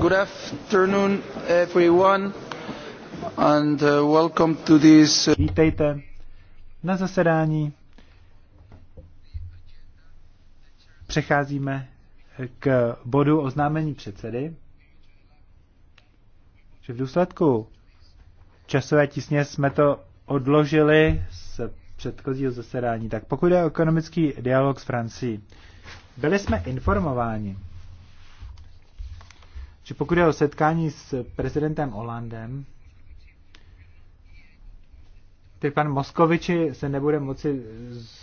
Good afternoon, everyone, and uh, welcome to this. Uh, Vítejte na zasedání. Přecházíme k bodu oznámení předsedy. Že v důsledku časové tisně jsme to odložili předchozího zasedání. Tak pokud je o ekonomický dialog s Francií, byli jsme informováni, že pokud je o setkání s prezidentem Hollandem, tak pan Moskoviči se nebude moci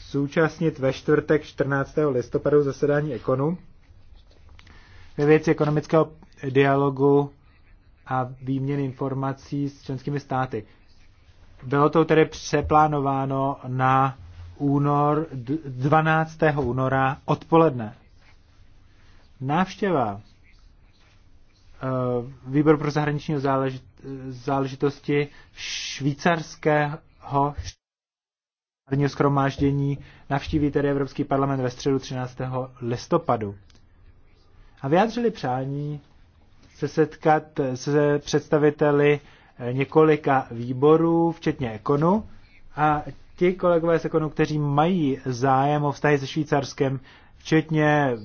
zúčastnit ve čtvrtek 14. listopadu zasedání Ekonu ve věci ekonomického dialogu a výměny informací s členskými státy. Bylo to tedy přeplánováno na únor 12. února odpoledne. Návštěva eh, výbor pro zahraniční záležitosti švýcarského národního skromáždění navštíví tedy Evropský parlament ve středu 13. listopadu. A vyjádřili přání se setkat se představiteli několika výborů, včetně Ekonu, a ti kolegové z Ekonu, kteří mají zájem o vztahy se Švýcarskem, včetně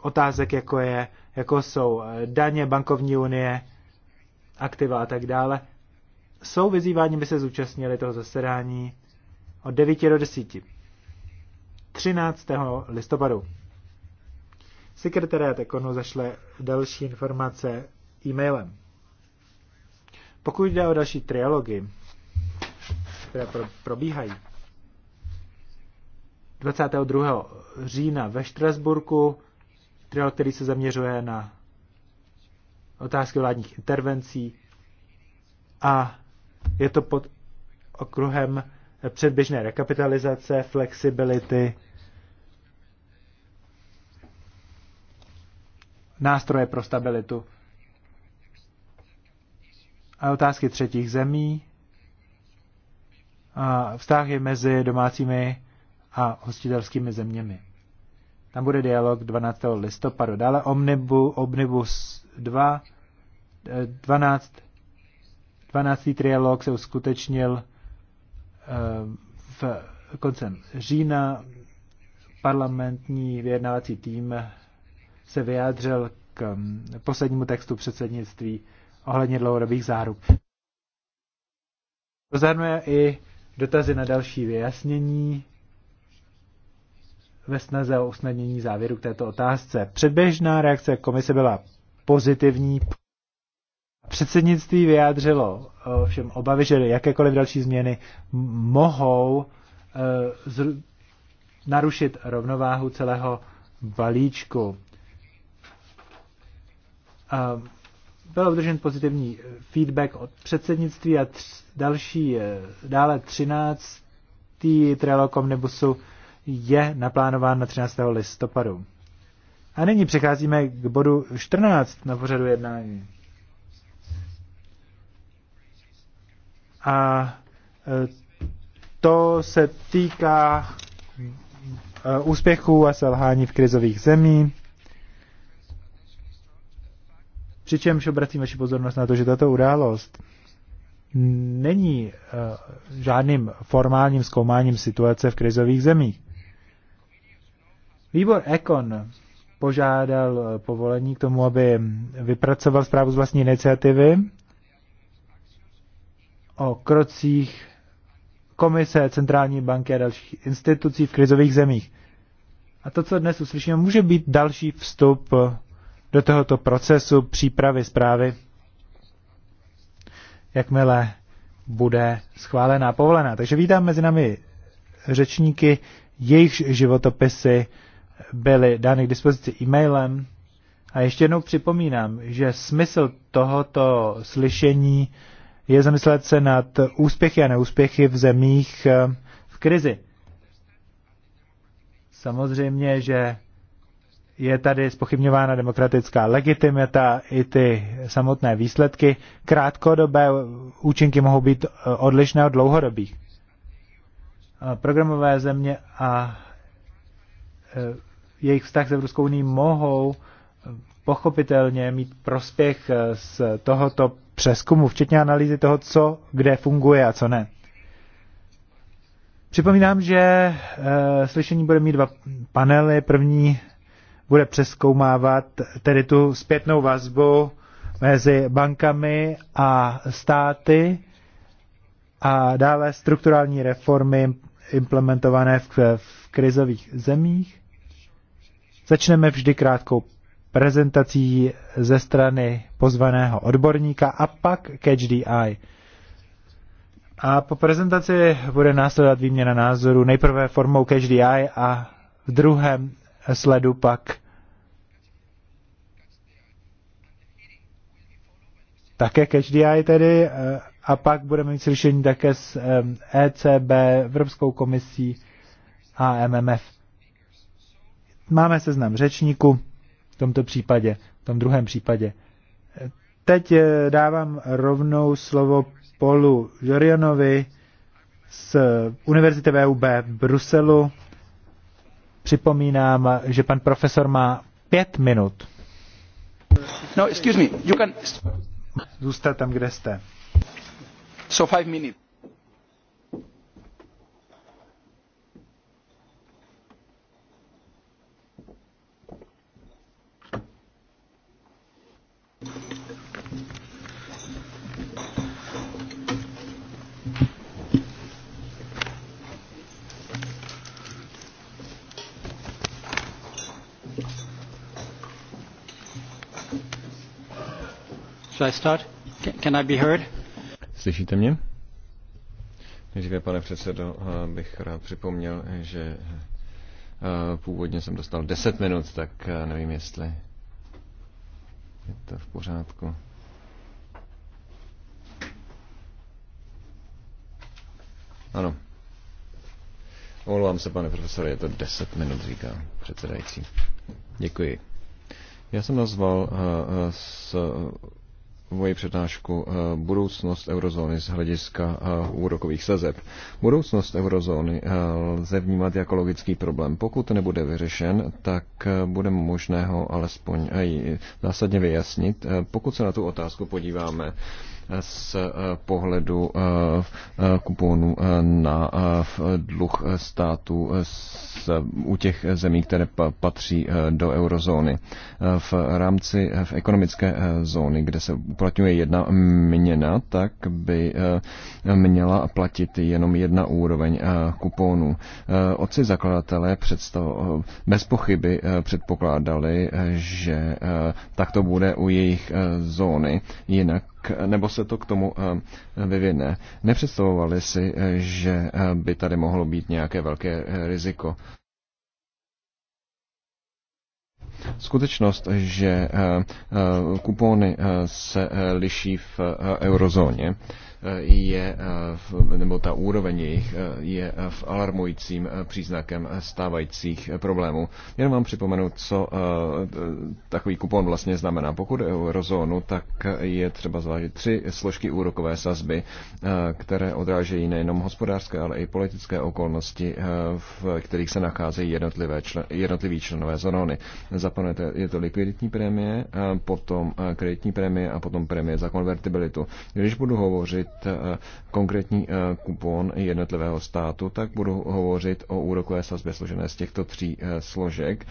otázek, jako, je, jako jsou daně, bankovní unie, aktiva a tak dále, jsou vyzýváni, by se zúčastnili toho zasedání od 9 do 10. 13. listopadu. Sekretariat Ekonu zašle další informace e-mailem. Pokud jde o další trialogy, které pro, probíhají, 22. října ve Štrasburku, trialog, který se zaměřuje na otázky vládních intervencí a je to pod okruhem předběžné rekapitalizace, flexibility, nástroje pro stabilitu a otázky třetích zemí a vztahy mezi domácími a hostitelskými zeměmi. Tam bude dialog 12. listopadu. Dále Omnibu, Omnibus 2, 12. 12. trialog se uskutečnil eh, v koncem října. Parlamentní vyjednávací tým se vyjádřil k mm, poslednímu textu předsednictví ohledně dlouhodobých záruk. To zahrnuje i dotazy na další vyjasnění ve snaze o usnadnění závěru k této otázce. Předběžná reakce komise byla pozitivní. Předsednictví vyjádřilo eh, všem obavy, že jakékoliv další změny mohou eh, narušit rovnováhu celého balíčku. Eh, byl obdržen pozitivní eh, feedback od předsednictví a tř, další, eh, dále 13. Trello Omnibusu je naplánován na 13. listopadu. A nyní přecházíme k bodu 14 na pořadu jednání. A eh, to se týká úspěchů a selhání v krizových zemích. Přičemž obracím vaši pozornost na to, že tato událost není uh, žádným formálním zkoumáním situace v krizových zemích. Výbor Econ požádal eh, povolení k tomu, aby vypracoval zprávu z vlastní iniciativy o krocích komise, centrální banky a dalších institucí v krizových zemích. A to, co dnes uslyšíme, může být další vstup do tohoto procesu přípravy zprávy, jakmile bude schválená, povolená. Takže vítám mezi námi řečníky, jejichž životopisy byly dány k dispozici e-mailem. A ještě jednou připomínám, že smysl tohoto slyšení je zamyslet se nad úspěchy a neúspěchy v zemích eh, v krizi. Samozřejmě, že je tady spochybňována demokratická legitimita i ty samotné výsledky. Krátkodobé účinky mohou být eh, odlišné od dlouhodobých. Eh, programové země a eh, jejich vztah s Evropskou unii mohou pochopitelně mít prospěch z tohoto přeskumu, včetně analýzy toho, co kde funguje a co ne. Připomínám, že e, slyšení bude mít dva panely. První bude přeskoumávat tedy tu zpětnou vazbu mezi bankami a státy a dále strukturální reformy implementované v, v krizových zemích. Začneme vždy krátkou prezentací ze strany pozvaného odborníka a pak catch the eye. A po prezentaci bude následovat výměna názorů nejprve formou catch the eye a v druhém sledu pak také Catch the tedy eh, a pak budeme mít slyšení také s ECB, e Evropskou komisí a MMF. Máme seznam řečníku v tomto případě, v tom druhém případě. Teď eh, dávám rovnou slovo Polu Jorionovi z Univerzity VUB v Bruselu. Připomínám, že pan profesor má pět minut. No, excuse me, you can... Zůstat tam, kde jste. So five minutes. Should I start? Can I be heard? Slyšíte mě? Nejdříve, pane předsedo, eh, bych rád připomněl, že eh, původně jsem dostal 10 minut, tak eh, nevím, jestli je to v pořádku. Ano. Omlouvám se, pane profesore, je to 10 minut, říká předsedající. Děkuji. Já jsem nazval uh, s Uh, moji přednášku eh, Budoucnost eurozóny z hlediska eh, úrokových sazeb. Budoucnost eurozóny eh, lze vnímat jako logický problém. Pokud nebude vyřešen, tak bude možné ho alespoň zásadně vyjasnit. Pokud se na tu otázku podíváme z eh, pohledu eh, eh, kupónu na dluh státu u těch zemí, které patří do eurozóny. V rámci v ekonomické zóny, kde se uplatňuje jedna měna, tak by měla platit jenom jedna úroveň kupónu Oci zakladatelé představ, bez pochyby předpokládali, že tak to bude u jejich zóny, jinak nebo se to k tomu eh, vyvine. Nepředstavovali si, eh, že eh, by tady mohlo být nějaké velké riziko. Skutečnost, že kupóny se liší v eurozóně, je, eh, nebo ta úroveň jejich eh, je eh, v alarmujícím příznakem stávajících problémů. Jenom vám připomenu, co takový kupon vlastně znamená. Pokud je eurozónu, tak je třeba zvážit tři složky úrokové sazby, které odrážejí nejenom hospodářské, ale i politické okolnosti, v kterých se nacházejí jednotlivé člen, jednotliví členové zóny. Zapomněte, je to likviditní prémie, potom kreditní prémie a potom prémie za konvertibilitu. Když budu hovořit zvolit eh, konkrétní eh, kupon jednotlivého státu, tak budu hovořit o úrokové sazbě složené z těchto tří eh, složek,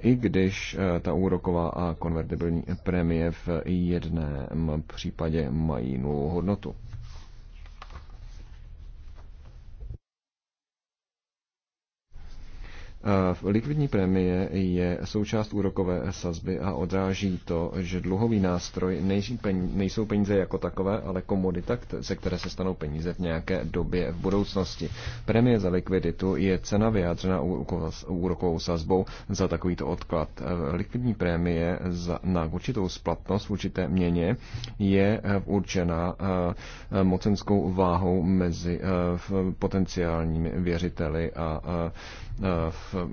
i když ta úroková a konvertibilní prémie v jedném případě mají nulovou hodnotu. Eh, likvidní prémie je součást úrokové sazby a odráží to, že dluhový nástroj nejsou peníze jako takové, ale komodita, ze které se stanou peníze v nějaké době v budoucnosti. Prémie za likviditu je cena vyjádřena úrokovou sazbou za takovýto odklad. Eh, likvidní prémie na určitou splatnost v určité měně je eh, určena mocenskou váhou mezi potenciálními věřiteli a Eh,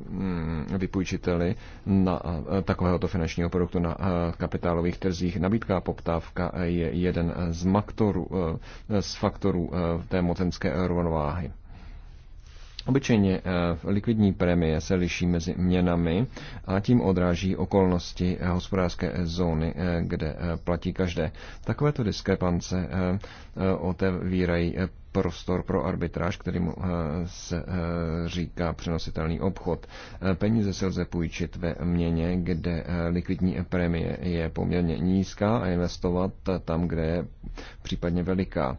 mm, vypůjčiteli na eh, takovéhoto finančního produktu na eh, kapitálových trzích. Nabídka a poptávka je jeden z, maktoru, z faktorů té mocenské rovnováhy. Obyčejně likvidní prémie se liší mezi měnami a tím odráží okolnosti hospodářské zóny, kde platí každé. Takovéto diskrepance otevírají prostor pro arbitráž, kterým eh, se eh, říká přenositelný obchod. Eh, peníze se lze půjčit ve měně, kde likvidní premie je poměrně nízká a investovat tam, kde je případně veliká.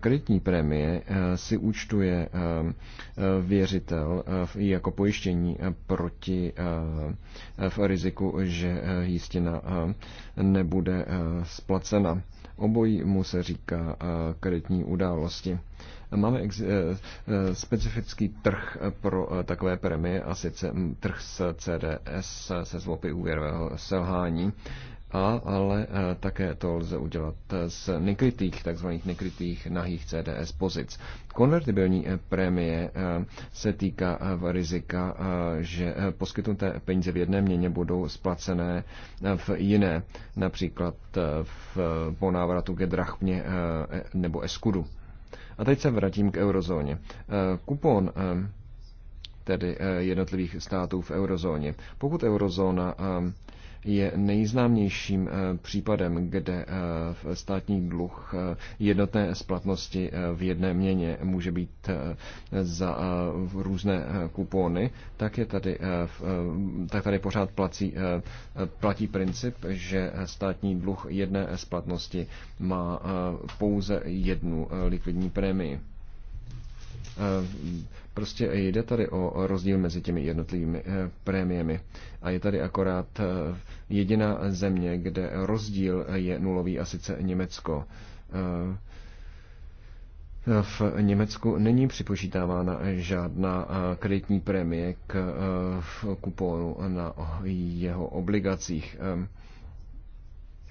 Kreditní prémie si účtuje věřitel jako pojištění proti v riziku, že jistina nebude splacena. Obojí mu se říká eh, kreditní události. Máme eh, eh, specifický trh pro takové premie, a sice trh s CDS, se zlopy úvěrového selhání a, ale eh, také to lze udělat eh, z nekrytých, takzvaných nekrytých nahých CDS pozic. Konvertibilní eh, prémie se týká rizika, že poskytnuté peníze v jedné měně budou splacené v jiné, například v, po návratu ke drachmě e, nebo eskudu. A teď se vrátím k eurozóně. Kupon tedy jednotlivých států v eurozóně. Pokud eurozóna je nejznámějším eh, případem, kde eh, státní dluh eh, jednotné splatnosti v jedné měně může být za různé kupóny, tak je tady, tak tady pořád platí, platí princip, že státní dluh jedné splatnosti má pouze jednu likvidní prémii Prostě jde tady o rozdíl mezi těmi jednotlivými eh, prémiemi. A je tady akorát eh, jediná země, kde rozdíl eh, je nulový, a sice Německo. V Německu není připočítávána žádná kreditní prémie k kuponu na jeho obligacích.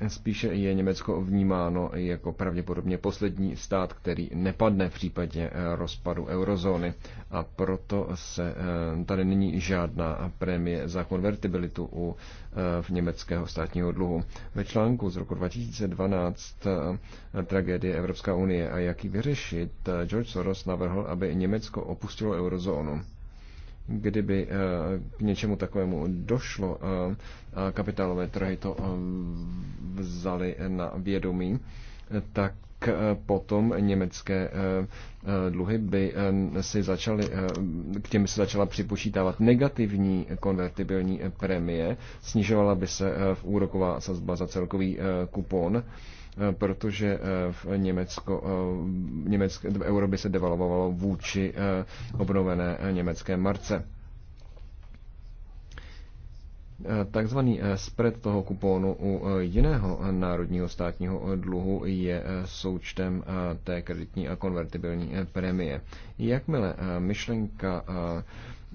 Spíše je Německo vnímáno jako pravděpodobně poslední stát, který nepadne v případě eh, rozpadu eurozóny a proto se eh, tady není žádná prémie za konvertibilitu u eh, v německého státního dluhu. Ve článku z roku 2012 tragédie Evropská unie a jak ji vyřešit, George Soros navrhl, aby Německo opustilo eurozónu kdyby eh, k něčemu takovému došlo eh, kapitálové trhy to eh, vzali na vědomí, tak potom německé dluhy by si začaly, k těm se začala připočítávat negativní konvertibilní premie, snižovala by se v úroková sazba za celkový kupon Eh, protože eh, v Německo, eh, německé, euro by se devalovalo vůči obnovené německé marce. Takzvaný spread toho kupónu u jiného národního státního dluhu je součtem té kreditní a konvertibilní premie. Jakmile myšlenka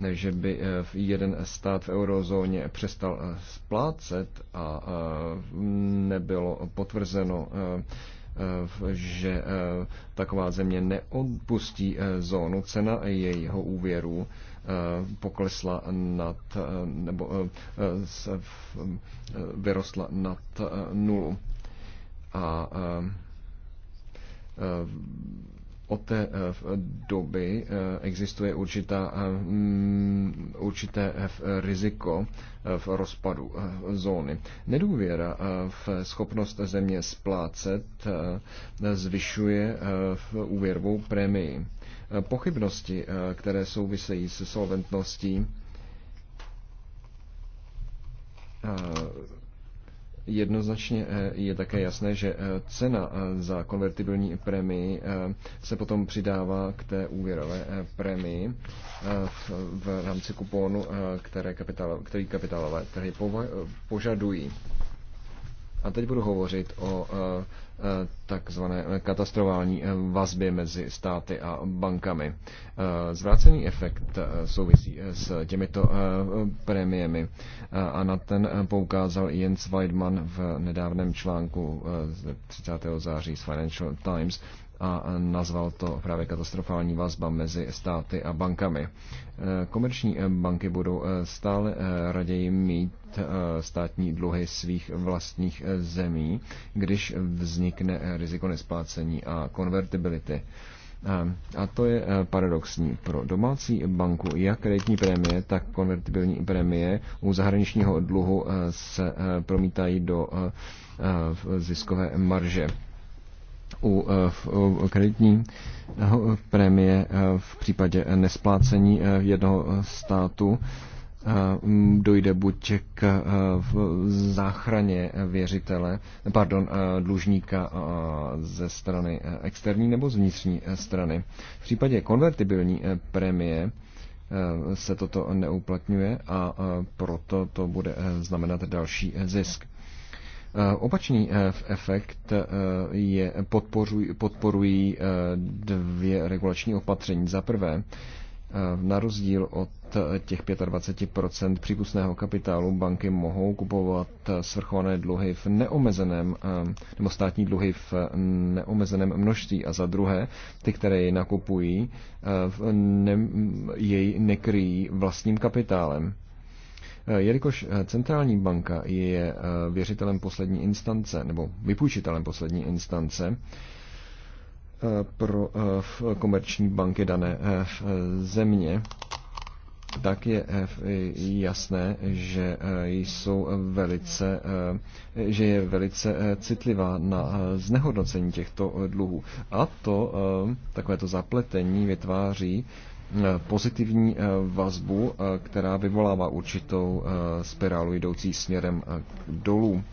že by eh, jeden stát v eurozóně přestal eh, splácet a eh, nebylo potvrzeno, že taková země neodpustí zónu, cena jejího úvěru poklesla nad, nebo vyrostla nad nulu. A od té eh, doby eh, existuje určitá, eh, určité riziko v rozpadu zóny. Nedůvěra v schopnost země splácet zvyšuje v úvěrovou prémii. Pochybnosti, které souvisejí se solventností, Jednoznačně eh, je také jasné, že eh, cena eh, za konvertibilní prémii se potom přidává k té úvěrové prémii v rámci kupónu, které kapitál, který kapitálové trhy požadují. A teď budu hovořit o Eh, takzvané katastrofální eh, vazby mezi státy a bankami. Eh, zvrácený efekt souvisí s těmito prémiemi a na ten poukázal Jens Weidmann v nedávném článku z 30. září z Financial Times a nazval to právě katastrofální vazba mezi státy a bankami. E, komerční e, banky budou e, stále raději mít státní dluhy svých vlastních zemí, když vznikne riziko nesplácení a konvertibility. A to je paradoxní. Pro domácí banku jak kreditní prémie, tak konvertibilní prémie u zahraničního dluhu se promítají do ziskové marže. Eh, u kreditní eh, prémie eh, v případě nesplácení jednoho státu dojde buď k záchraně věřitele, pardon, dlužníka ze strany externí nebo z vnitřní strany. V případě konvertibilní prémie se toto neuplatňuje a proto to bude znamenat další zisk. Eh, opačný eh, efekt eh, je podporují, podporují dvě regulační opatření. Za prvé, na rozdíl od těch 25% přípustného kapitálu banky mohou kupovat svrchované dluhy v neomezeném, nebo státní dluhy v neomezeném množství a za druhé, ty, které je nakupují, jej nekryjí vlastním kapitálem. Eh, jelikož eh, centrální banka je eh, věřitelem poslední instance, nebo vypůjčitelem poslední instance, pro komerční banky dané v země, tak je jasné, že jsou velice, že je velice citlivá na znehodnocení těchto dluhů. A to takovéto zapletení vytváří Eh, pozitivní eh, vazbu, eh, která vyvolává určitou spirálu jdoucí směrem dolů.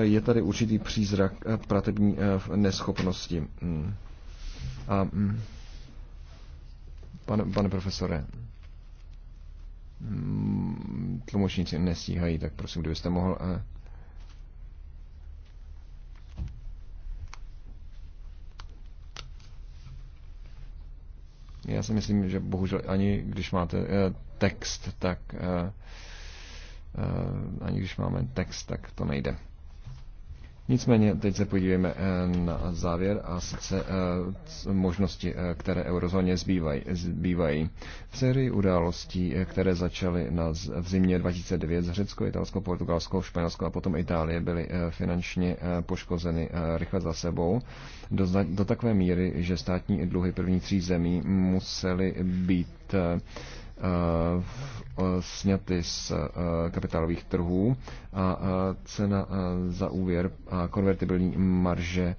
Je tady určitý přízrak pratební neschopnosti. Hmm. A, hmm. pane, pane profesore, hmm, tlumočníci nestíhají, tak prosím, kdybyste mohl Já si myslím, že bohužel ani když máte eh, text, tak eh, eh, ani když máme text, tak to nejde. Nicméně teď se podívejme eh, na závěr a sice eh, možnosti, eh, které eurozóně zbývají. zbývají. V sérii událostí, které začaly na, v zimě 2009 z Řecko, Italsko, Portugalsko, Španělsko a potom Itálie, byly finančně poškozeny rychle za sebou do, do takové míry, že státní dluhy prvních tří zemí musely být Eh, eh, sněty z eh, kapitálových trhů a cena za úvěr a konvertibilní marže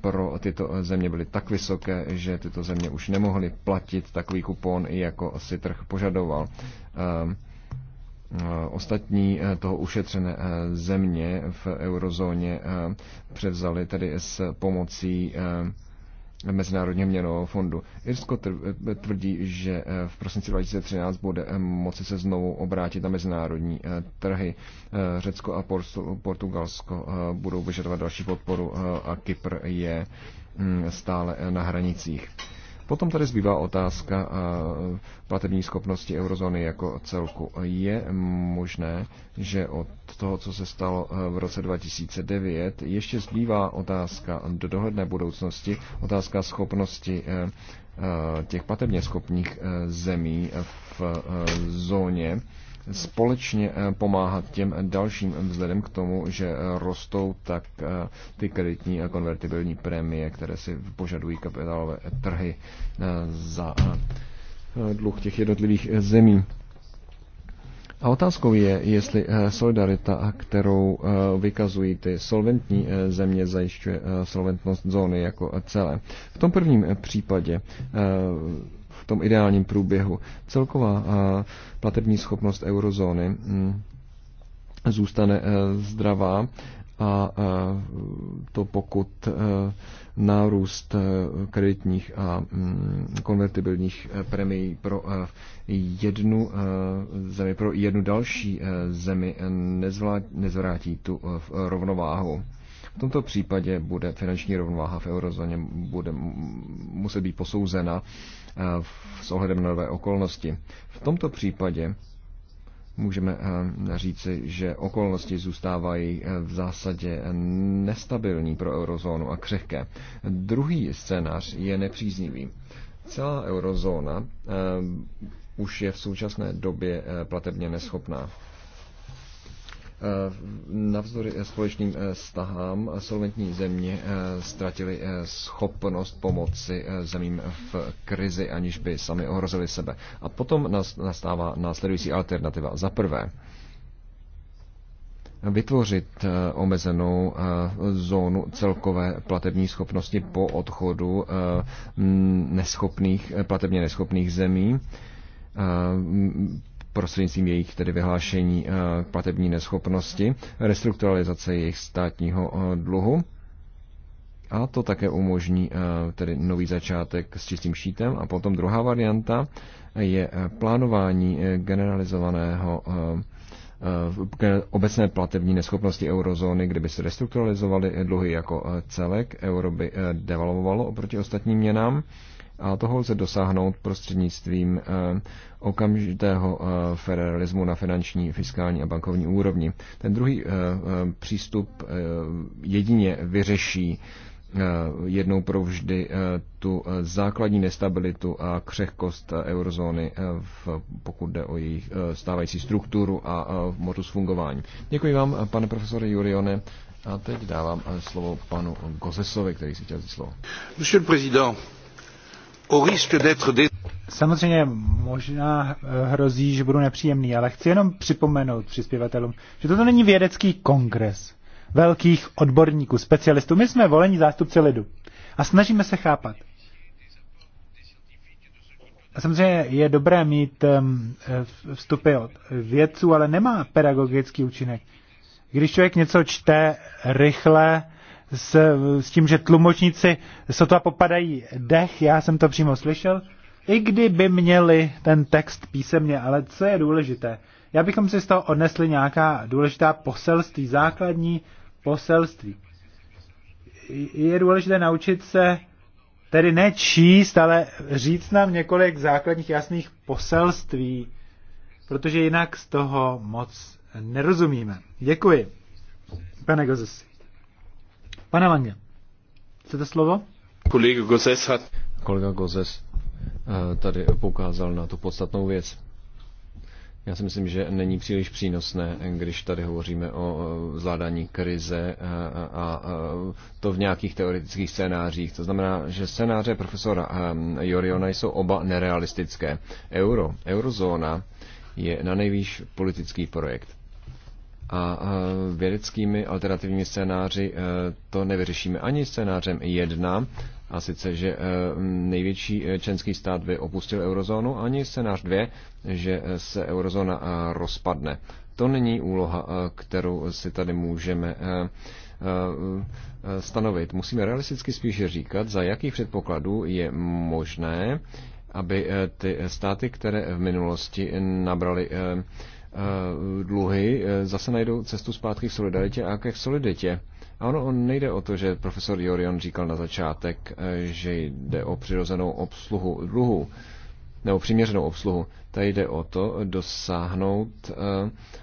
pro tyto země byly tak vysoké, že tyto země už nemohly platit takový kupon, jako si trh požadoval. Ehm, ostatní toho ušetřené země v eurozóně převzaly tedy s pomocí mezinárodně měnového fondu. Irsko eh, tvrdí, že eh, v prosinci 2013 bude eh, moci se znovu obrátit na mezinárodní trhy. Řecko a Portugalsko budou vyžadovat další podporu a Kypr je mm, stále na hranicích. Potom tady zbývá otázka eh, platební schopnosti eurozóny jako celku. Je možné, že od toho, co se stalo eh, v roce 2009, ještě zbývá otázka do dohledné budoucnosti, otázka schopnosti eh, těch platebně schopných zemí v zóně společně eh, pomáhat těm dalším vzhledem k tomu, že eh, rostou tak eh, ty kreditní a konvertibilní prémie, které si požadují kapitálové trhy za dluh těch jednotlivých zemí. A otázkou je, jestli solidarita, kterou vykazují ty solventní země, zajišťuje solventnost zóny jako celé. V tom prvním případě tom ideálním průběhu. Celková platební schopnost eurozóny hm, zůstane e, zdravá a e, to pokud e, nárůst kreditních a hm, konvertibilních premií pro jednu zemi, pro jednu další zemi nezvrátí tu rovnováhu. V tomto případě bude finanční rovnováha v eurozóně bude muset být posouzena Eh, s ohledem na nové okolnosti. V tomto případě můžeme eh, říci, že okolnosti zůstávají eh, v zásadě nestabilní pro eurozónu a křehké. Druhý scénář je nepříznivý. Celá eurozóna už je v současné době platebně neschopná. Navzdory eh, společným eh, stahám eh, solventní země ztratili schopnost pomoci zemím v krizi, aniž by sami ohrozili sebe. A potom nastává následující alternativa. Za prvé, vytvořit omezenou zónu celkové platební schopnosti po odchodu neschopných, platebně neschopných zemí prostřednictvím jejich tedy vyhlášení eh, platební neschopnosti, restrukturalizace jejich státního eh, dluhu. A to také umožní eh, tedy nový začátek s čistým šítem. A potom druhá varianta je plánování generalizovaného obecné platební neschopnosti eurozóny, kdyby se restrukturalizovaly dluhy jako celek, euro by devalvovalo oproti ostatním měnám a toho lze dosáhnout prostřednictvím eh, okamžitého eh, federalismu na finanční, fiskální a bankovní úrovni. Ten druhý eh, přístup jedině vyřeší jednou provždy tu základní nestabilitu a křehkost eurozóny, pokud jde o jejich stávající strukturu a modus fungování. Děkuji vám, pane profesore Jurione. A teď dávám slovo panu Gozesovi, který si chtěl říct slovo. Monsieur le président, Samozřejmě možná eh, hrozí, že budu nepříjemný, ale chci jenom připomenout přispěvatelům, že toto není vědecký kongres velkých odborníků, specialistů. My jsme volení zástupci lidu a snažíme se chápat. A samozřejmě je dobré mít eh, vstupy od vědců, ale nemá pedagogický účinek. Když člověk něco čte rychle, s, s tím, že tlumočníci sotva popadají dech, já jsem to přímo slyšel, i kdyby měli ten text písemně, ale co je důležité? Já bychom si z toho odnesli nějaká důležitá poselství, základní poselství. Je důležité naučit se tedy nečíst, ale říct nám několik základních jasných poselství, protože jinak z toho moc nerozumíme. Děkuji, pane Gozesi. Pane Lange, chcete slovo? Kolega Gozes, hat... Eh, Kolega Gozes tady poukázal na tu podstatnou věc. Já si myslím, že není příliš přínosné, když tady hovoříme o zvládání krize eh, a to v nějakých teoretických scénářích. To znamená, že scénáře profesora eh, Joriona jsou oba nerealistické. Euro, eurozóna je na nejvýš politický projekt a vědeckými alternativními scénáři e, to nevyřešíme ani scénářem 1, a sice, že e, největší e, členský stát by opustil eurozónu, ani scénář 2, že se eurozóna rozpadne. To není úloha, kterou si tady můžeme stanovit. Musíme realisticky spíše říkat, za jakých předpokladů je možné, aby ty státy, které v minulosti nabrali Eh, dluhy eh, zase najdou cestu zpátky k solidaritě a ke soliditě. A ono on nejde o to, že profesor Jorion říkal na začátek, eh, že jde o přirozenou obsluhu dluhu nebo přiměřenou obsluhu. Tady jde o to dosáhnout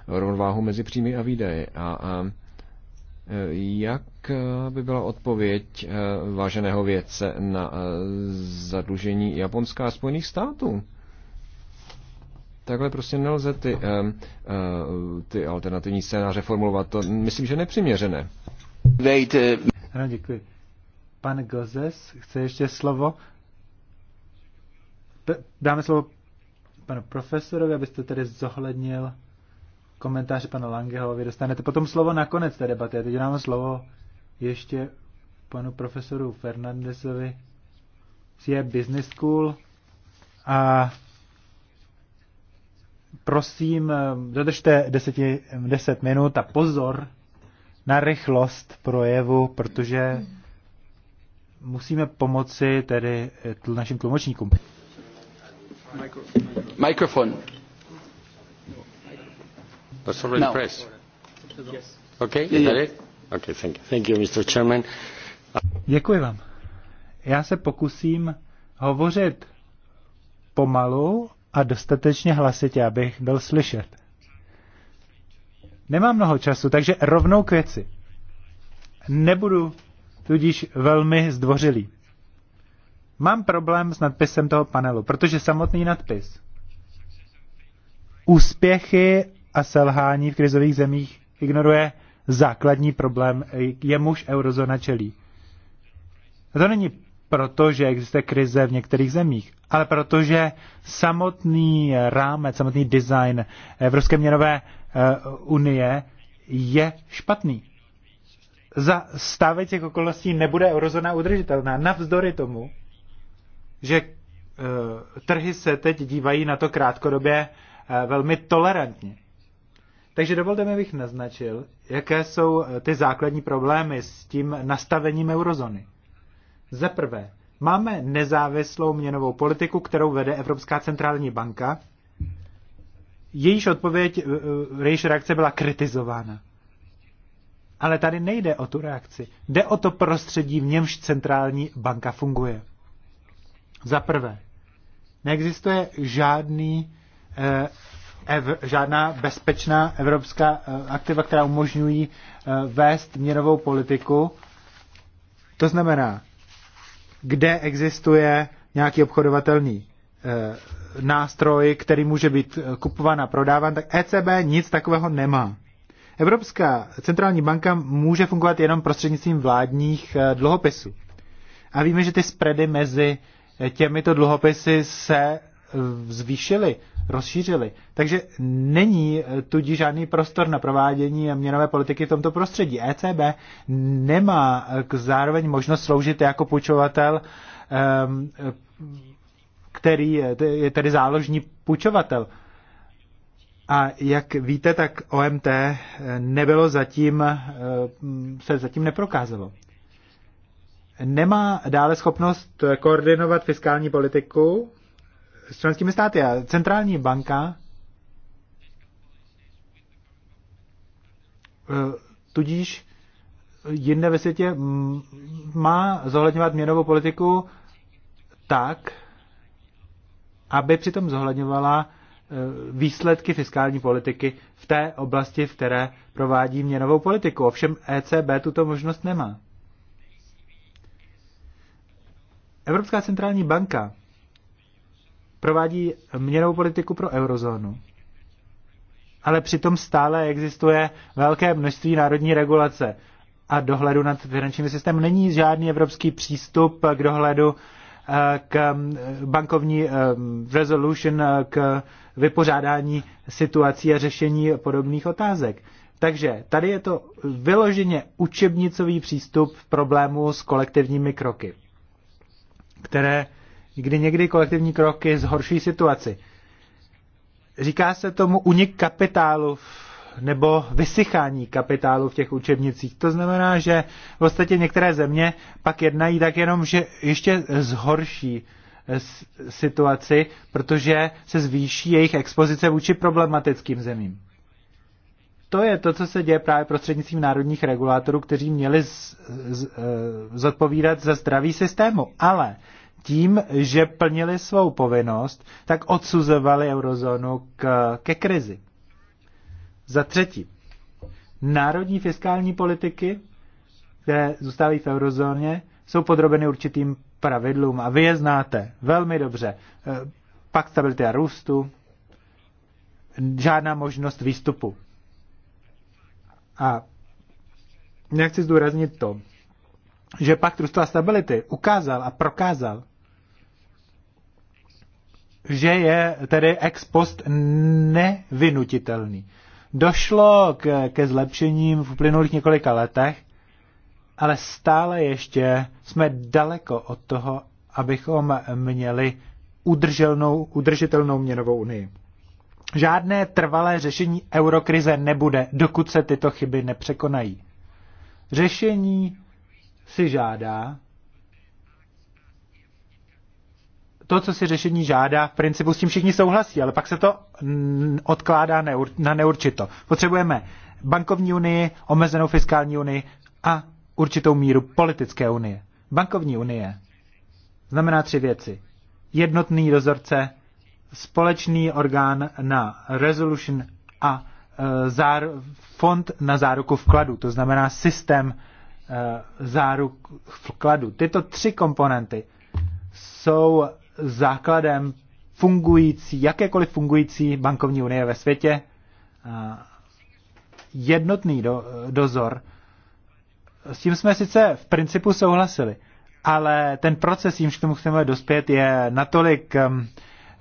rovnováhu mezi příjmy a výdaje. A jak by byla odpověď váženého vědce na zadlužení Japonská a Spojených států? Takhle prostě nelze ty, eh, eh, ty alternativní scénáře formulovat. To myslím, že nepřiměřené. Ano, děkuji. Pan Gozes chce ještě slovo. Dáme slovo panu profesorovi, abyste tedy zohlednil komentáře pana Langeho. Vy dostanete potom slovo na konec té debaty. A teď dáme slovo ještě panu profesoru Fernandesovi z je Business School a prosím, eh, dodržte 10, 10 minut a pozor na rychlost projevu, protože musíme pomoci tedy eh, našim tlumočníkům. Mikrofon. thank you. Thank you, Mr. Chairman. Děkuji vám. Já se pokusím hovořit pomalu, a dostatečně hlasitě, abych byl slyšet. Nemám mnoho času, takže rovnou k věci. Nebudu tudíž velmi zdvořilý. Mám problém s nadpisem toho panelu, protože samotný nadpis úspěchy a selhání v krizových zemích ignoruje základní problém, jemuž eurozóna čelí. A to není proto, že existuje krize v některých zemích ale protože samotný rámec, samotný design Evropské měnové eh, unie je špatný. Za stávajících okolností nebude eurozóna udržitelná, navzdory tomu, že eh, trhy se teď dívají na to krátkodobě eh, velmi tolerantně. Takže dovolte mi, abych naznačil, jaké jsou ty základní problémy s tím nastavením eurozóny. Za prvé, Máme nezávislou měnovou politiku, kterou vede Evropská centrální banka. Jejíž odpověď, eh, eh, jejíž reakce byla kritizována. Ale tady nejde o tu reakci. Jde o to prostředí, v němž centrální banka funguje. Za prvé, neexistuje žádný, eh, ev, žádná bezpečná evropská eh, aktiva, která umožňují eh, vést měnovou politiku. To znamená, kde existuje nějaký obchodovatelný eh, nástroj, který může být eh, kupován a prodáván, tak ECB nic takového nemá. Evropská centrální banka může fungovat jenom prostřednictvím vládních eh, dluhopisů. A víme, že ty spready mezi těmito dluhopisy se zvýšily rozšířili. Takže není eh, tudíž žádný prostor na provádění měnové politiky v tomto prostředí. ECB nemá eh, zároveň možnost sloužit jako půjčovatel, ehm, eh, který je tedy záložní půjčovatel. A jak víte, tak OMT nebylo zatím, se zatím neprokázalo. Nemá dále schopnost koordinovat fiskální politiku s členskými státy. A centrální banka eh, tudíž jinde ve světě má zohledňovat měnovou politiku tak, aby přitom zohledňovala eh, výsledky fiskální politiky v té oblasti, v které provádí měnovou politiku. Ovšem ECB tuto možnost nemá. Evropská centrální banka provádí měnovou politiku pro eurozónu, ale přitom stále existuje velké množství národní regulace a dohledu nad finančním systémem. Není žádný evropský přístup k dohledu eh, k eh, bankovní eh, resolution, k vypořádání situací a řešení podobných otázek. Takže tady je to vyloženě učebnicový přístup v problému s kolektivními kroky, které kdy někdy kolektivní kroky zhorší situaci. Říká se tomu unik kapitálu nebo vysychání kapitálu v těch učebnicích. To znamená, že v podstatě některé země pak jednají tak jenom, že ještě zhorší situaci, protože se zvýší jejich expozice vůči problematickým zemím. To je to, co se děje právě prostřednictvím národních regulátorů, kteří měli z, z, z, eh, zodpovídat za zdravý systému. Ale tím, že plnili svou povinnost, tak odsuzovali eurozónu k, ke krizi. Za třetí, národní fiskální politiky, které zůstávají v eurozóně, jsou podrobeny určitým pravidlům a vy je znáte velmi dobře. E, Pak stability a růstu, žádná možnost výstupu. A já chci zdůraznit to, že pakt růstu a stability ukázal a prokázal, že je tedy ex post nevinutitelný. Došlo k, ke zlepšením v uplynulých několika letech, ale stále ještě jsme daleko od toho, abychom měli udrželnou, udržitelnou měnovou unii. Žádné trvalé řešení eurokrize nebude, dokud se tyto chyby nepřekonají. Řešení si žádá to, co si řešení žádá, v principu s tím všichni souhlasí, ale pak se to odkládá neur, na neurčito. Potřebujeme bankovní unii, omezenou fiskální unii a určitou míru politické unie. Bankovní unie znamená tři věci. Jednotný dozorce, společný orgán na resolution a e, zár, fond na záruku vkladu, to znamená systém e, záruk vkladu. Tyto tři komponenty jsou základem fungující, jakékoliv fungující bankovní unie ve světě. Jednotný do, dozor. S tím jsme sice v principu souhlasili, ale ten proces, jimž k tomu chceme dospět, je natolik um,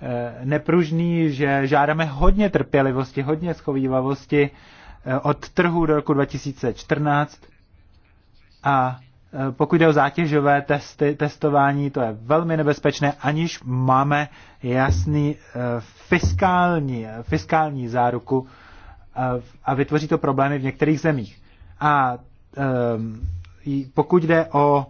e, nepružný, že žádáme hodně trpělivosti, hodně schovývavosti e, od trhu do roku 2014 a Eh, pokud jde o zátěžové testy, testování, to je velmi nebezpečné, aniž máme jasný eh, fiskální, eh, fiskální záruku a vytvoří to problémy v některých zemích. A pokud jde o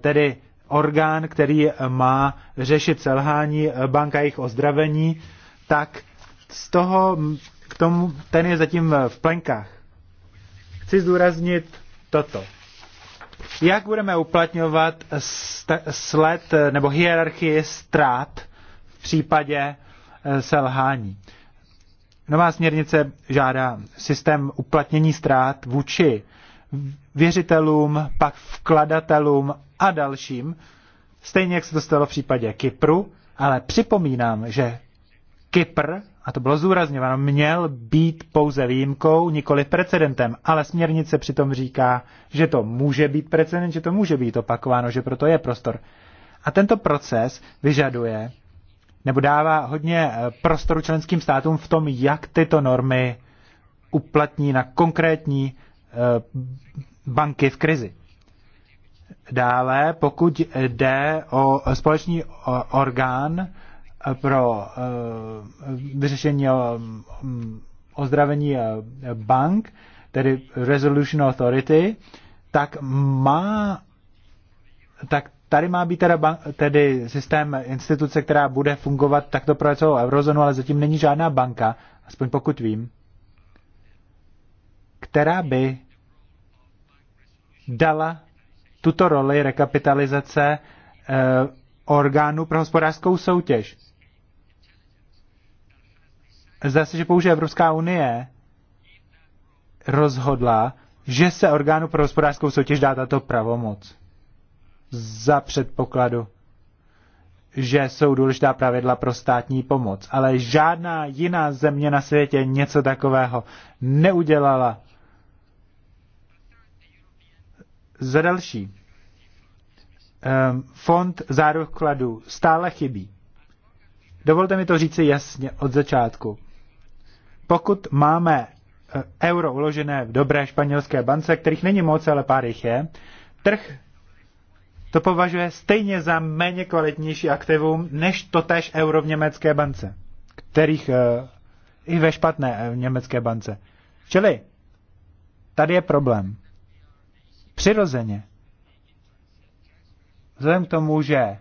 tedy orgán, který má řešit selhání banka jejich ozdravení, tak z toho, k tomu, ten je zatím v plenkách. Chci zdůraznit toto jak budeme uplatňovat sled nebo hierarchii strát v případě eh, selhání. Nová směrnice žádá systém uplatnění strát vůči věřitelům, pak vkladatelům a dalším, stejně jak se to stalo v případě Kypru, ale připomínám, že Kypr a to bylo zúrazněváno, měl být pouze výjimkou, nikoli precedentem, ale směrnice přitom říká, že to může být precedent, že to může být opakováno, že proto je prostor. A tento proces vyžaduje, nebo dává hodně eh, prostoru členským státům v tom, jak tyto normy uplatní na konkrétní eh, banky v krizi. Dále, pokud jde o společný orgán pro eh, vyřešení eh, ozdravení eh, bank, tedy Resolution Authority, tak má tak tady má být teda, bank, tedy systém instituce, která bude fungovat takto pro celou eurozonu, ale zatím není žádná banka, aspoň pokud vím, která by dala tuto roli rekapitalizace eh, orgánu pro hospodářskou soutěž zdá se, že pouze Evropská unie rozhodla, že se orgánu pro hospodářskou soutěž dá tato pravomoc. Za předpokladu, že jsou důležitá pravidla pro státní pomoc. Ale žádná jiná země na světě něco takového neudělala. Za další. Ehm, fond záruk kladů stále chybí. Dovolte mi to říci jasně od začátku. Pokud máme eh, euro uložené v dobré španělské bance, kterých není moc, ale pár jich je, trh to považuje stejně za méně kvalitnější aktivum než totéž euro v německé bance, kterých eh, i ve špatné eh, v německé bance. Čili tady je problém. Přirozeně, vzhledem k tomu, že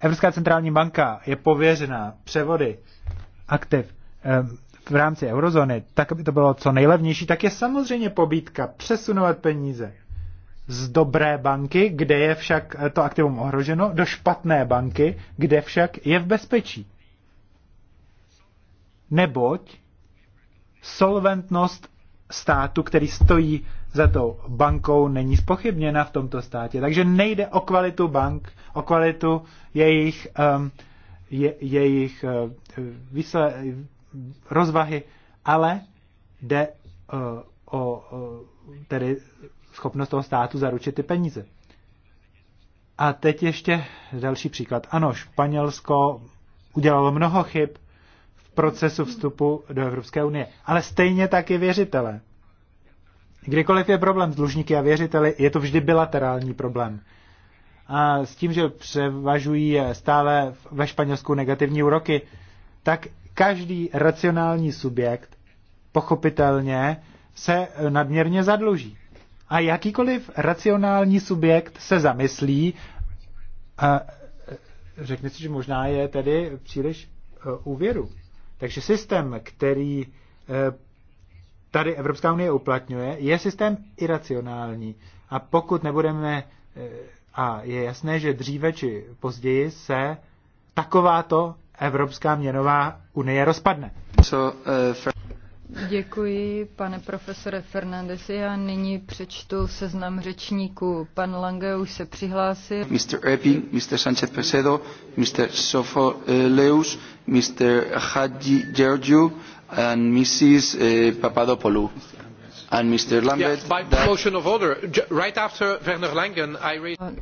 Evropská centrální banka je pověřená převody aktiv v rámci eurozóny, tak aby to bylo co nejlevnější, tak je samozřejmě pobídka přesunovat peníze z dobré banky, kde je však to aktivum ohroženo, do špatné banky, kde však je v bezpečí. Neboť solventnost státu, který stojí za tou bankou, není spochybněna v tomto státě. Takže nejde o kvalitu bank, o kvalitu jejich, um, je, jejich uh, vysle, rozvahy, ale jde eh, o, o tedy schopnost toho státu zaručit ty peníze. A teď ještě další příklad. Ano, Španělsko udělalo mnoho chyb v procesu vstupu do Evropské unie, ale stejně tak i věřitele. Kdykoliv je problém s dlužníky a věřiteli, je to vždy bilaterální problém. A s tím, že převažují stále ve Španělsku negativní úroky, tak každý racionální subjekt pochopitelně se nadměrně zadluží. A jakýkoliv racionální subjekt se zamyslí a e, řekne si, že možná je tedy příliš úvěru. E, Takže systém, který e, tady Evropská unie uplatňuje, je systém iracionální. A pokud nebudeme, a je jasné, že dříve či později se takováto Evropská měnová unie rozpadne. So, uh, Děkuji, pane profesore Fernandez. Já nyní přečtu seznam řečníků. Pan Lange už se přihlásil. Mr. Epping, Mr. Sanchez Pesedo, Mr. Uh, Leus, Mr. Hadji Georgiou and Mrs. Uh, Papadopoulou.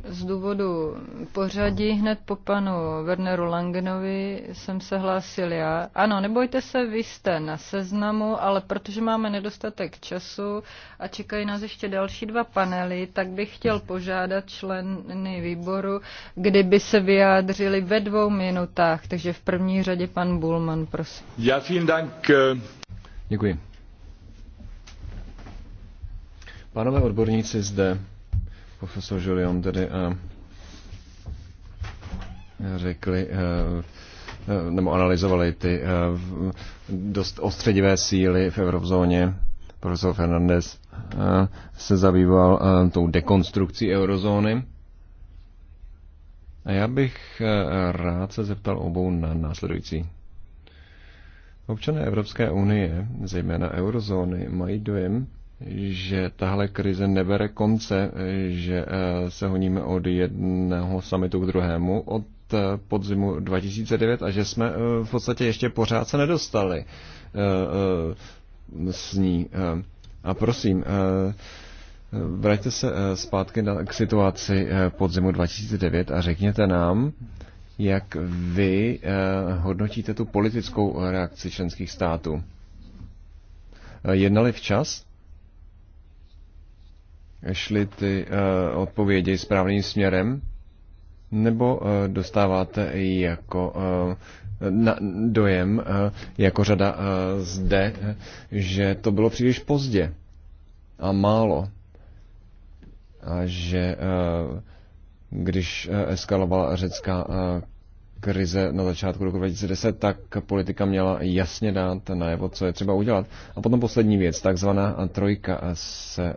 Z důvodu pořadí hned po panu Werneru Langenovi jsem se hlásil já. Ano, nebojte se, vy jste na seznamu, ale protože máme nedostatek času a čekají nás ještě další dva panely, tak bych chtěl požádat členy výboru, kdyby se vyjádřili ve dvou minutách. Takže v první řadě pan Bulman, prosím. Já ja, vielen Dank. Eh. Děkuji. Pánové odborníci zde, profesor Jolion tedy a eh, řekli, eh, eh, nebo analyzovali ty dost ostředivé síly v eurozóně. Profesor Fernandez se zabýval tou dekonstrukcí eurozóny. A já bych rád se zeptal obou na následující. Občané Evropské unie, zejména eurozóny, mají dojem, že tahle krize nebere konce, že eh, se honíme od jednoho samitu k druhému, od eh, podzimu 2009 a že jsme eh, v podstatě ještě pořád se nedostali s ní. A prosím, vraťte se zpátky k situaci podzimu 2009 a řekněte nám, jak vy hodnotíte tu politickou reakci členských států. Jednali včas? šly ty eh, odpovědi správným směrem? Nebo eh, dostáváte jako eh, na, dojem, jako řada zde, že to bylo příliš pozdě a málo? A že když eskalovala řecká krize na začátku roku 2010, tak politika měla jasně dát najevo, co je třeba udělat. A potom poslední věc, takzvaná trojka se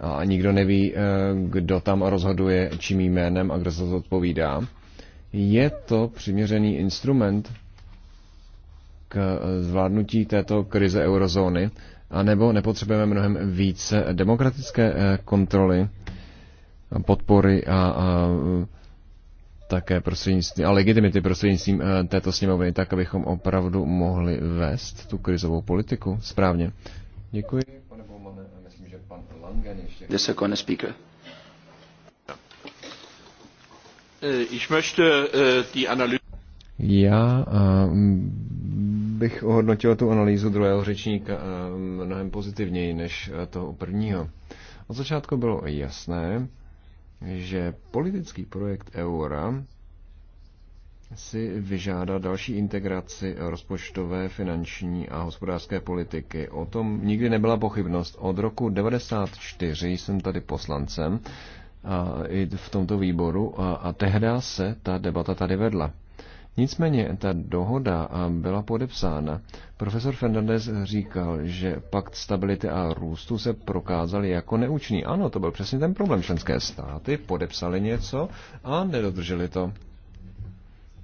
a nikdo neví, eh, kdo tam rozhoduje, čím jménem a kdo se to odpovídá. Je to přiměřený instrument k zvládnutí této krize eurozóny, anebo nepotřebujeme mnohem více demokratické eh, kontroly, podpory a, a také prostřednictvím, a legitimity prostřednictvím eh, této sněmovny, tak abychom opravdu mohli vést tu krizovou politiku správně. Děkuji. The second speaker. Eh, ich möchte eh, die Analyse. Já eh, bych ohodnotil tu analýzu druhého řečníka mnohem pozitivněji než toho prvního. Od začátku bylo jasné, že politický projekt eura si vyžádá další integraci rozpočtové, finanční a hospodářské politiky. O tom nikdy nebyla pochybnost. Od roku 1994 jsem tady poslancem a i v tomto výboru a, a tehdy se ta debata tady vedla. Nicméně ta dohoda byla podepsána. Profesor Fernandez říkal, že pakt stability a růstu se prokázal jako neúčný. Ano, to byl přesně ten problém. Členské státy podepsali něco a nedodrželi to.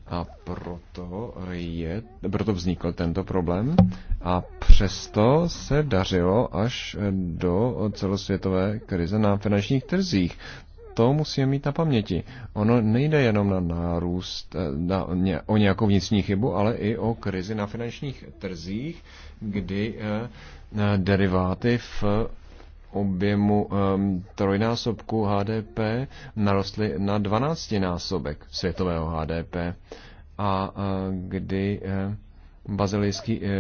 A proto, je, proto vznikl tento problém a přesto se dařilo až do celosvětové krize na finančních trzích. To musíme mít na paměti. Ono nejde jenom na nárůst, eh, na, o nějakou vnitřní chybu, ale i o krizi na finančních trzích, kdy eh, deriváty v objemu trojnásobku HDP narostly na násobek světového HDP a eh, kdy eh, Bazilijský eh,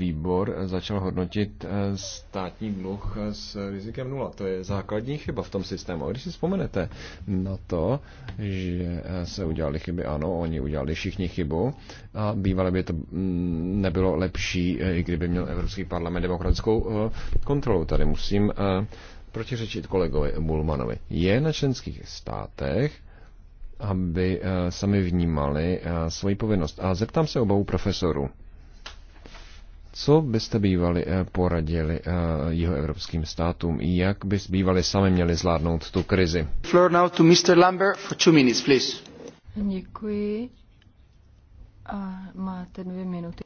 výbor začal hodnotit eh, státní dluh eh, s rizikem nula. To je základní chyba v tom systému. Když si vzpomenete na to, že se udělali chyby, ano, oni udělali všichni chybu a bývalo by to mm, nebylo lepší, i kdyby měl Evropský parlament demokratickou kontrolu. Tady musím protiřečit kolegovi Bulmanovi. Je na členských státech, aby eh, sami vnímali eh, svoji povinnost. A zeptám se obou profesorů. Co byste bývali eh, poradili jeho evropským státům? Jak by bývali sami měli zvládnout tu krizi? Floor now to Mr. Lambert for two minutes, please. Děkuji. A máte dvě minuty.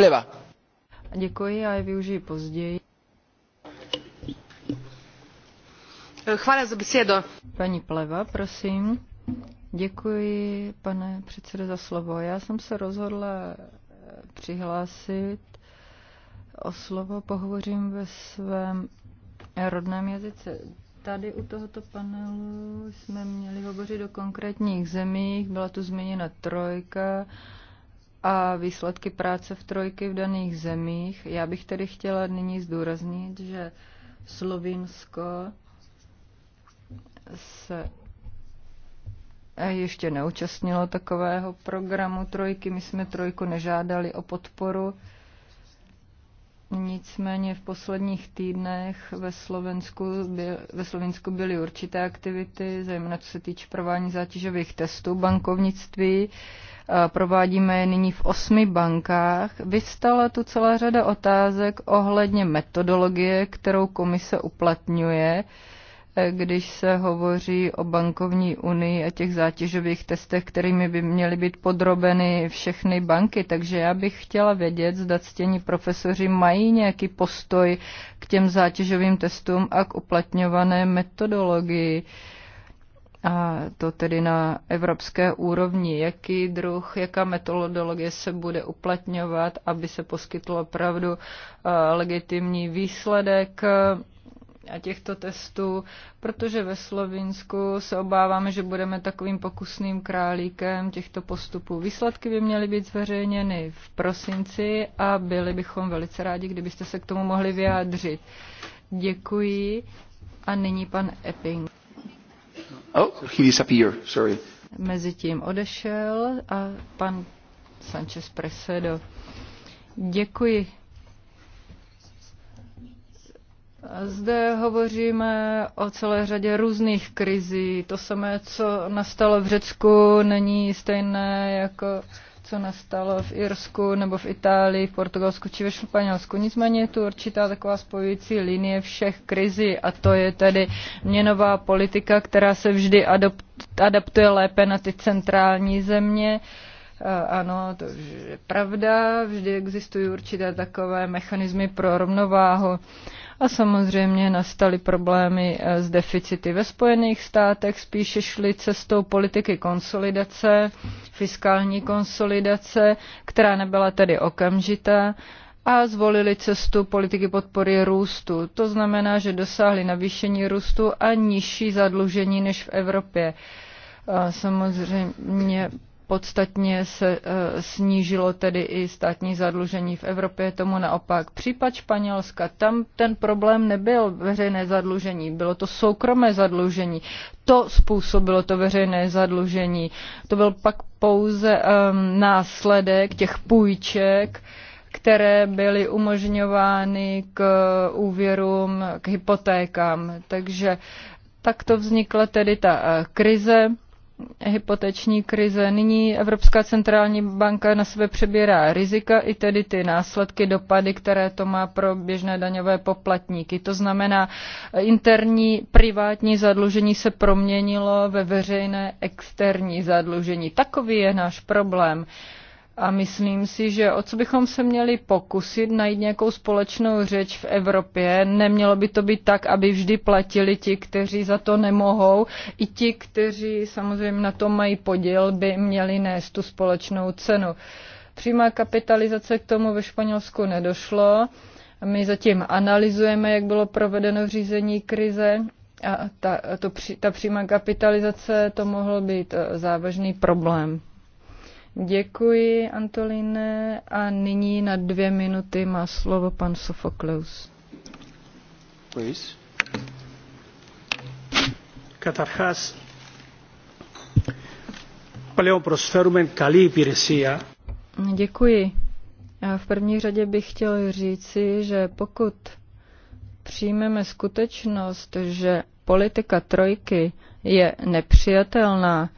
Leva. Děkuji, já je využiji později. Chvále za besedo. Paní Pleva, prosím. Děkuji, pane předsedo, za slovo. Já jsem se rozhodla eh, přihlásit o slovo, pohovořím ve svém rodném jazyce. Tady u tohoto panelu jsme měli hovořit o konkrétních zemích, byla tu zmíněna trojka a výsledky práce v trojky v daných zemích. Já bych tedy chtěla nyní zdůraznit, že Slovinsko se ještě neúčastnilo takového programu trojky. My jsme trojku nežádali o podporu. Nicméně v posledních týdnech ve Slovensku, byl, ve Slovensku byly určité aktivity, zejména co se týče provádění zátěžových testů bankovnictví. Provádíme je nyní v osmi bankách. Vystala tu celá řada otázek ohledně metodologie, kterou komise uplatňuje. Uh, když se hovoří o bankovní unii a těch zátěžových testech, kterými by měly být podrobeny všechny banky. Takže já bych chtěla vědět, zda ctění profesoři mají nějaký postoj k těm zátěžovým testům a k uplatňované metodologii. A to tedy na evropské úrovni, jaký druh, jaká metodologie se bude uplatňovat, aby se poskytlo opravdu eh, legitimní výsledek těchto testů, protože ve Slovinsku se obáváme, že budeme takovým pokusným králíkem těchto postupů. Výsledky by měly být zveřejněny v prosinci a byli bychom velice rádi, kdybyste se k tomu mohli vyjádřit. Děkuji. A nyní pan Epping. Oh, he disappeared, sorry. Mezitím odešel a pan Sanchez Presedo. Děkuji, zde hovoříme o celé řadě různých krizí. To samé, co nastalo v Řecku, není stejné jako co nastalo v Irsku nebo v Itálii, v Portugalsku či ve Španělsku. Nicméně je tu určitá taková spojující linie všech krizí a to je tedy měnová politika, která se vždy adaptuje lépe na ty centrální země. Ano, to je pravda, vždy existují určité takové mechanismy pro rovnováhu a samozřejmě nastaly problémy eh, s deficity ve Spojených státech, spíše šly cestou politiky konsolidace, fiskální konsolidace, která nebyla tedy okamžitá, a zvolili cestu politiky podpory růstu. To znamená, že dosáhli navýšení růstu a nižší zadlužení než v Evropě. Samozřejmě Podstatně se eh, snížilo tedy i státní zadlužení v Evropě, tomu naopak. Případ Španělska, tam ten problém nebyl veřejné zadlužení, bylo to soukromé zadlužení. To způsobilo to veřejné zadlužení. To byl pak pouze um, následek těch půjček, které byly umožňovány k úvěrům, k hypotékám. Takže takto vznikla tedy ta eh, krize hypoteční krize. Nyní Evropská centrální banka na sebe přebírá rizika i tedy ty následky, dopady, které to má pro běžné daňové poplatníky. To znamená, interní privátní zadlužení se proměnilo ve veřejné externí zadlužení. Takový je náš problém. Uh, a myslím si, že o co bychom se měli pokusit najít nějakou společnou řeč v Evropě, nemělo by to být tak, aby vždy platili ti, kteří za to nemohou. I ti, kteří samozřejmě na to mají podíl, by měli nést tu společnou cenu. Přímá kapitalizace k tomu ve Španělsku nedošlo. My zatím analyzujeme, jak bylo provedeno v řízení krize a ta, to, ta přímá kapitalizace to mohl být eh, závažný problém. Děkuji, Antoline. A nyní na dvě minuty má slovo pan Sofokleus. Please. Καταρχάς, Děkuji. Já v první řadě bych chtěl říci, že pokud přijmeme skutečnost, že politika trojky je nepřijatelná,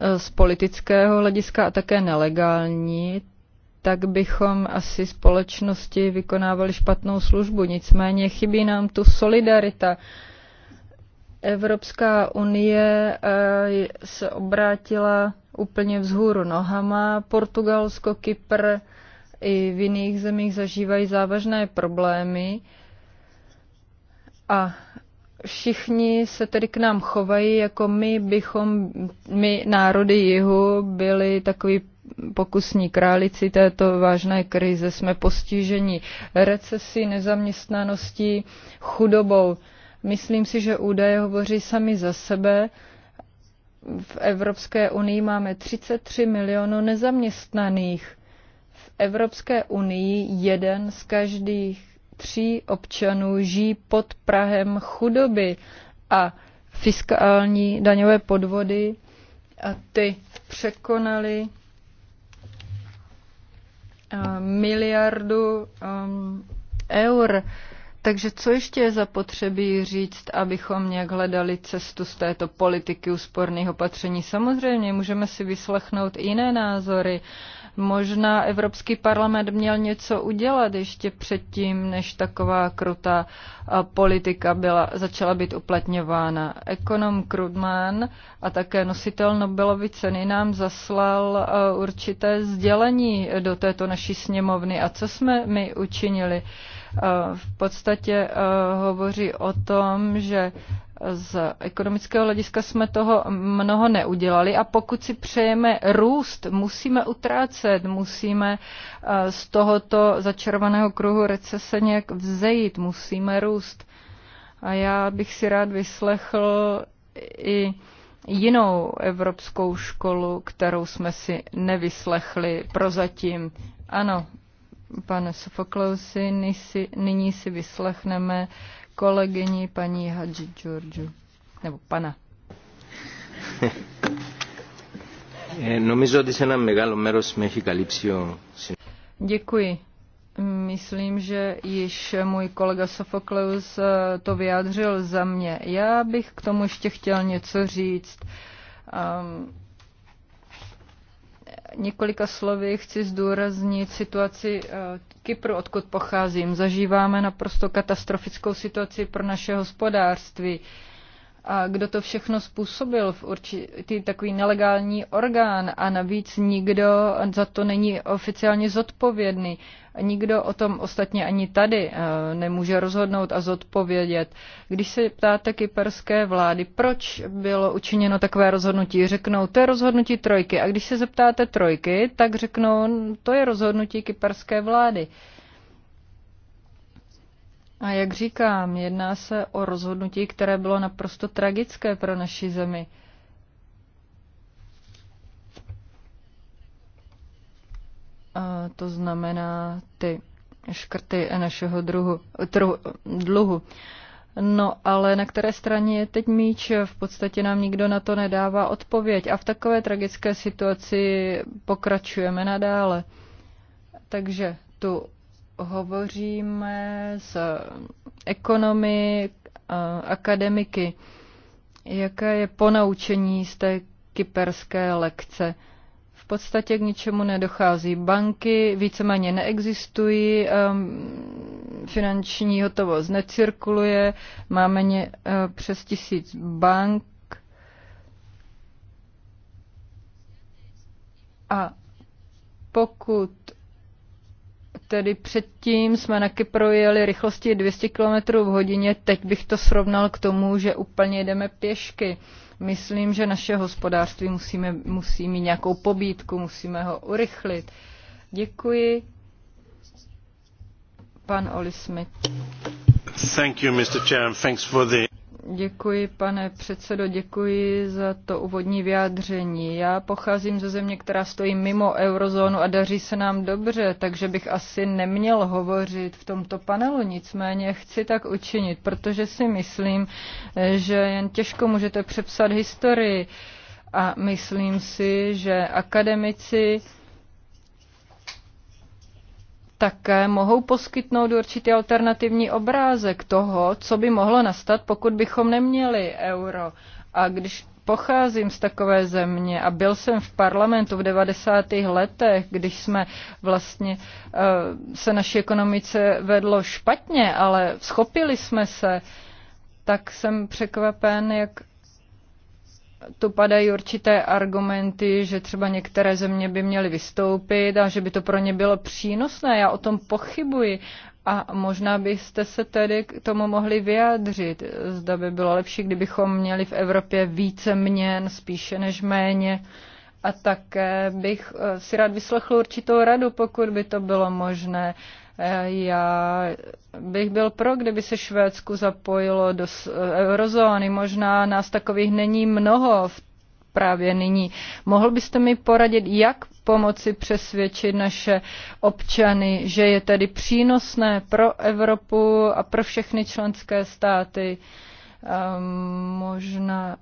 Eh, z politického hlediska a také nelegální, tak bychom asi společnosti vykonávali špatnou službu. Nicméně chybí nám tu solidarita. Evropská unie eh, se obrátila úplně vzhůru nohama. Portugalsko, Kypr i v jiných zemích zažívají závažné problémy. A všichni se tedy k nám chovají, jako my bychom, my národy jihu, byli takový pokusní králici této vážné krize. Jsme postiženi recesí, nezaměstnaností, chudobou. Myslím si, že údaje hovoří sami za sebe. V Evropské unii máme 33 milionů nezaměstnaných. V Evropské unii jeden z každých tří občanů žijí pod Prahem chudoby a fiskální daňové podvody a ty překonaly eh, miliardu um, eur. Takže co ještě je zapotřebí říct, abychom nějak hledali cestu z této politiky úsporných opatření? Samozřejmě můžeme si vyslechnout jiné názory, uh, Možná Evropský parlament měl něco udělat ještě předtím, než taková krutá politika byla, začala být uplatňována. Ekonom Krudman a také nositel Nobelovy ceny nám zaslal určité sdělení do této naší sněmovny. A co jsme my učinili? v podstatě hovoří o tom, že z ekonomického hlediska jsme toho mnoho neudělali a pokud si přejeme růst, musíme utrácet, musíme eh, z tohoto začarovaného kruhu recese nějak vzejít, musíme růst. A já bych si rád vyslechl i jinou evropskou školu, kterou jsme si nevyslechli prozatím. Ano, pane Sofoklousi, nyní si vyslechneme kolegyni paní Hadži Georgiu, nebo pana. Eh, no Děkuji. Myslím, že již můj kolega Sofokleus eh, to vyjádřil za mě. Já bych k tomu ještě chtěl něco říct. Um, několika slovy chci zdůraznit situaci eh, Kypru, odkud pocházím. Zažíváme naprosto katastrofickou situaci pro naše hospodářství a kdo to všechno způsobil v určitý takový nelegální orgán a navíc nikdo za to není oficiálně zodpovědný. Nikdo o tom ostatně ani tady eh, nemůže rozhodnout a zodpovědět. Když se ptáte kyperské vlády, proč bylo učiněno takové rozhodnutí, řeknou, to je rozhodnutí trojky. A když se zeptáte trojky, tak řeknou, no, to je rozhodnutí kyperské vlády. A jak říkám, jedná se o rozhodnutí, které bylo naprosto tragické pro naši zemi. A to znamená ty škrty našeho druhu, tru, dluhu. No ale na které straně je teď míč? V podstatě nám nikdo na to nedává odpověď a v takové tragické situaci pokračujeme nadále. Takže tu hovoříme s ekonomy, akademiky. Jaké je ponaučení z té kyperské lekce? V podstatě k ničemu nedochází. Banky víceméně neexistují, um, finanční hotovost necirkuluje, máme ně, uh, přes tisíc bank a pokud Tedy předtím jsme na Kypru jeli rychlosti 200 km v hodině, teď bych to srovnal k tomu, že úplně jdeme pěšky. Myslím, že naše hospodářství musíme, musí mít nějakou pobídku, musíme ho urychlit. Děkuji. Pan Oli Smith. Thank you, Mr. Chairman. Thanks for the... Děkuji, pane předsedo, děkuji za to úvodní vyjádření. Já pocházím ze země, která stojí mimo eurozónu a daří se nám dobře, takže bych asi neměl hovořit v tomto panelu. Nicméně chci tak učinit, protože si myslím, že jen těžko můžete přepsat historii. A myslím si, že akademici také mohou poskytnout určitý alternativní obrázek toho, co by mohlo nastat, pokud bychom neměli euro. A když pocházím z takové země a byl jsem v parlamentu v 90. letech, když jsme vlastně eh, se naší ekonomice vedlo špatně, ale schopili jsme se, tak jsem překvapen, jak tu padají určité argumenty, že třeba některé země by měly vystoupit a že by to pro ně bylo přínosné. Já o tom pochybuji. A možná byste se tedy k tomu mohli vyjádřit. Zda by bylo lepší, kdybychom měli v Evropě více měn spíše než méně. A také bych eh, si rád vyslechl určitou radu, pokud by to bylo možné. Já bych byl pro, kdyby se Švédsku zapojilo do eurozóny. Možná nás takových není mnoho v právě nyní. Mohl byste mi poradit, jak pomoci přesvědčit naše občany, že je tedy přínosné pro Evropu a pro všechny členské státy? Ehm, možná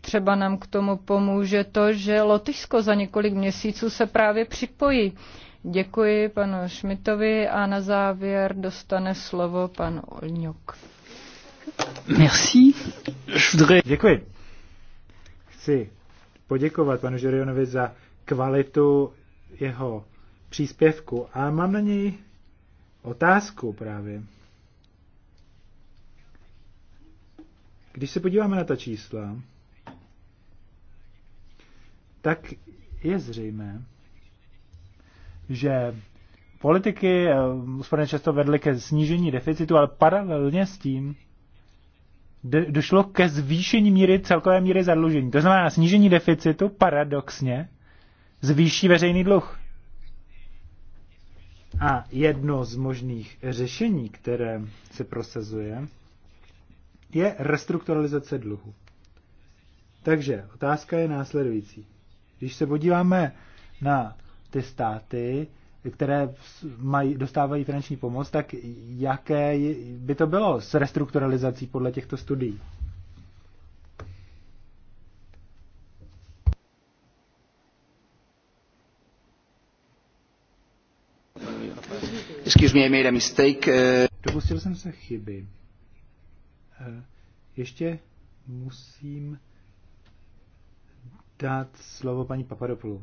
třeba nám k tomu pomůže to, že Lotyšsko za několik měsíců se právě připojí. Děkuji panu Šmitovi a na závěr dostane slovo pan Olňuk. Merci. Děkuji. Chci poděkovat panu Žerionovi za kvalitu jeho příspěvku a mám na něj otázku právě. Když se podíváme na ta čísla, tak je zřejmé, že politiky úsporné eh, často vedly ke snížení deficitu, ale paralelně s tím došlo ke zvýšení míry, celkové míry zadlužení. To znamená, snížení deficitu paradoxně zvýší veřejný dluh. A jedno z možných řešení, které se prosazuje, je restrukturalizace dluhu. Takže otázka je následující. Když se podíváme na ty státy, které mají, dostávají finanční pomoc, tak jaké by to bylo s restrukturalizací podle těchto studií? Excuse me, I made a mistake. Eh. Dopustil jsem se chyby. Eh, ještě musím dát slovo paní Papadopoulou.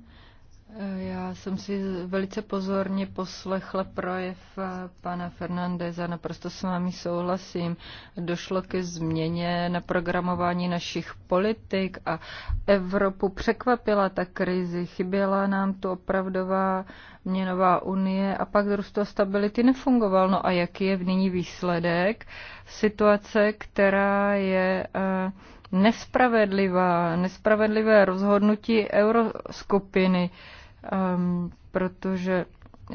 Já jsem si velice pozorně poslechla projev eh, pana Fernandeza, naprosto s vámi souhlasím. Došlo ke změně na programování našich politik a Evropu překvapila ta krizi. Chyběla nám tu opravdová měnová unie a pak růst a stability nefungoval. No a jaký je v nyní výsledek? Situace, která je eh, nespravedlivá, nespravedlivé rozhodnutí euroskupiny um, protože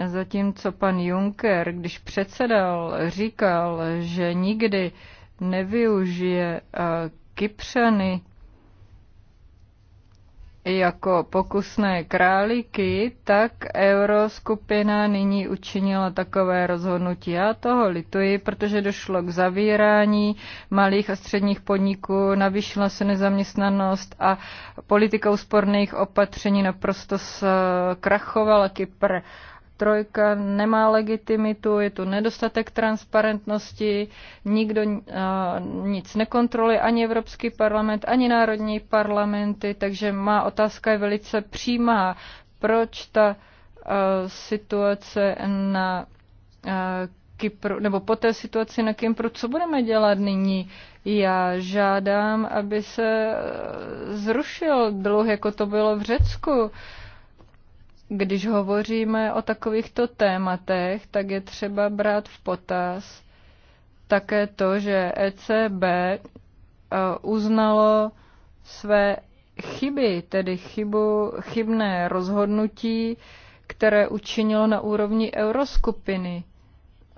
zatímco pan Juncker, když předsedal, říkal, že nikdy nevyužije uh, Kypřany jako pokusné králíky, tak euroskupina nyní učinila takové rozhodnutí. Já toho lituji, protože došlo k zavírání malých a středních podniků, navýšila se nezaměstnanost a politika úsporných opatření naprosto zkrachovala Kypr trojka nemá legitimitu, je tu nedostatek transparentnosti, nikdo uh, nic nekontroluje, ani Evropský parlament, ani národní parlamenty, takže má otázka je velice přímá. Proč ta uh, situace na uh, Kypru, nebo po té situaci na Kypru, co budeme dělat nyní? Já žádám, aby se zrušil dluh, jako to bylo v Řecku. Uh, když hovoříme o takovýchto tématech, tak je třeba brát v potaz také to, že ECB eh, uznalo své chyby, tedy chybu, chybné rozhodnutí, které učinilo na úrovni euroskupiny.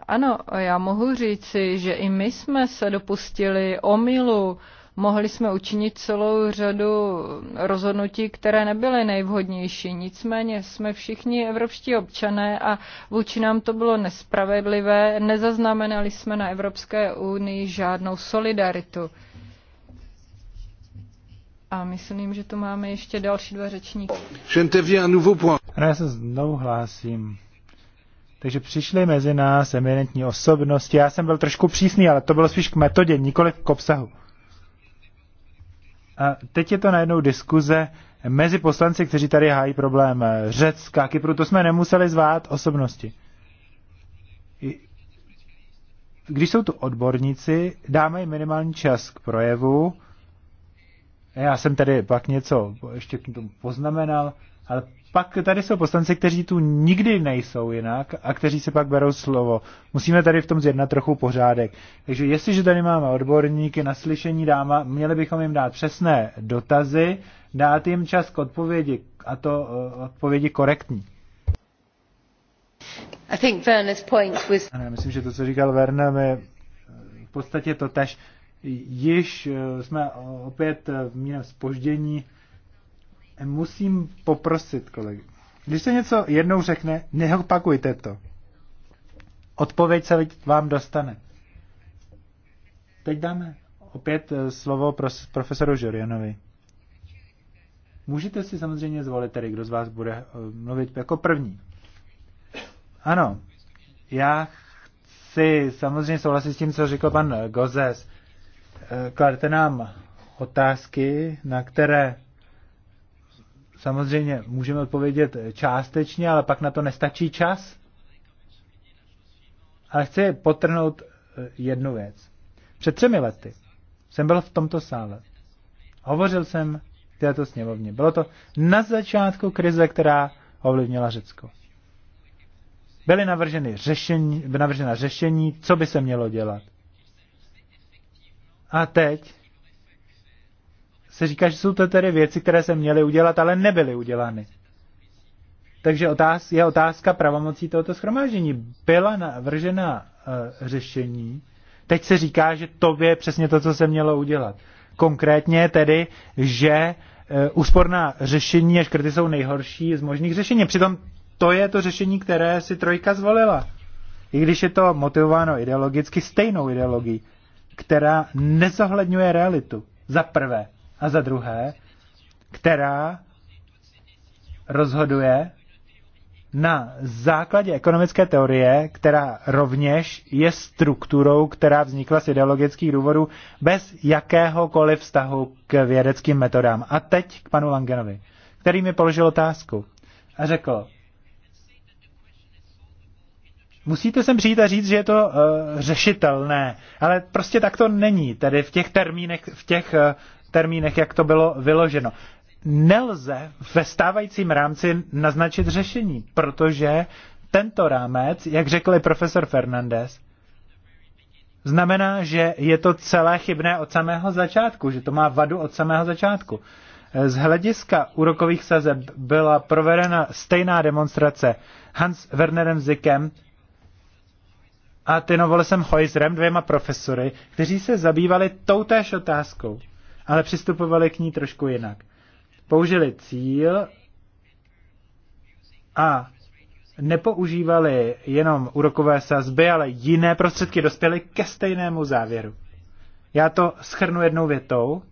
Ano, já mohu říci, že i my jsme se dopustili omylu, mohli jsme učinit celou řadu rozhodnutí, které nebyly nejvhodnější. Nicméně jsme všichni evropští občané a vůči nám to bylo nespravedlivé. Nezaznamenali jsme na Evropské unii žádnou solidaritu. A myslím, že tu máme ještě další dva řečníky. Já se znovu hlásím. Takže přišly mezi nás eminentní osobnosti. Já jsem byl trošku přísný, ale to bylo spíš k metodě, nikoli k obsahu. A teď je to najednou diskuze mezi poslanci, kteří tady hájí problém eh, Řecka, Kypru, to jsme nemuseli zvát osobnosti. Když jsou tu odborníci, dáme jim minimální čas k projevu. Já jsem tady pak něco ještě k tomu poznamenal, ale pak tady jsou poslanci, kteří tu nikdy nejsou jinak a kteří se pak berou slovo. Musíme tady v tom zjednat trochu pořádek. Takže jestliže tady máme odborníky na slyšení dáma, měli bychom jim dát přesné dotazy, dát jim čas k odpovědi a to eh, odpovědi korektní. I think Werner's point was... Ano, myslím, že to, co říkal Werner, je eh, v podstatě to tež. Již eh, jsme opět v mírném spoždění musím poprosit kolegy. Když se něco jednou řekne, neopakujte to. Odpověď se vám dostane. Teď dáme opět eh, slovo profesoru Žorianovi. Můžete si samozřejmě zvolit tedy, kdo z vás bude eh, mluvit jako první. Ano, já chci samozřejmě souhlasit s tím, co řekl pan Gozes. Eh, kladete nám otázky, na které samozřejmě můžeme odpovědět částečně, ale pak na to nestačí čas. Ale chci potrhnout eh, jednu věc. Před třemi lety jsem byl v tomto sále. Hovořil jsem v této sněmovně. Bylo to na začátku krize, která ovlivnila Řecko. Byly navrženy řešení, navržena řešení, co by se mělo dělat. A teď se říká, že jsou to tedy věci, které se měly udělat, ale nebyly udělány. Takže otáz, je otázka pravomocí tohoto schromáždění. Byla navržena uh, řešení, teď se říká, že to je přesně to, co se mělo udělat. Konkrétně tedy, že uh, úsporná řešení a škrty jsou nejhorší z možných řešení. Přitom to je to řešení, které si Trojka zvolila. I když je to motivováno ideologicky stejnou ideologií, která nezohledňuje realitu. Za prvé, a za druhé, která rozhoduje na základě ekonomické teorie, která rovněž je strukturou, která vznikla z ideologických důvodů bez jakéhokoliv vztahu k vědeckým metodám. A teď k panu Langenovi, který mi položil otázku a řekl, musíte sem přijít a říct, že je to uh, řešitelné, ale prostě tak to není, tedy v těch termínech, v těch uh, termínech, jak to bylo vyloženo. Nelze ve stávajícím rámci naznačit řešení, protože tento rámec, jak řekl i profesor Fernandez, znamená, že je to celé chybné od samého začátku, že to má vadu od samého začátku. Z hlediska úrokových sazeb byla provedena stejná demonstrace Hans Wernerem Zickem a Tinovolesem Heuserem, dvěma profesory, kteří se zabývali toutéž otázkou ale přistupovali k ní trošku jinak. Použili cíl a nepoužívali jenom úrokové sazby, ale jiné prostředky dospěly ke stejnému závěru. Já to schrnu jednou větou.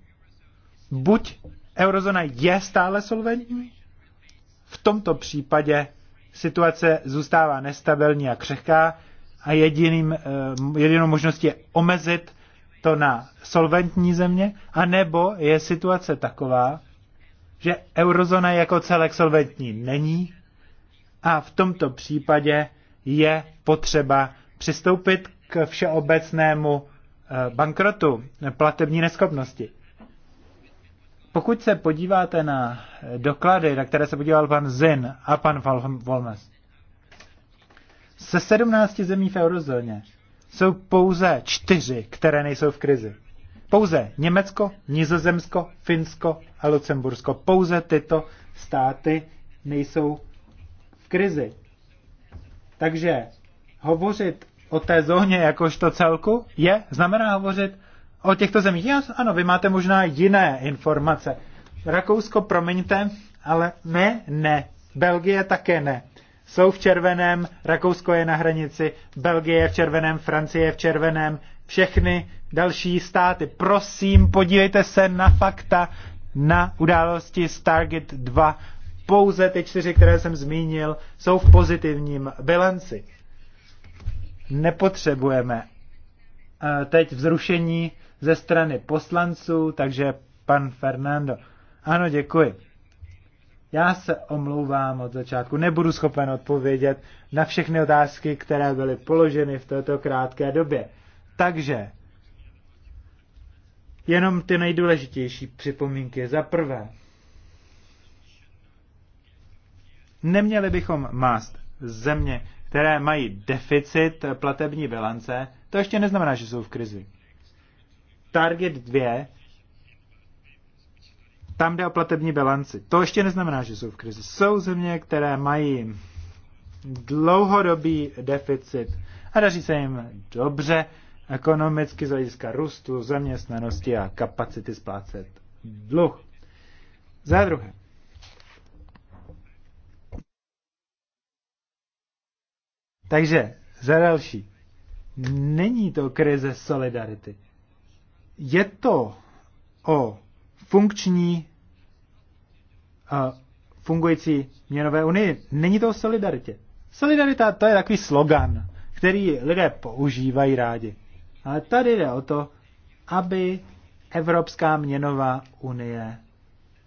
Buď eurozona je stále solventní, v tomto případě situace zůstává nestabilní a křehká a jediným, eh, jedinou možností je omezit to na solventní země, anebo je situace taková, že eurozona jako celek solventní není a v tomto případě je potřeba přistoupit k všeobecnému eh, bankrotu, platební neschopnosti. Pokud se podíváte na doklady, na které se podíval pan Zin a pan Volmes, se 17 zemí v eurozóně jsou pouze čtyři, které nejsou v krizi. Pouze Německo, Nizozemsko, Finsko a Lucembursko. Pouze tyto státy nejsou v krizi. Takže hovořit o té zóně jakožto celku je, znamená hovořit o těchto zemích. Ano, vy máte možná jiné informace. Rakousko, promiňte, ale ne, ne. Belgie také ne jsou v červeném, Rakousko je na hranici, Belgie je v červeném, Francie je v červeném, všechny další státy. Prosím, podívejte se na fakta, na události Stargate 2. Pouze ty čtyři, které jsem zmínil, jsou v pozitivním bilanci. Nepotřebujeme eh, teď vzrušení ze strany poslanců, takže pan Fernando. Ano, děkuji. Já se omlouvám od začátku, nebudu schopen odpovědět na všechny otázky, které byly položeny v této krátké době. Takže, jenom ty nejdůležitější připomínky. Za prvé, neměli bychom mást země, které mají deficit platební bilance, to ještě neznamená, že jsou v krizi. Target 2 tam jde o platební bilanci. To ještě neznamená, že jsou v krizi. Jsou země, které mají dlouhodobý deficit a daří se jim dobře ekonomicky z hlediska růstu, zaměstnanosti a kapacity splácet dluh. Za druhé, Takže, za další, není to krize solidarity. Je to o funkční a fungující měnové unii. Není to o solidaritě. Solidarita to je takový slogan, který lidé používají rádi. Ale tady jde o to, aby Evropská měnová unie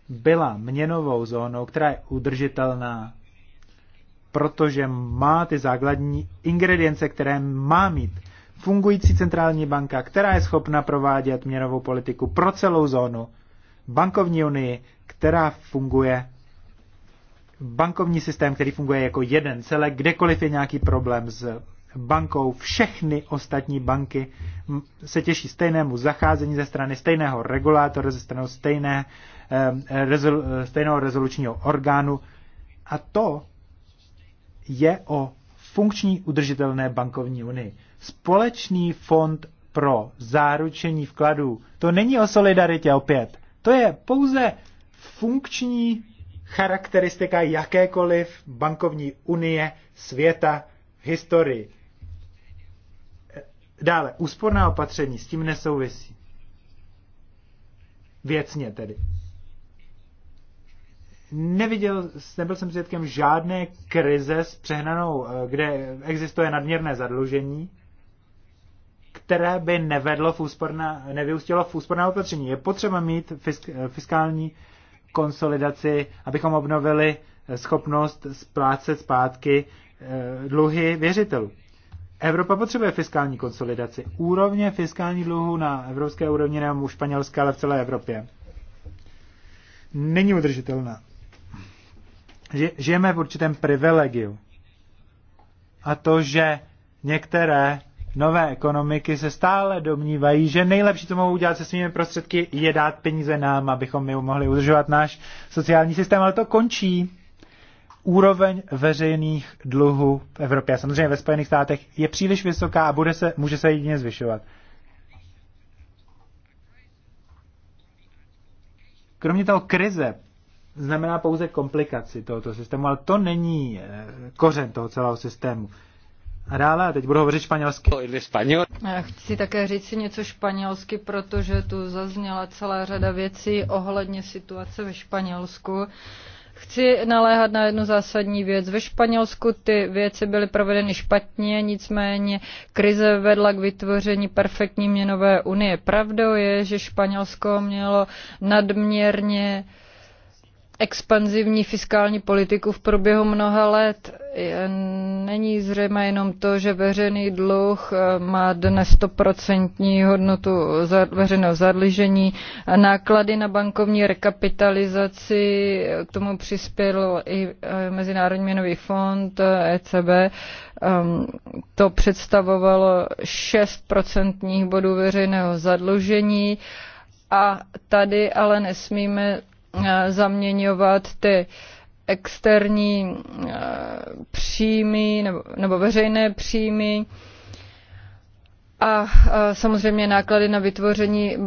byla měnovou zónou, která je udržitelná, protože má ty základní ingredience, které má mít fungující centrální banka, která je schopna provádět měnovou politiku pro celou zónu bankovní unii, která funguje, bankovní systém, který funguje jako jeden celek, kdekoliv je nějaký problém s bankou, všechny ostatní banky se těší stejnému zacházení ze strany stejného regulátora, ze strany stejné, eh, rezol, stejného rezolučního orgánu. A to je o funkční udržitelné bankovní unii. Společný fond pro záručení vkladů. To není o solidaritě opět. To je pouze funkční charakteristika jakékoliv bankovní unie světa v historii. Dále, úsporná opatření s tím nesouvisí. Věcně tedy. Neviděl, nebyl jsem svědkem žádné krize s přehnanou, eh, kde existuje nadměrné zadlužení které by nevedlo v úsporná, nevyústilo v úsporná opatření. Je potřeba mít fisk, fiskální konsolidaci, abychom obnovili eh, schopnost splácet zpátky eh, dluhy věřitelů. Evropa potřebuje fiskální konsolidaci. Úrovně fiskální dluhu na evropské úrovni nebo u Španělska, ale v celé Evropě není udržitelná. Žijeme v určitém privilegiu. A to, že některé nové ekonomiky se stále domnívají, že nejlepší, co mohou udělat se svými prostředky, je dát peníze nám, abychom my mohli udržovat náš sociální systém, ale to končí. Úroveň veřejných dluhů v Evropě a samozřejmě ve Spojených státech je příliš vysoká a bude se, může se jedině zvyšovat. Kromě toho krize znamená pouze komplikaci tohoto systému, ale to není eh, kořen toho celého systému. A dále, teď budu hovořit španělsky. Chci také říct si něco španělsky, protože tu zazněla celá řada věcí ohledně situace ve Španělsku. Chci naléhat na jednu zásadní věc. Ve Španělsku ty věci byly provedeny špatně, nicméně krize vedla k vytvoření perfektní měnové unie. Pravdou je, že Španělsko mělo nadměrně uh, expanzivní fiskální politiku v průběhu mnoha let. Není zřejmé jenom to, že veřejný dluh eh, má dnes 100% hodnotu veřejného zadlužení. Náklady na bankovní rekapitalizaci, eh, k tomu přispěl i eh, Mezinárodní měnový fond, ECB. E ehm, to představovalo 6% bodů veřejného zadlužení. A tady ale nesmíme Eh, zaměňovat ty externí eh, příjmy nebo, nebo veřejné příjmy a eh, samozřejmě náklady na vytvoření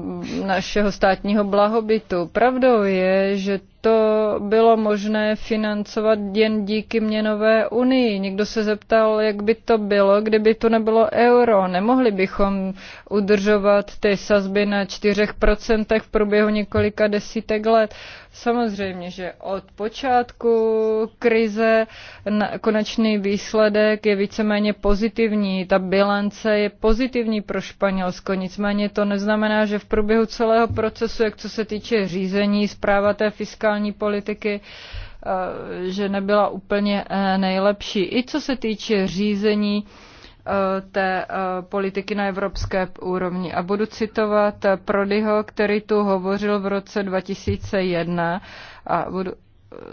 našeho státního blahobytu. Pravdou je, že to bylo možné financovat jen díky měnové unii. Někdo se zeptal, jak by to bylo, kdyby to nebylo euro. Nemohli bychom udržovat ty sazby na 4% v průběhu několika desítek let. Samozřejmě, že od počátku krize na konečný výsledek je víceméně pozitivní. Ta bilance je pozitivní pro Španělsko, nicméně to neznamená, že v průběhu celého procesu, jak co se týče řízení, zpráva té fiskální fiskální politiky eh, že nebyla úplně eh, nejlepší. I co se týče řízení eh, té politiky na evropské úrovni. A budu citovat Prodyho, který tu hovořil v roce 2001 a budu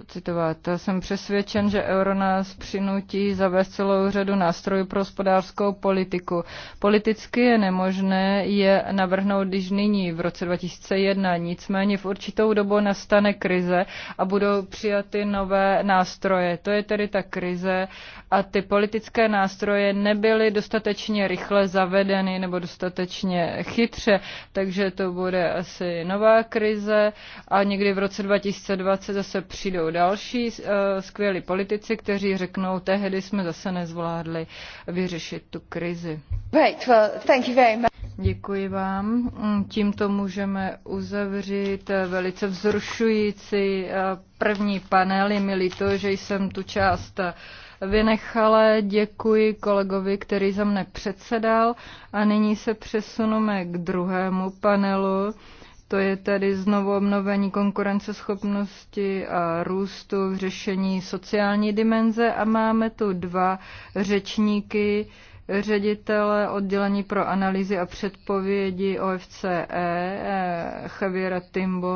citovat. Jsem přesvědčen, že euro nás přinutí zavést celou řadu nástrojů pro hospodářskou politiku. Politicky je nemožné je navrhnout když nyní v roce 2001, nicméně v určitou dobu nastane krize a budou přijaty nové nástroje. To je tedy ta krize a ty politické nástroje nebyly dostatečně rychle zavedeny nebo dostatečně chytře, takže to bude asi nová krize a někdy v roce 2020 zase přijde přijdou další eh, skvělí politici, kteří řeknou, tehdy jsme zase nezvládli vyřešit tu krizi. Right, well, thank you very much. Děkuji vám. Mm, tímto můžeme uzavřít eh, velice vzrušující eh, první panel. Je mi líto, že jsem tu část vynechala. Děkuji kolegovi, který za mne předsedal. A nyní se přesuneme k druhému panelu. To je tedy znovu obnovení konkurenceschopnosti a růstu v řešení sociální dimenze a máme tu dva řečníky, ředitele oddělení pro analýzy a předpovědi OFCE, Javiera Timbo,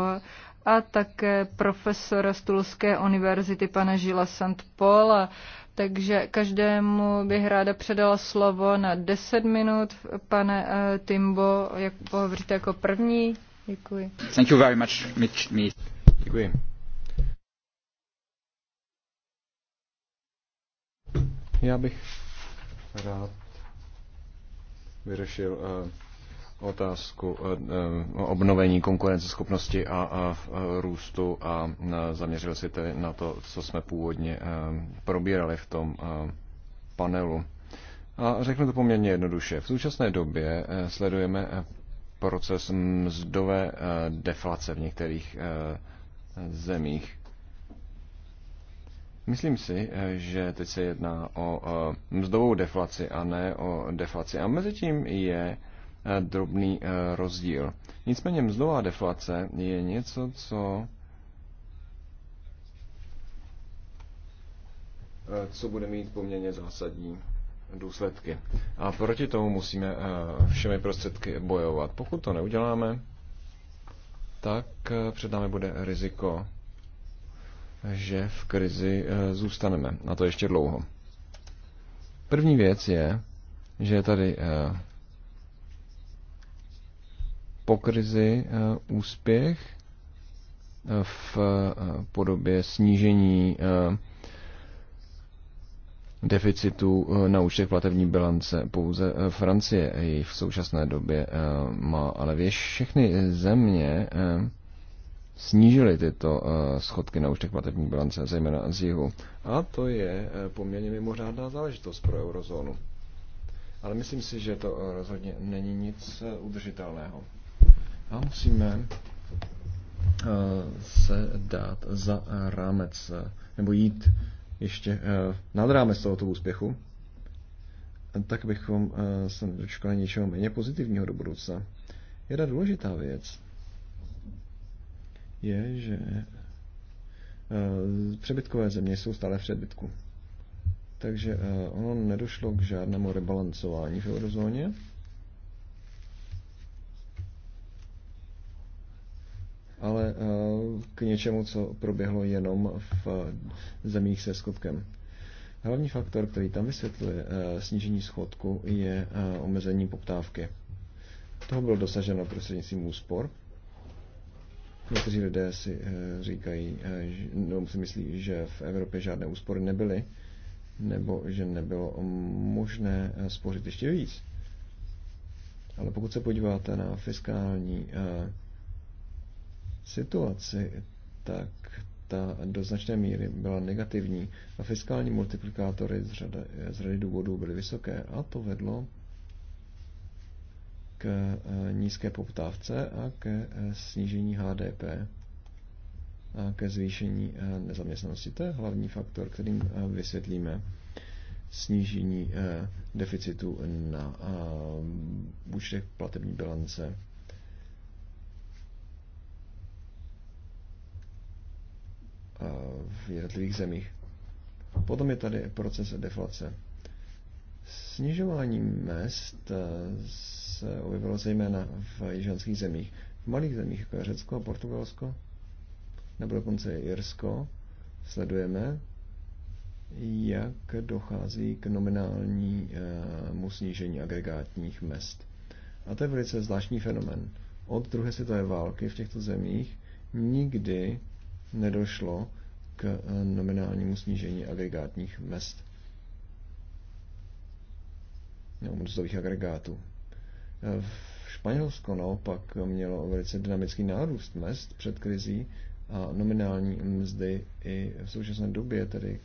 a také profesora z Tulské univerzity, pana Žila Sant Paula. Takže každému bych ráda předala slovo na 10 minut. Pane eh, Timbo, jak pohovoříte jako první? Děkuji. Thank you very much, Mitch. Děkuji. Já bych rád vyřešil uh, otázku uh, uh, obnovení konkurenceschopnosti a, a uh, růstu a uh, zaměřil si tedy na to, co jsme původně uh, probírali v tom uh, panelu. A řeknu to poměrně jednoduše. V současné době sledujeme proces mzdové eh, deflace v některých eh, zemích. Myslím si, eh, že teď se jedná o mzdovou deflaci a ne o deflaci. A mezi tím je drobný rozdíl. Nicméně mzdová deflace je něco, co co bude mít poměrně zásadní důsledky. A proti tomu musíme eh, všemi prostředky bojovat. Pokud to neuděláme, tak eh, před námi bude riziko, že v krizi eh, zůstaneme. A to ještě dlouho. První věc je, že je tady po krizi úspěch v podobě snížení Deficitu eh, na účtech platební bilance. Pouze eh, Francie ji v současné době eh, má, ale věž všechny země snížily tyto schodky na účtech platební bilance, zejména z jihu. A to je poměrně mimořádná záležitost pro eurozónu. Ale myslím si, že to rozhodně není nic udržitelného. A musíme se dát za rámec nebo jít ještě eh, nad rámec tohoto úspěchu, tak bychom eh, se dočkali něčeho méně pozitivního do budoucna. Jedna důležitá věc je, že eh, přebytkové země jsou stále v přebytku. Takže ono nedošlo k žádnému rebalancování v eurozóně. ale eh, k něčemu, co proběhlo jenom v eh, zemích se skutkem. Hlavní faktor, který tam vysvětluje eh, snížení schodku, je omezení poptávky. Toho bylo dosaženo prostřednictvím úspor. Někteří lidé si říkají, nebo si myslí, že v Evropě žádné úspory nebyly, nebo že nebylo možné spořit ještě víc. Ale pokud se podíváte na fiskální situaci, tak ta do značné míry byla negativní a fiskální multiplikátory z řady, z řady důvodů byly vysoké a to vedlo k eh, nízké poptávce a ke eh, snížení HDP a ke zvýšení eh, nezaměstnanosti. To je hlavní faktor, kterým vysvětlíme snížení deficitu na účtech platební bilance Eh, v jednotlivých zemích. Potom je tady proces deflace. Snižování mest eh, se objevilo zejména v jižanských zemích. V malých zemích, jako je Řecko, Portugalsko, nebo dokonce Irsko, sledujeme, jak dochází k nominálnímu eh, snížení agregátních mest. A to je velice zvláštní fenomen. Od druhé světové války v těchto zemích nikdy nedošlo k eh, nominálnímu snížení agregátních mest nebo mzdových agregátů. Eh, v Španělsko naopak mělo velice dynamický nárůst mest před krizí a nominální mzdy i v současné době tedy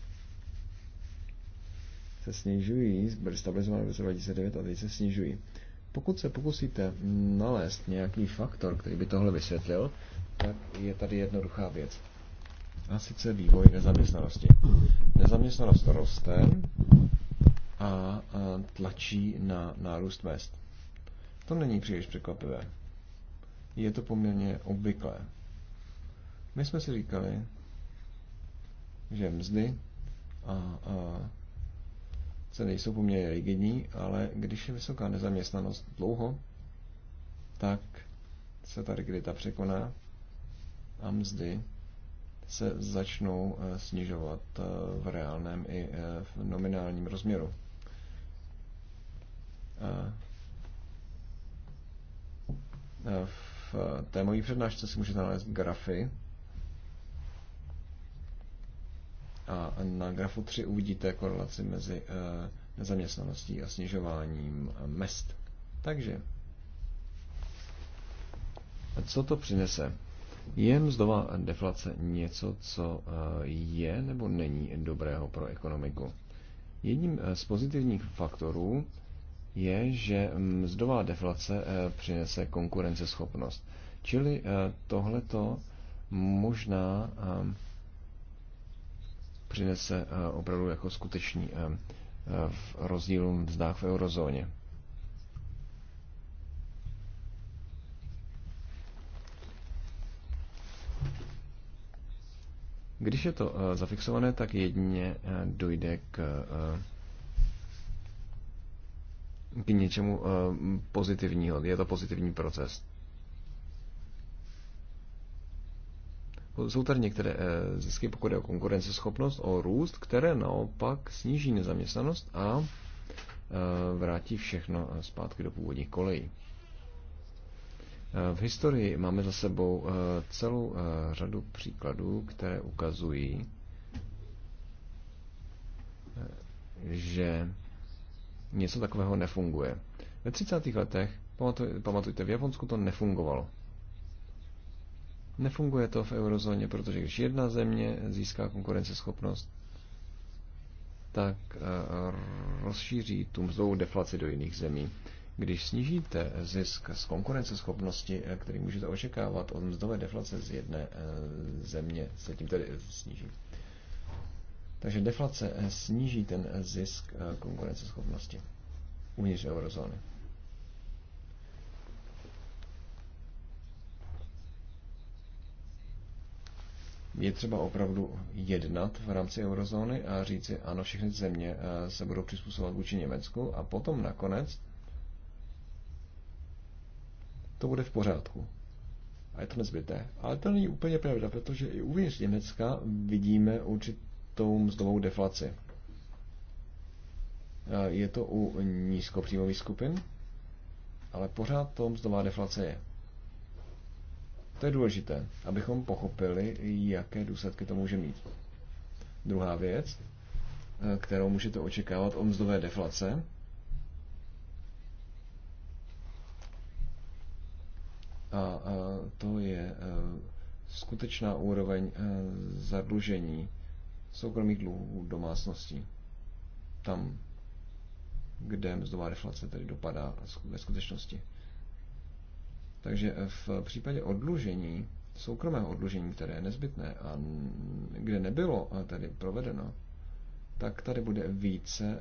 se snižují, byly stabilizovány v roce 2009 a teď se snižují. Pokud se pokusíte nalézt nějaký faktor, který by tohle vysvětlil, tak je tady jednoduchá věc a sice vývoj nezaměstnanosti. Nezaměstnanost roste a tlačí na nárůst mest. To není příliš překvapivé. Je to poměrně obvyklé. My jsme si říkali, že mzdy a, a ceny jsou poměrně rigidní, ale když je vysoká nezaměstnanost dlouho, tak se ta rigidita překoná a mzdy se začnou eh, snižovat eh, v reálném i eh, v nominálním rozměru. V té mojí přednášce si můžete nalézt grafy. A na grafu 3 uvidíte korelaci mezi nezaměstnaností a snižováním mest. Takže, co to přinese? Je mzdová deflace něco, co eh, je nebo není dobrého pro ekonomiku? Jedním eh, z pozitivních faktorů je, že mzdová deflace eh, přinese konkurenceschopnost. Čili tohleto možná přinese opravdu jako skutečný rozdíl v mzdách v eurozóně. Když je to eh, zafixované, tak jedině eh, dojde k, eh, k něčemu pozitivního. Je to pozitivní proces. Jsou tady některé zisky, pokud je o konkurenceschopnost, o růst, které naopak sníží nezaměstnanost a vrátí všechno zpátky do původní kolejí. Eh, v historii máme za sebou eh, celou eh, řadu příkladů, které ukazují, že něco takového nefunguje. Ve 30. letech, pamatujte, v Japonsku to nefungovalo. Nefunguje to v eurozóně, protože když jedna země získá konkurenceschopnost, tak rozšíří tu mzdovou deflaci do jiných zemí. Když snížíte zisk z konkurenceschopnosti, eh, který můžete očekávat od mzdové deflace z jedné eh, země, se tím tedy sníží. Takže deflace eh, sníží ten zisk konkurenceschopnosti uvnitř eurozóny. je třeba opravdu jednat v rámci eurozóny a říci, ano, všechny země se budou přizpůsobovat vůči Německu a potom nakonec to bude v pořádku. A je to nezbytné. Ale to není úplně pravda, protože i uvnitř Německa vidíme určitou mzdovou deflaci. Je to u nízkopříjmových skupin, ale pořád to mzdová deflace je. To je důležité, abychom pochopili, jaké důsledky to může mít. Druhá věc, kterou můžete očekávat o mzdové deflace, A to je e, skutečná úroveň e, zadlužení soukromých dluhů domácností. Tam, kde mzdová deflace tedy dopadá ve skutečnosti. Takže v případě odlužení, soukromého odlužení, které je nezbytné a kde nebylo e, tedy provedeno, tak tady bude více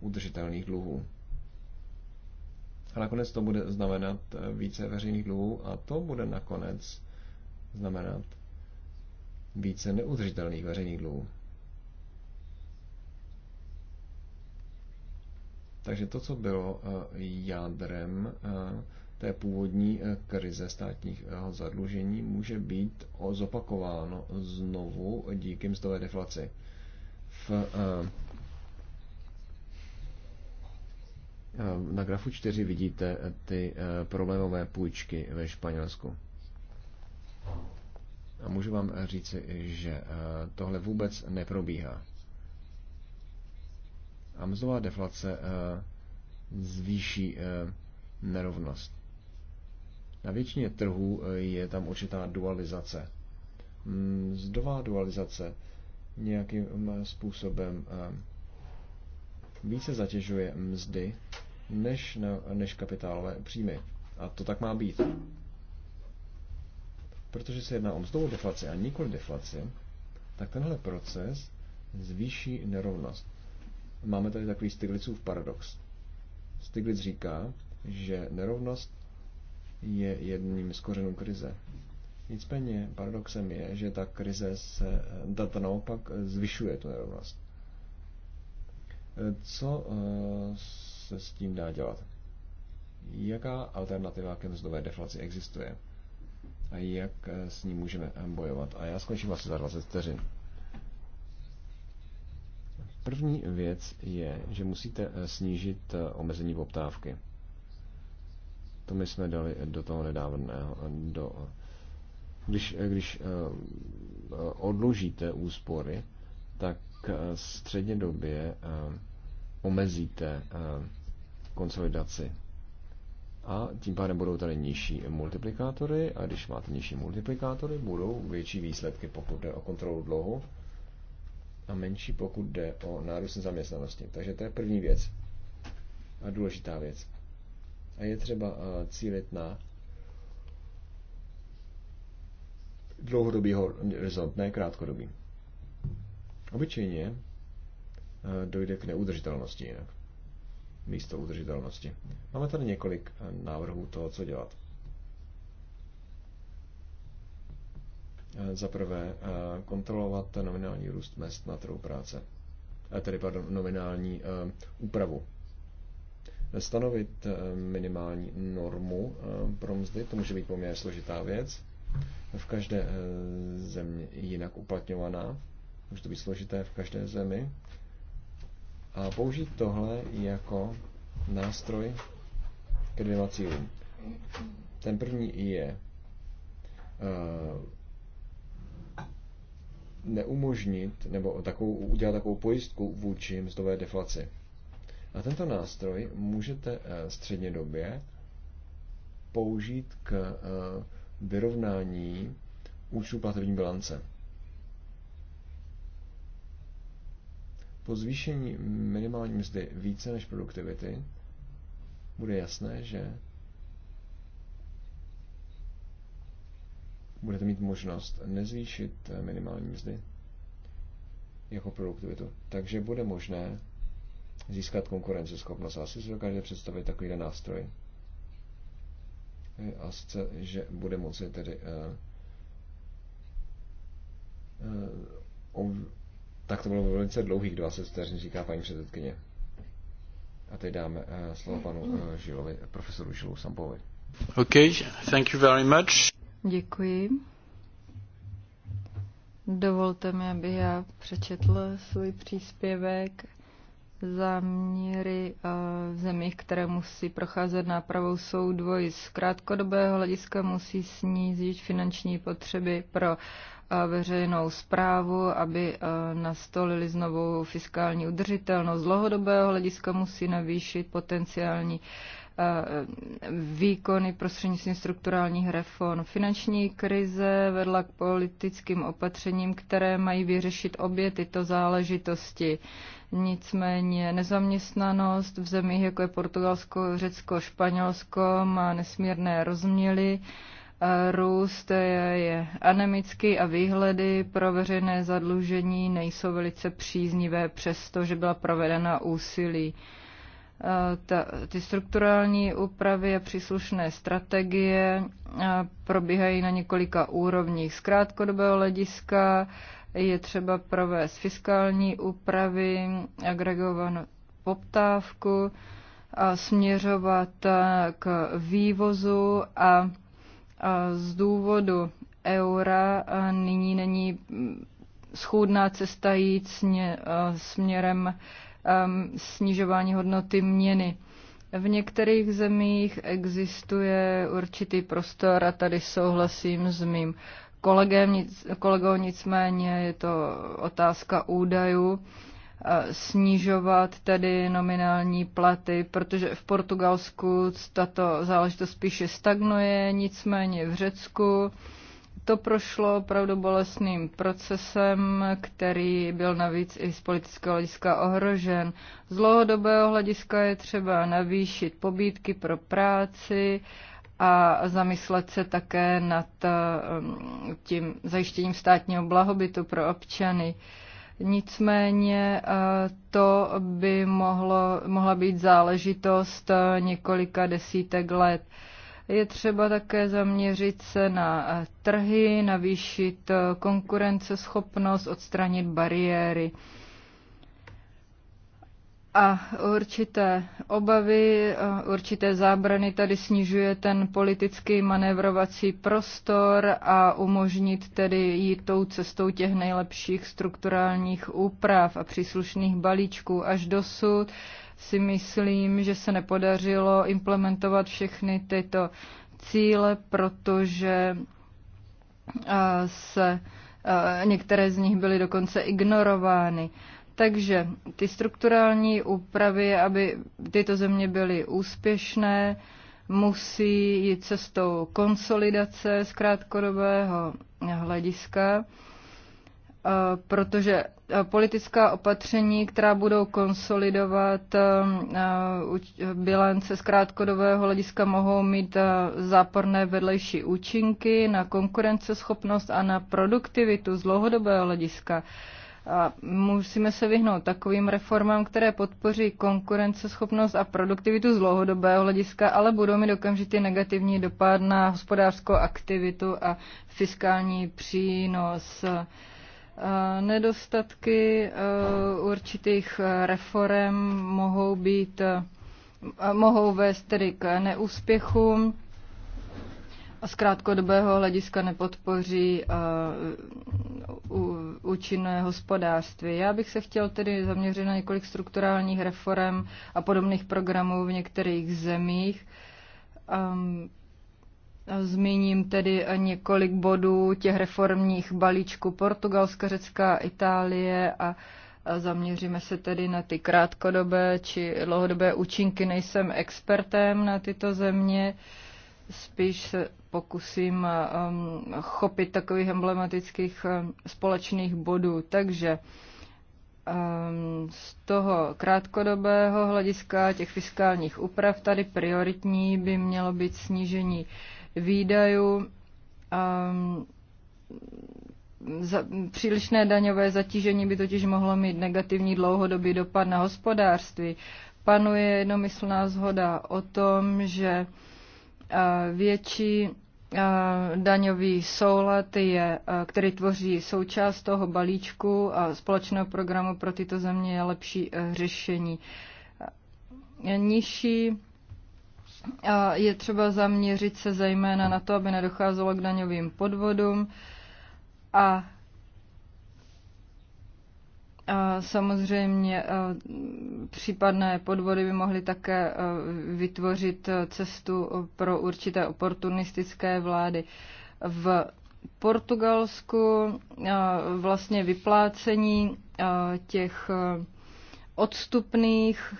neudržitelných dluhů. A nakonec to bude znamenat eh, více veřejných dluhů a to bude nakonec znamenat více neudržitelných veřejných dluhů. Takže to, co bylo eh, jádrem eh, té původní krize státních zadlužení, může být zopakováno znovu díky mzdové deflaci. V Eh, na grafu 4 vidíte eh, ty eh, problémové půjčky ve Španělsku. A můžu vám říci, že tohle vůbec neprobíhá. A mzdová deflace zvýší nerovnost. Na většině trhů je tam určitá dualizace. Mzdová hmm, dualizace nějakým způsobem více zatěžuje mzdy než, na, než kapitálové příjmy. A to tak má být. Protože se jedná o mzdovou deflaci a nikoli deflaci, tak tenhle proces zvýší nerovnost. Máme tady takový Stiglitzův paradox. Stiglitz říká, že nerovnost je jedním z kořenů krize. Nicméně paradoxem je, že ta krize se, data naopak zvyšuje tu nerovnost. Co eh, se s tím dá dělat? Jaká alternativa ke mzdové deflaci existuje? A jak eh, s ní můžeme eh, bojovat? A já skončím asi za 20 vteřin. První věc je, že musíte eh, snížit omezení poptávky. To my jsme dali do toho nedávného, do, když, když odložíte úspory, tak středně době omezíte konsolidaci. A tím pádem budou tady nižší multiplikátory a když máte nižší multiplikátory, budou větší výsledky, pokud jde o kontrolu dlouhu a menší, pokud jde o nárůst zaměstnanosti. Takže to je první věc a důležitá věc. A je třeba eh, cílit na dlouhodobý horizont, ne krátkodobý. Obyčejně eh, dojde k neudržitelnosti jinak místo udržitelnosti. Máme tady několik eh, návrhů toho, co dělat. Eh, za prvé, eh, kontrolovat nominální růst mest na trhu práce, tedy pardon, nominální úpravu. Stanovit minimální normu pro mzdy, to může být poměrně složitá věc, v každé zemi jinak uplatňovaná, může to být složité v každé zemi, a použít tohle jako nástroj ke dvěma cílům. Ten první je uh, neumožnit nebo takovou, udělat takovou pojistku vůči mzdové deflaci. A tento nástroj můžete uh, eh, středně době použít k uh, vyrovnání účtu platební bilance. Po zvýšení minimální mzdy více než produktivity bude jasné, že budete mít možnost nezvýšit minimální mzdy jako produktivitu. Takže bude možné získat konkurenceschopnost. Asi si dokážete představit takovýhle nástroj. A sice, že bude moci tedy uh, uh, tak to bylo velice dlouhých 20 vteřin, říká paní předsedkyně. A teď dáme eh, slovo panu eh, Žilovi, profesoru Žilu Sampovi. OK, thank you very much. Děkuji. Dovolte mi, abych já přečetl svůj příspěvek záměry eh, v zemích, které musí procházet nápravou, jsou dvoj. Z krátkodobého hlediska musí snížit finanční potřeby pro veřejnou zprávu, aby e, nastolili znovu fiskální udržitelnost. Z dlouhodobého hlediska musí navýšit potenciální e, výkony prostřednictvím strukturálních reform. Finanční krize vedla k politickým opatřením, které mají vyřešit obě tyto záležitosti. Nicméně nezaměstnanost v zemích, jako je Portugalsko, Řecko, Španělsko, má nesmírné rozměry. Růst je anemický a výhledy pro veřejné zadlužení nejsou velice příznivé, přestože byla provedena úsilí e, ta, ty strukturální úpravy a příslušné strategie e, probíhají na několika úrovních. Z krátkodobého hlediska je třeba provést fiskální úpravy, agregovanou poptávku, a směřovat e, k vývozu a z důvodu eura nyní není mm, schůdná cesta jít směrem um, snižování hodnoty měny. V některých zemích existuje určitý prostor a tady souhlasím s mým kolegem, kolegou, nicméně je to otázka údajů snižovat tedy nominální platy, protože v Portugalsku tato záležitost spíše stagnuje, nicméně v Řecku to prošlo opravdu bolestným procesem, který byl navíc i z politického hlediska ohrožen. Z dlouhodobého hlediska je třeba navýšit pobídky pro práci a zamyslet se také nad um, tím zajištěním státního blahobytu pro občany. Uh, Nicméně eh, to by mohlo, mohla být záležitost eh, několika desítek let. Je třeba také zaměřit se na eh, trhy, navýšit konkurenceschopnost, odstranit bariéry a určité obavy, určité zábrany tady snižuje ten politický manévrovací prostor a umožnit tedy jít tou cestou těch nejlepších strukturálních úprav a příslušných balíčků až dosud si myslím, že se nepodařilo implementovat všechny tyto cíle, protože se některé z nich byly dokonce ignorovány. Takže ty strukturální úpravy, aby tyto země byly úspěšné, musí jít cestou konsolidace z krátkodobého hlediska, e, protože e, politická opatření, která budou konsolidovat e, bilance z krátkodobého hlediska, mohou mít záporné vedlejší účinky na konkurenceschopnost a na produktivitu z dlouhodobého hlediska. A musíme se vyhnout takovým reformám, které podpoří konkurenceschopnost a produktivitu z dlouhodobého hlediska, ale budou mít okamžitě negativní dopad na hospodářskou aktivitu a fiskální přínos. Nedostatky e, určitých reform mohou být e, mohou vést tedy k neúspěchům z krátkodobého hlediska nepodpoří eh, účinné hospodářství. Já bych se chtěl tedy zaměřit na několik strukturálních reform a podobných programů v některých zemích. Ehm, zmíním tedy několik bodů těch reformních balíčků Portugalska, Řecka, Itálie a zaměříme se tedy na ty krátkodobé či dlouhodobé účinky. Nejsem expertem na tyto země. Uh, Spíš se pokusím um, chopit takových emblematických um, společných bodů. Takže um, z toho krátkodobého hlediska těch fiskálních úprav tady prioritní by mělo být snížení výdajů, za, přílišné daňové zatížení by totiž mohlo mít negativní dlouhodobý dopad na hospodářství. Panuje jednomyslná zhoda o tom, že Eh, větší eh, daňový soulad, je, eh, který tvoří součást toho balíčku a společného programu pro tyto země je lepší řešení. Nižší je třeba zaměřit se zejména na to, aby nedocházelo k daňovým podvodům a Samozřejmě e, případné podvody by mohly také e, vytvořit e, cestu pro určité oportunistické vlády. V Portugalsku vlastně vyplácení těch odstupných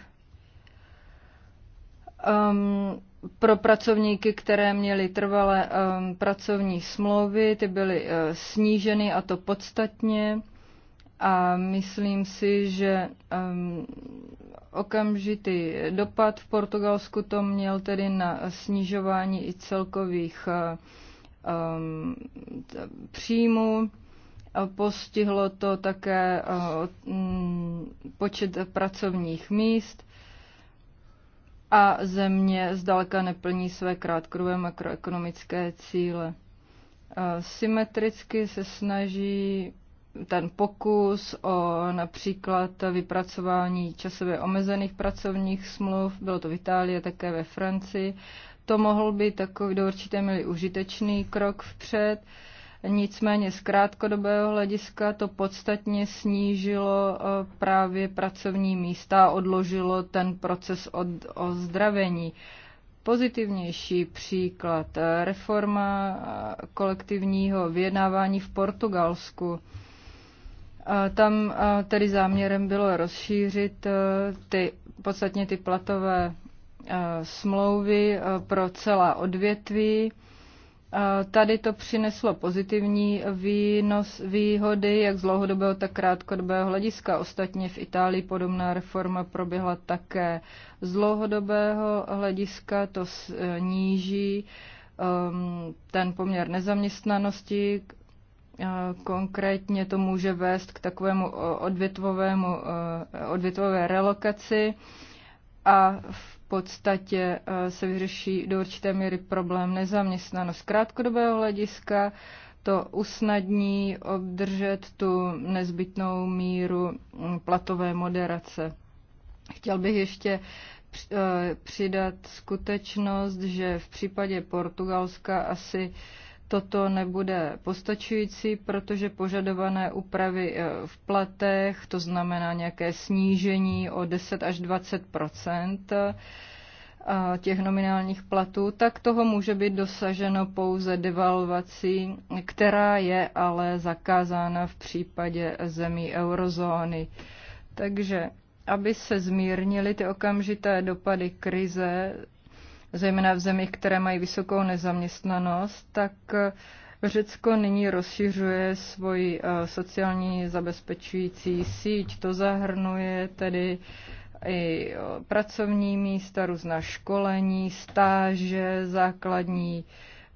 pro pracovníky, které měly trvalé pracovní smlouvy, ty byly sníženy a to podstatně a myslím si, že um, okamžitý dopad v Portugalsku to měl tedy na snižování i celkových uh, um, příjmů. Postihlo to také um, počet pracovních míst a země zdaleka neplní své krátkodobé makroekonomické cíle. Uh, symetricky se snaží ten pokus o například vypracování časově omezených pracovních smluv, bylo to v Itálii, také ve Francii, to mohl být takový do určité míry užitečný krok vpřed. Nicméně z krátkodobého hlediska to podstatně snížilo eh, právě pracovní místa a odložilo ten proces od, ozdravení. Pozitivnější příklad eh, reforma eh, kolektivního vyjednávání v Portugalsku. Tam tedy záměrem bylo rozšířit e, ty, podstatně ty platové e, smlouvy e, pro celá odvětví. Tady to přineslo pozitivní výnos, výhody, jak z dlouhodobého, tak krátkodobého hlediska. Ostatně v Itálii podobná reforma proběhla také z dlouhodobého hlediska. To sníží ten poměr nezaměstnanosti Konkrétně to může vést k takovému odvětvovému, odvětvové relokaci a v podstatě e, se vyřeší do určité míry problém nezaměstnanost. krátkodobého hlediska to usnadní obdržet tu nezbytnou míru platové moderace. Chtěl bych ještě e, přidat skutečnost, že v případě Portugalska asi toto nebude postačující, protože požadované úpravy eh, v platech, to znamená nějaké snížení o 10 až 20 eh, těch nominálních platů, tak toho může být dosaženo pouze devalvací, která je ale zakázána v případě zemí eurozóny. Takže aby se zmírnily ty okamžité dopady krize, zejména v zemích, které mají vysokou nezaměstnanost, tak eh, Řecko nyní rozšiřuje svoji eh, sociální zabezpečující síť. To zahrnuje tedy i eh, pracovní místa, různá školení, stáže, základní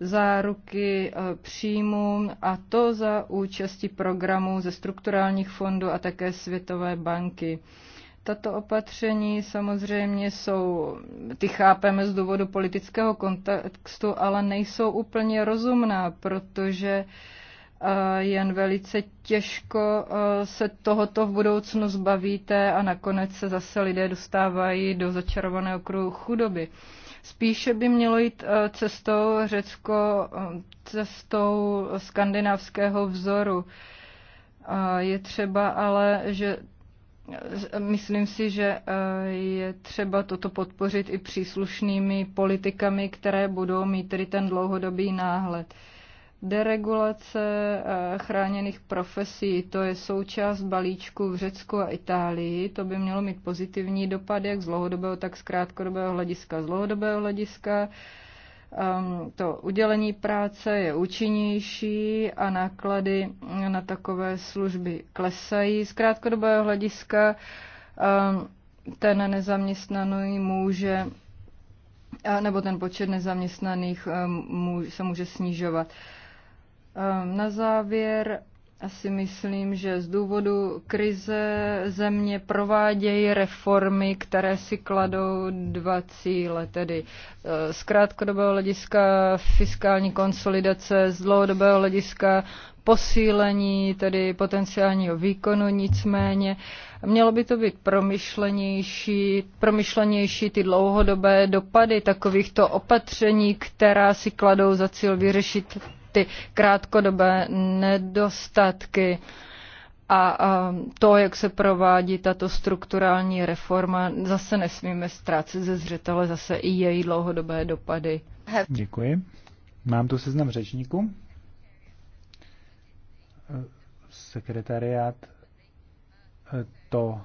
záruky příjmu a to za účasti programů ze strukturálních fondů a také Světové banky. Tato opatření samozřejmě jsou, ty chápeme z důvodu politického kontextu, ale nejsou úplně rozumná, protože eh, jen velice těžko eh, se tohoto v budoucnu zbavíte a nakonec se zase lidé dostávají do začarovaného kruhu chudoby. Spíše by mělo jít eh, cestou Řecko, cestou skandinávského vzoru. Je třeba ale, že Myslím si, že eh, je třeba toto podpořit i příslušnými politikami, které budou mít tedy ten dlouhodobý náhled. Deregulace eh, chráněných profesí, to je součást balíčku v Řecku a Itálii. To by mělo mít pozitivní dopad jak z dlouhodobého, tak z krátkodobého hlediska. Z dlouhodobého hlediska Ehm, to udělení práce je účinnější a náklady na takové služby klesají. Z krátkodobého hlediska ehm, ten nezaměstnaný může nebo ten počet nezaměstnaných ehm, se může snižovat. Na závěr asi si myslím, že z důvodu krize země provádějí reformy, které si kladou dva cíle, tedy eh, z krátkodobého hlediska fiskální konsolidace, z dlouhodobého hlediska posílení tedy potenciálního výkonu, nicméně mělo by to být promyšlenější, promyšlenější ty dlouhodobé dopady takovýchto opatření, která si kladou za cíl vyřešit ty krátkodobé nedostatky a to, jak se provádí tato strukturální reforma, zase nesmíme ztrácet ze zřetele zase i její dlouhodobé dopady. Děkuji. Mám tu seznam řečníků. Sekretariát to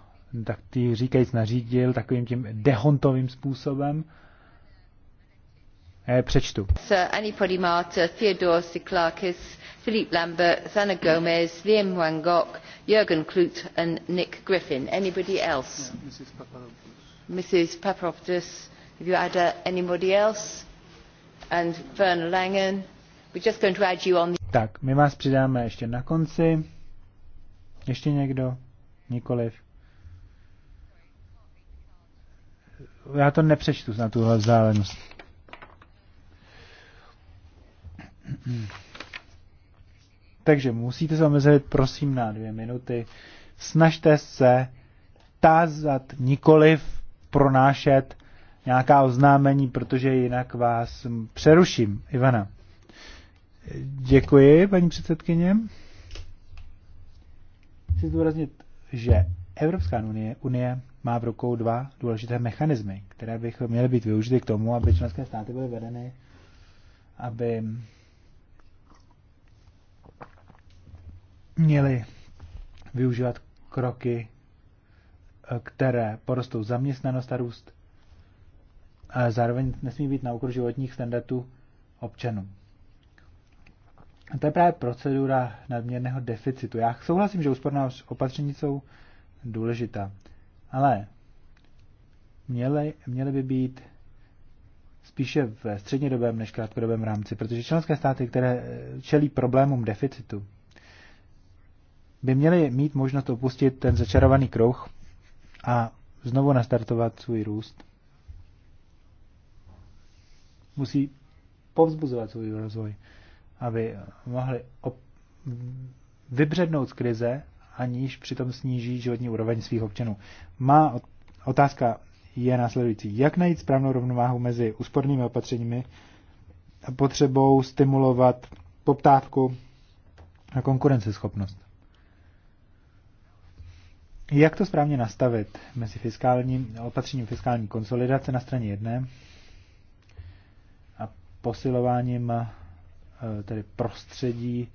tak ty říkajíc nařídil takovým tím dehontovým způsobem. Eh, přečtu. Podimata, Theodore Philippe Lambert, Zana Gomez, Liam Jürgen Nick Griffin. Anybody else? Mrs. Papadopoulos. Mrs. Papadopoulos, if you add uh, anybody else? And Langen. We're just going to add you on. Tak, my vás přidáme ještě na konci. Ještě někdo? Nikoliv. Já to nepřečtu na tuhle vzdálenost. Takže musíte se omezit, prosím, na dvě minuty. Snažte se tázat, nikoliv pronášet nějaká oznámení, protože jinak vás přeruším. Ivana. Děkuji, paní předsedkyně. Chci zdůraznit, že Evropská unie, unie má v rukou dva důležité mechanismy, které bych měly být využity k tomu, aby členské státy byly vedeny, aby měli využívat kroky, eh, které porostou zaměstnanost a růst, ale zároveň nesmí být na úkor životních standardů občanů. A to je právě procedura nadměrného deficitu. Já souhlasím, že úsporná opatření jsou důležitá, ale měly, měly by být spíše v střednědobém než krátkodobém rámci, protože členské státy, které čelí problémům deficitu, by měli mít možnost opustit ten začarovaný kruh a znovu nastartovat svůj růst. Musí povzbuzovat svůj rozvoj, aby mohli vybřednout z krize, aniž přitom sníží životní úroveň svých občanů. Má otázka je následující. Jak najít správnou rovnováhu mezi úspornými opatřeními a potřebou stimulovat poptávku a konkurenceschopnost? Jak to správně nastavit mezi fiskálním, opatřením fiskální konsolidace na straně jedné a posilováním eh, tedy prostředí,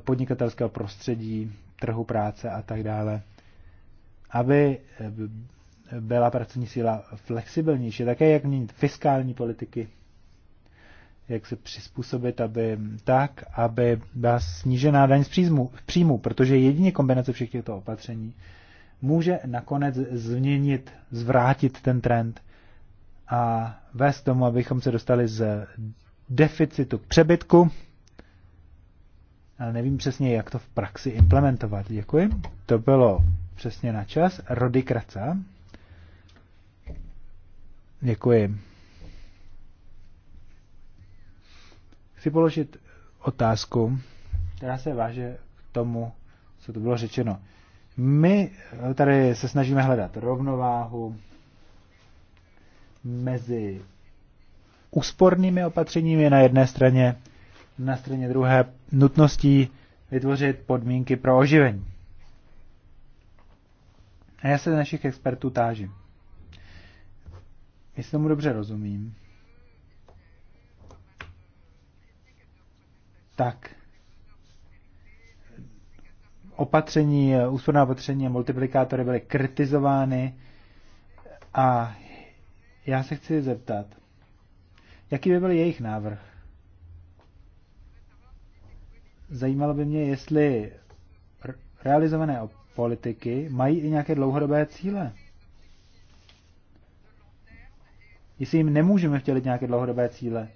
podnikatelského prostředí, trhu práce a tak dále, aby eh, byla pracovní síla flexibilnější, také jak měnit fiskální politiky, jak se přizpůsobit, aby tak, aby byla snížená daň z příjmu, příjmu protože jedině kombinace všech těchto opatření může nakonec změnit, zvrátit ten trend a vést tomu, abychom se dostali z deficitu k přebytku, ale nevím přesně, jak to v praxi implementovat. Děkuji. To bylo přesně na čas. Rody Kraca. Děkuji. Chci položit otázku, která se váže k tomu, co tu bylo řečeno. My tady se snažíme hledat rovnováhu mezi úspornými opatřeními na jedné straně, na straně druhé nutností vytvořit podmínky pro oživení. A já se našich expertů tážím. Jestli tomu dobře rozumím, tak opatření, úsporná opatření a multiplikátory byly kritizovány. A já se chci zeptat, jaký by byl jejich návrh? Zajímalo by mě, jestli realizované politiky mají i nějaké dlouhodobé cíle. Jestli jim nemůžeme vtělit nějaké dlouhodobé cíle,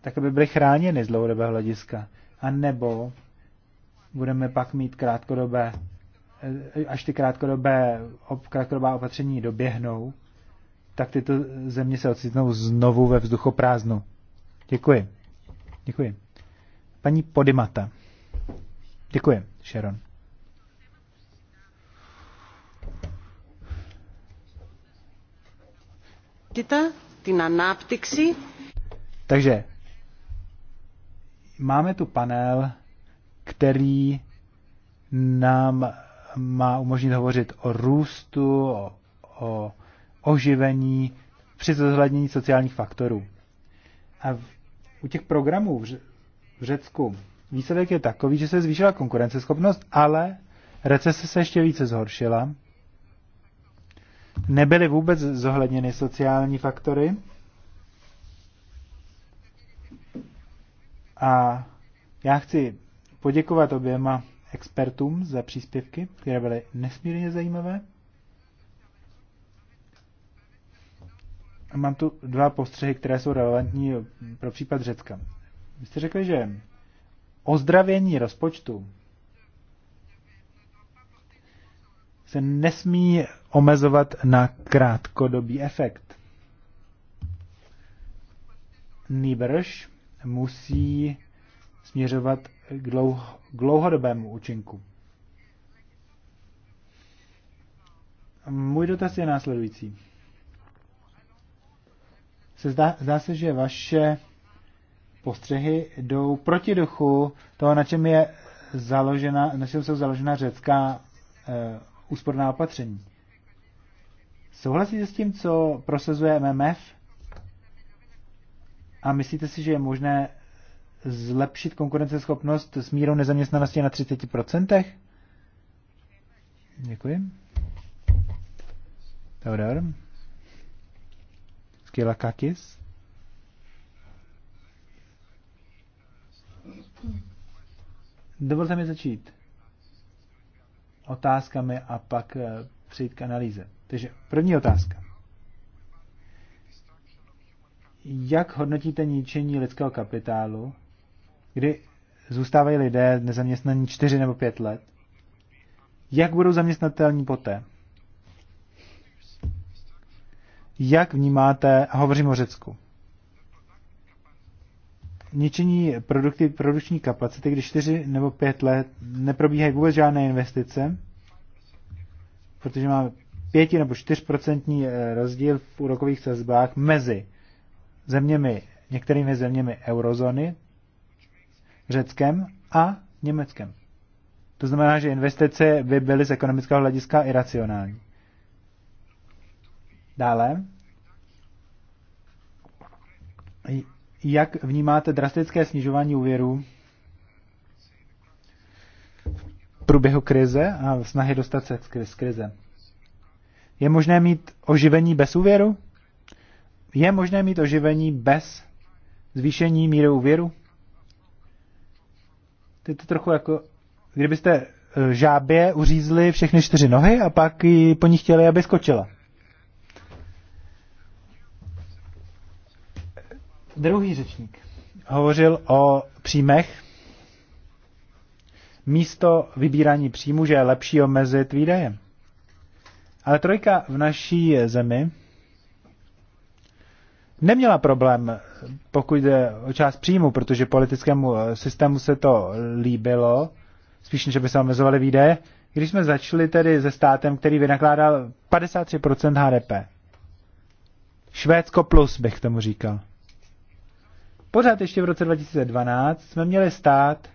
tak aby byly chráněny z dlouhodobého hlediska. A nebo budeme pak mít krátkodobé, až ty krátkodobé, krátkodobá opatření doběhnou, tak tyto země se ocitnou znovu ve vzduchoprázdnu. Děkuji. Děkuji. Paní Podimata. Děkuji, Sharon. na náptixi. Takže máme tu panel který nám má umožnit hovořit o růstu, o, o oživení při zohlednění sociálních faktorů. A v, u těch programů v, v Řecku výsledek je takový, že se zvýšila konkurenceschopnost, ale recese se ještě více zhoršila. Nebyly vůbec zohledněny sociální faktory. A já chci poděkovat oběma expertům za příspěvky, které byly nesmírně zajímavé. Mám tu dva postřehy, které jsou relevantní pro případ Řecka. Vy jste řekli, že ozdravění rozpočtu se nesmí omezovat na krátkodobý efekt. Nýbrž musí směřovat k, dlouho, k dlouhodobému účinku. Můj dotaz je následující. Se zdá, zdá se, že vaše postřehy jdou proti duchu toho, na čem je založena, na čem jsou založena řecká e, úsporná opatření. Souhlasíte s tím, co prosazuje MMF? A myslíte si, že je možné zlepšit konkurenceschopnost s mírou nezaměstnanosti na 30%? Děkuji. Teodor. Skila Kakis. Dovolte mi začít otázkami a pak eh, přijít k analýze. Takže první otázka. Jak hodnotíte ničení lidského kapitálu kdy zůstávají lidé nezaměstnaní čtyři nebo pět let, jak budou zaměstnatelní poté? Jak vnímáte, a hovořím o Řecku, ničení produkty, produkční kapacity, když 4 nebo 5 let neprobíhají vůbec žádné investice, protože máme 5 nebo 4% eh, rozdíl v úrokových sazbách mezi zeměmi, některými zeměmi eurozóny Řeckem a Německem. To znamená, že investice by byly z ekonomického hlediska iracionální. Dále. Jak vnímáte drastické snižování úvěrů v průběhu krize a snahy dostat se z krize? Je možné mít oživení bez úvěru? Je možné mít oživení bez zvýšení míry úvěru? ty je to trochu jako, kdybyste e, žábě uřízli všechny čtyři nohy a pak ji po ní chtěli, aby skočila. Druhý řečník hovořil o příjmech. Místo vybírání příjmu, že je lepší omezit výdaje. Ale trojka v naší zemi neměla problém, pokud jde o část příjmu, protože politickému eh, systému se to líbilo, spíš než by se omezovaly výdaje, když jsme začali tedy se státem, který vynakládal 53% HDP. Švédsko plus, bych tomu říkal. Pořád ještě v roce 2012 jsme měli stát,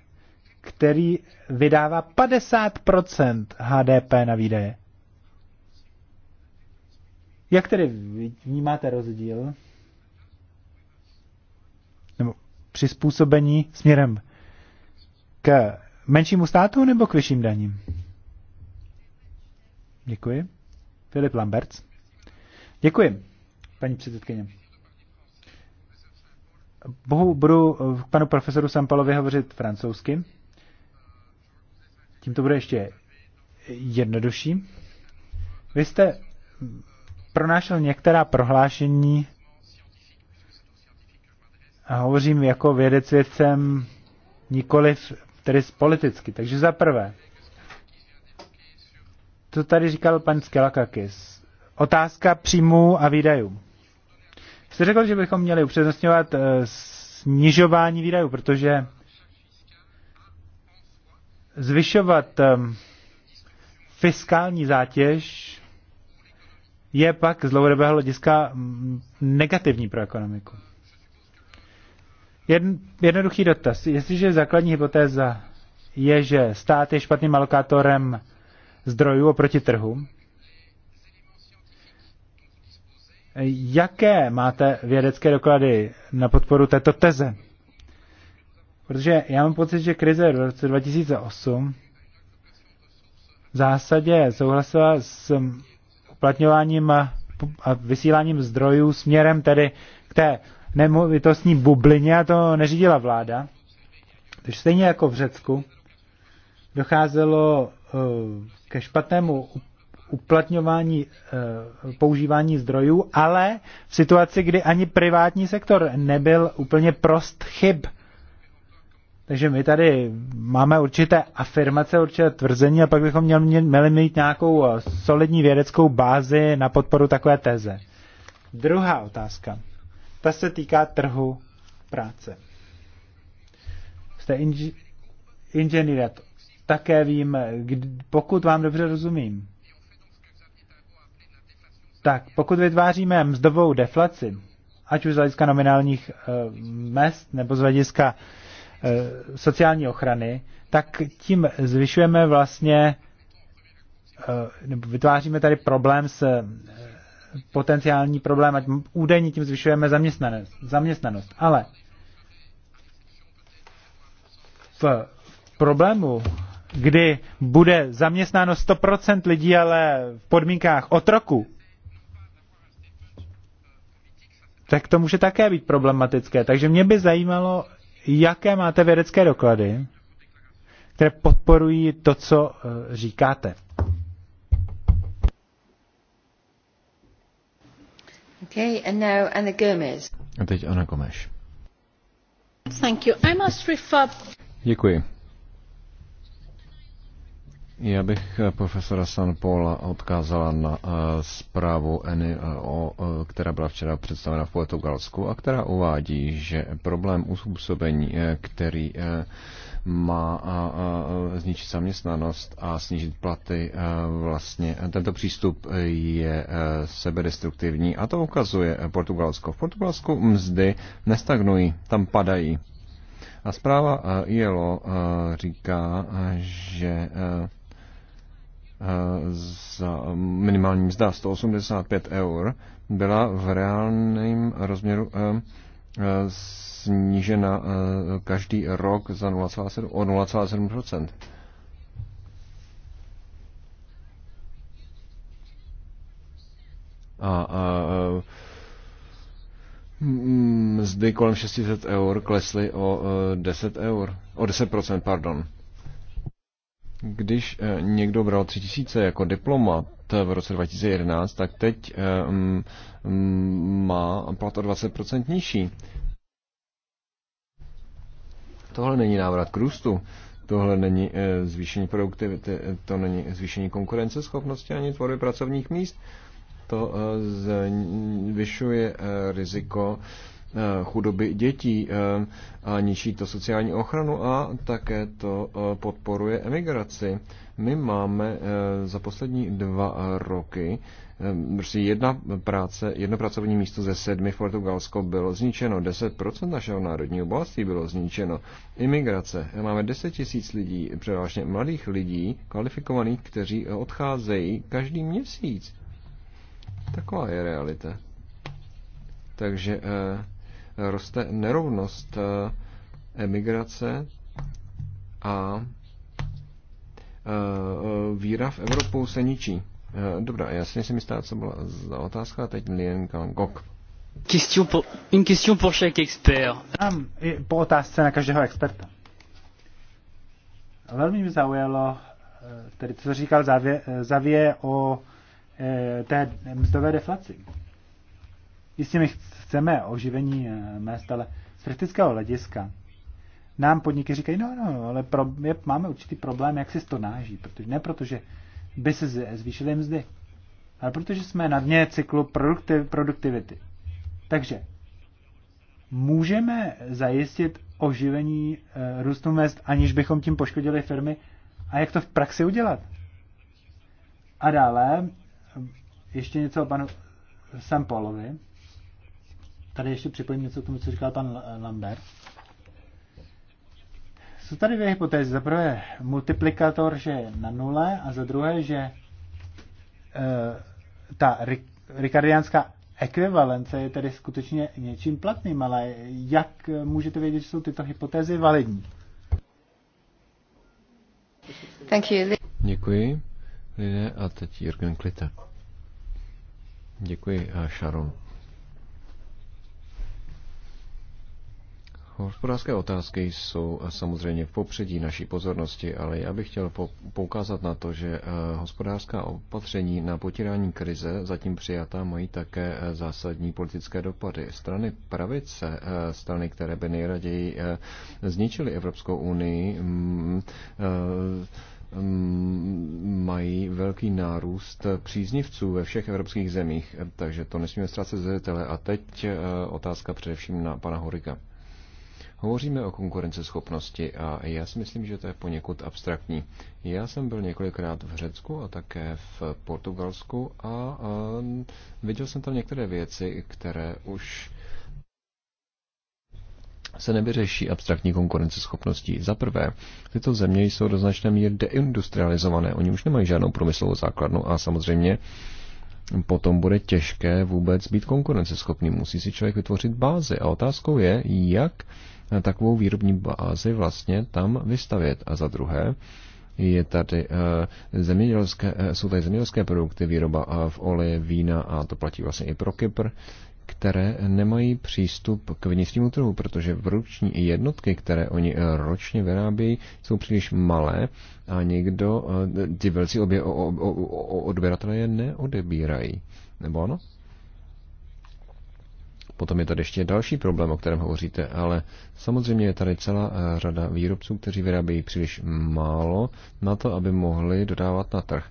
který vydává 50% HDP na výdaje. Jak tedy vnímáte rozdíl přizpůsobení směrem k menšímu státu nebo k vyšším daním? Děkuji. Filip Lamberts. Děkuji, paní předsedkyně. Bohu, budu k panu profesoru Sampalovi hovořit francouzsky. Tím to bude ještě jednodušší. Vy jste pronášel některá prohlášení a hovořím jako vědec vědcem, nikoliv tedy politicky. Takže za prvé, to tady říkal pan Skelakakis. Otázka příjmů a výdajů. Jste řekl, že bychom měli upřednostňovat eh, snižování výdajů, protože zvyšovat eh, fiskální zátěž je pak z dlouhodobého hlediska mm, negativní pro ekonomiku. Jedn, jednoduchý dotaz. Jestliže základní hypotéza je, že stát je špatným alokátorem zdrojů oproti trhu, jaké máte vědecké doklady na podporu této teze? Protože já mám pocit, že krize v roce 2008 v zásadě souhlasila s uplatňováním a vysíláním zdrojů směrem tedy k té nemovitostní bublině a to neřídila vláda. Takže stejně jako v Řecku docházelo eh, ke špatnému uplatňování, eh, používání zdrojů, ale v situaci, kdy ani privátní sektor nebyl úplně prost chyb. Takže my tady máme určité afirmace, určité tvrzení a pak bychom měli, měli mít nějakou eh, solidní vědeckou bázi na podporu takové teze. Druhá otázka. Ta se týká trhu práce. Jste inž- inženýr, také vím, kdy, pokud vám dobře rozumím. Tak, pokud vytváříme mzdovou deflaci, ať už z hlediska nominálních e, mest nebo z hlediska e, sociální ochrany, tak tím zvyšujeme vlastně, e, nebo vytváříme tady problém s potenciální problém, ať údajně tím zvyšujeme zaměstnanost. zaměstnanost. Ale v problému, kdy bude zaměstnáno 100% lidí, ale v podmínkách otroku, tak to může také být problematické. Takže mě by zajímalo, jaké máte vědecké doklady, které podporují to, co eh, říkáte. Okay, and now Anna Gomez. A teď Anna Gomes. Thank you. I must refer... Děkuji. Já bych eh, profesora San Paula odkázala na eh, zprávu NIO, eh, která byla včera představena v Portugalsku a která uvádí, že problém uspůsobení, který má zničit zaměstnanost a snížit platy, vlastně tento přístup je e, sebedestruktivní. A to ukazuje Portugalsko. V Portugalsku mzdy nestagnují, tam padají. A zpráva e, ILO e, říká, že za minimální mzda 185 eur byla v reálném rozměru Eh, snížena eh, každý rok za 0,7, o 0,7 A, a a eh, mzdy kolem 600 eur klesly o 10 eur, o 10 pardon. Když někdo bral 3000 jako diplomat, v roce 2011, tak teď eh, mm, mm, má plat o 20% nižší. Tohle není návrat k růstu, tohle není eh, zvýšení produktivity, eh, to není zvýšení konkurenceschopnosti ani tvorby pracovních míst. To zvyšuje riziko chudoby dětí a ničí to sociální ochranu a také to podporuje emigraci. My máme eh, za poslední dva eh, roky eh, prostě jedna práce, jedno pracovní místo ze sedmi v Portugalsko bylo zničeno, 10% našeho národního bohatství bylo zničeno. Imigrace. Máme 10 tisíc lidí, převážně mladých lidí, kvalifikovaných, kteří odcházejí každý měsíc. Taková je realita. Takže roste nerovnost emigrace a Eh, víra v Evropu se ničí. Eh, dobrá, já si myslím, jistá, co byla za otázka, teď Lien Gok. Question pour, une question pour chaque expert. Mám po otázce na každého experta. Velmi mě zaujalo, eh, tedy co říkal Zavě, Zavě o té mzdové deflaci. Jistě my chceme oživení mest, ale z praktického hlediska nám podniky říkají, no, no, ale pro, je, máme určitý problém, jak si to náží, protože ne protože by se zvýšily mzdy, ale protože jsme na dně cyklu produktiv, produktivity. Takže můžeme zajistit oživení e, růstu mest, aniž bychom tím poškodili firmy. A jak to v praxi udělat? A dále eh, ještě něco o panu Sampolovi. Tady ještě připojím něco k tomu, co říkal pan Lambert. Jsou tady dvě hypotézy. Za prvé multiplikátor, že je na nule a za druhé, že uh, ta rikardiánská ekvivalence je tedy skutečně něčím platným, ale jak můžete vědět, že jsou tyto hypotézy validní? Thank you. Děkuji, Lidé, a teď Jürgen Klita. Děkuji, a eh, Sharon. Hospodářské otázky jsou eh, samozřejmě v popředí naší pozornosti, ale já bych chtěl poukázat na to, že eh, hospodářská opatření na potírání krize zatím přijatá mají také eh, zásadní politické dopady. Strany pravice, strany, které by nejraději zničily Evropskou unii, mm, mm, mají velký nárůst příznivců ve všech evropských zemích, takže to nesmíme ztrácet zřetele. A teď otázka především na pana Horika. Hovoříme o konkurenceschopnosti a já si myslím, že to je poněkud abstraktní. Já jsem byl několikrát v Řecku a také v Portugalsku a, a viděl jsem tam některé věci, které už se nevyřeší abstraktní konkurenceschopností. Za prvé, tyto země jsou do značné míry deindustrializované. Oni už nemají žádnou průmyslovou základnu a samozřejmě potom bude těžké vůbec být konkurenceschopný. Musí si člověk vytvořit bázi. A otázkou je, jak takovou výrobní bázi vlastně tam vystavět. A za druhé, je tady eh, zemědělské, eh, jsou tady zemědělské produkty, výroba eh, v oleje, vína a to platí vlastně i pro Kypr, které nemají přístup k vnitřnímu trhu, protože produkční jednotky, které oni ročně vyrábějí, jsou příliš malé a někdo, ty velcí odběratelé je neodebírají. Nebo ano? Potom je tady ještě další problém, o kterém hovoříte, ale samozřejmě je tady celá eh, řada výrobců, kteří vyrábějí příliš málo na to, aby mohli dodávat na trh.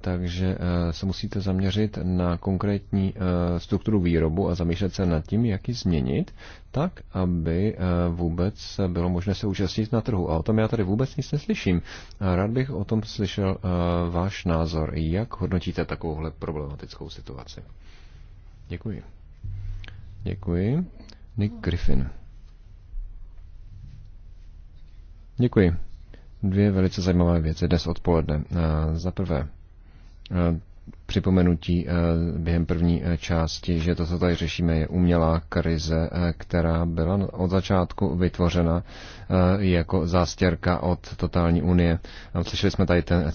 Takže eh, se musíte zaměřit na konkrétní eh, strukturu výrobu a zamýšlet se nad tím, jak ji změnit, tak, aby vůbec bylo možné se účastnit na trhu. A o tom já tady vůbec nic neslyším. Rád bych o tom slyšel váš názor. Jak hodnotíte takovouhle problematickou situaci? Děkuji. Děkuji. Nick Griffin. Děkuji. Dvě velice zajímavé věci dnes odpoledne. Eh, za prvé, eh, připomenutí eh, během první eh, části, že to, co tady řešíme, je umělá krize, eh, která byla od začátku vytvořena jako zástěrka od totální unie. Slyšeli jsme tady ten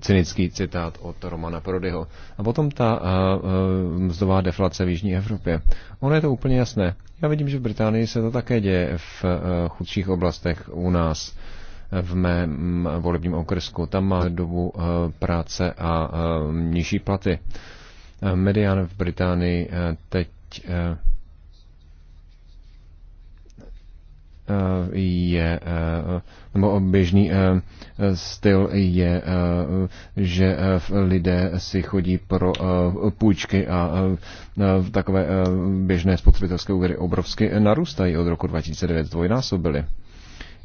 cynický citát od Romana Prodyho. A potom ta mzdová deflace v Jižní Evropě. Ono je to úplně jasné. Já vidím, že v Británii se to také děje v chudších oblastech u nás v mém volebním okresku. Tam má dobu eh, práce a eh, nižší platy. Eh, Median v Británii teď je, nebo běžný styl je, že lidé si chodí pro půjčky a takové běžné spotřebitelské úvěry obrovsky narůstají od roku 2009, dvojnásobily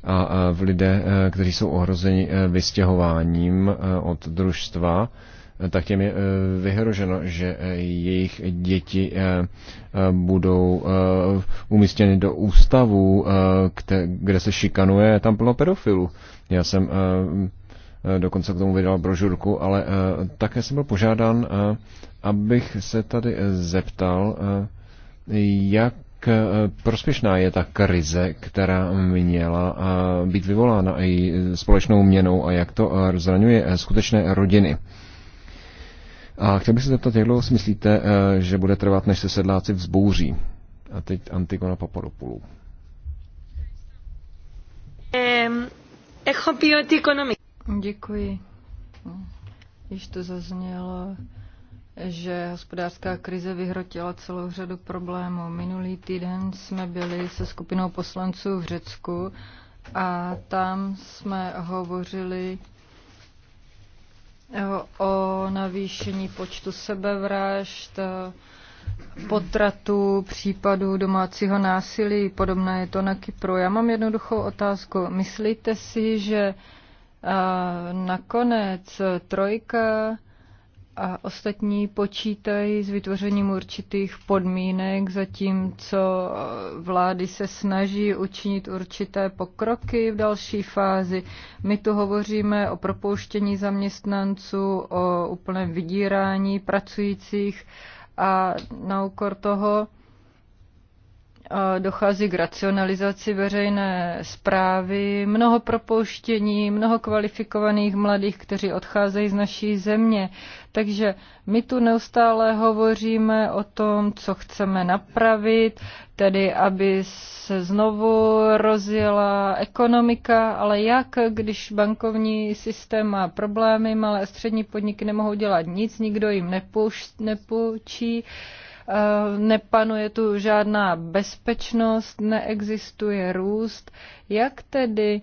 a v lidé, e, kteří jsou ohrozeni e, vystěhováním e, od družstva, tak těm je vyhroženo, že jejich děti budou umístěny do ústavů, kde se šikanuje tam plno pedofilů. Já jsem dokonce k tomu vydal brožurku, ale také jsem byl požádán, abych se tady zeptal, jak jak eh, prospěšná je ta krize, která měla eh, být vyvolána i společnou měnou a jak to eh, zraňuje skutečné rodiny. A chtěl bych se zeptat, jak dlouho si myslíte, že bude trvat, než se sedláci vzbouří? A teď Antigona Papadopoulou. No Děkuji. Již to zaznělo že hospodářská krize vyhrotila celou řadu problémů. Minulý týden jsme byli se skupinou poslanců v Řecku a tam jsme hovořili o navýšení počtu sebevražd, potratů, případů domácího násilí. Podobné je to na Kypru. Já mám jednoduchou otázku. Myslíte si, že nakonec trojka a ostatní počítají s vytvořením určitých podmínek, zatímco vlády se snaží učinit určité pokroky v další fázi. My tu hovoříme o propouštění zaměstnanců, o úplném vydírání pracujících a na úkor toho, dochází k racionalizaci veřejné zprávy, mnoho propouštění, mnoho kvalifikovaných mladých, kteří odcházejí z naší země. Takže my tu neustále hovoříme o tom, co chceme napravit, tedy aby se znovu rozjela ekonomika, ale jak, když bankovní systém má problémy, malé a střední podniky nemohou dělat nic, nikdo jim nepůjčí, nepůjčí Eh, nepanuje tu žádná bezpečnost, neexistuje růst. Jak tedy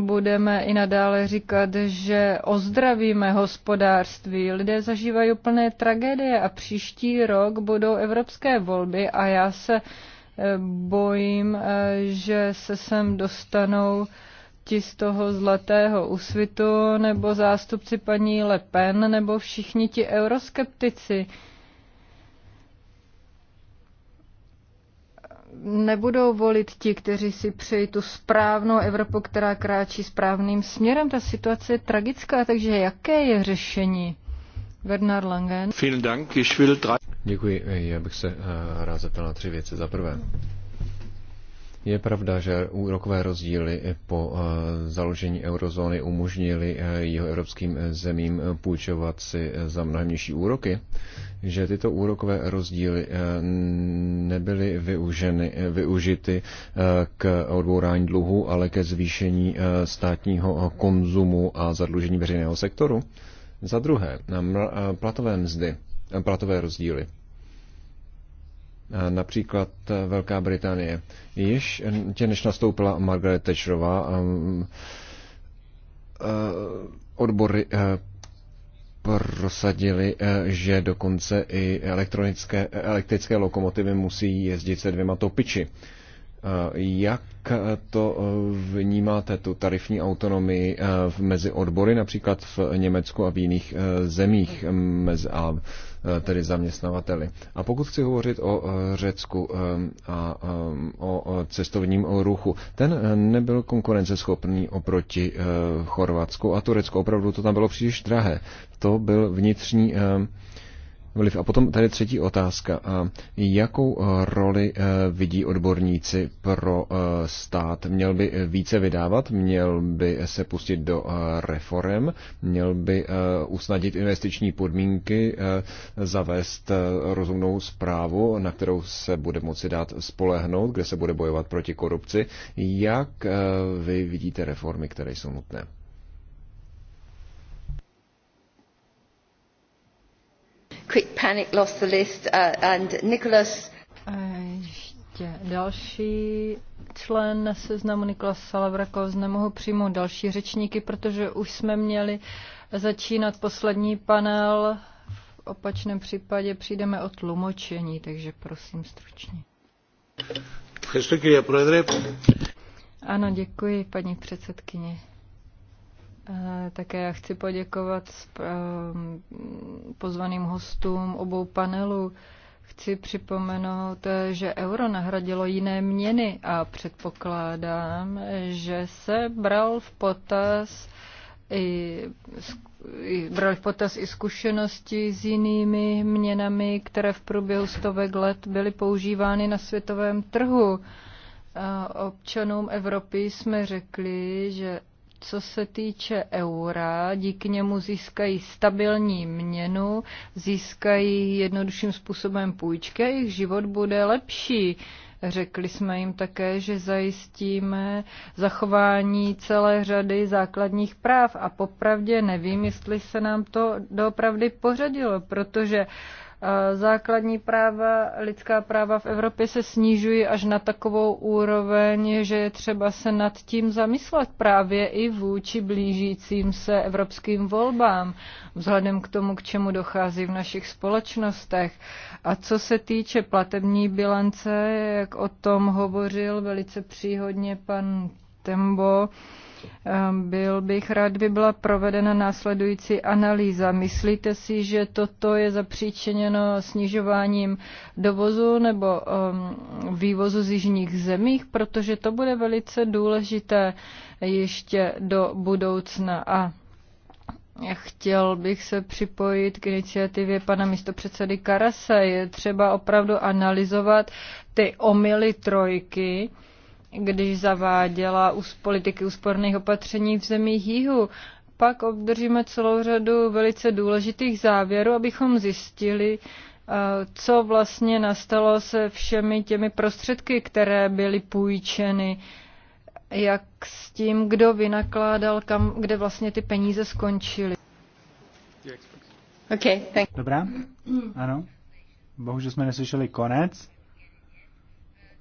budeme i nadále říkat, že ozdravíme hospodářství. Lidé zažívají plné tragédie a příští rok budou evropské volby a já se eh, bojím, eh, že se sem dostanou ti z toho zlatého usvitu nebo zástupci paní Le Pen nebo všichni ti euroskeptici. nebudou volit ti, kteří si přejí tu správnou Evropu, která kráčí správným směrem. Ta situace je tragická, takže jaké je řešení? Bernard Langen. Děkuji. Já bych se eh, rád zeptal na tři věci. Za prvé, je pravda, že úrokové rozdíly po eh, založení eurozóny umožnili eh, jeho evropským eh, zemím půjčovat si za mnohem nižší úroky, že tyto úrokové rozdíly nebyly využeny, využity k odbourání dluhu, ale ke zvýšení státního konzumu a zadlužení veřejného sektoru? Za druhé, platové mzdy, platové rozdíly Eh, například eh, Velká Británie. Již eh, tě než nastoupila Margaret Thatcherová, ehm, odbory prosadili, že dokonce i elektronické, elektrické lokomotivy musí jezdit se dvěma topiči. Jak to vnímáte, tu tarifní autonomii mezi odbory, například v Německu a v jiných zemích a Eh, tedy zaměstnavateli. A pokud chci hovořit o eh, Řecku eh, a o cestovním ruchu, ten nebyl konkurenceschopný oproti Chorvatsku a Turecku. Opravdu to tam bylo příliš drahé. To byl vnitřní vliv. A potom tady třetí otázka. Jakou e, roli e, vidí odborníci pro e, stát? Měl by více vydávat, měl by se pustit do reform, měl by usnadnit investiční podmínky, zavést rozumnou zprávu, na kterou se bude moci dát spolehnout, kde se bude bojovat proti korupci. Jak vy vidíte reformy, které jsou nutné? quick panic lost the list uh, and Nicholas ještě další člen na seznamu Nikolas Salavrakos. Nemohu přijmout další řečníky, protože už jsme měli začínat poslední panel. V opačném případě přijdeme o tlumočení, takže prosím stručně. Ano, děkuji, paní předsedkyně. Eh, také já chci poděkovat eh, pozvaným hostům obou panelů. Chci připomenout, eh, že euro nahradilo jiné měny a předpokládám, že se bral v potaz i, bral v potaz i zkušenosti s jinými měnami, které v průběhu stovek let byly používány na světovém trhu. Občanům Evropy jsme řekli, že co se týče eura, díky němu získají stabilní měnu, získají jednodušším způsobem půjčky a jejich život bude lepší. Řekli jsme jim také, že zajistíme zachování celé řady základních práv a popravdě nevím, jestli se nám to doopravdy pořadilo, protože uh, Základní práva, lidská práva v Evropě se snižují až na takovou úroveň, že je třeba se nad tím zamyslet právě i vůči blížícím se evropským volbám, vzhledem k tomu, k čemu dochází v našich společnostech. A co se týče platební bilance, jak o tom hovořil velice příhodně pan Tembo, Ehm, byl bych rád, by byla provedena následující analýza. Myslíte si, že toto je zapříčeněno snižováním dovozu nebo ehm, vývozu z jižních zemích, protože to bude velice důležité ještě do budoucna a Chtěl bych se připojit k iniciativě pana místopředsedy Karase. Je třeba opravdu analyzovat ty omily trojky, když zaváděla us, politiky úsporných opatření v zemích jihu. Pak obdržíme celou řadu velice důležitých závěrů, abychom zjistili, eh, co vlastně nastalo se všemi těmi prostředky, které byly půjčeny, jak s tím, kdo vynakládal, kam, kde vlastně ty peníze skončily. Okay, thank Dobrá, ano. Bohužel jsme neslyšeli konec.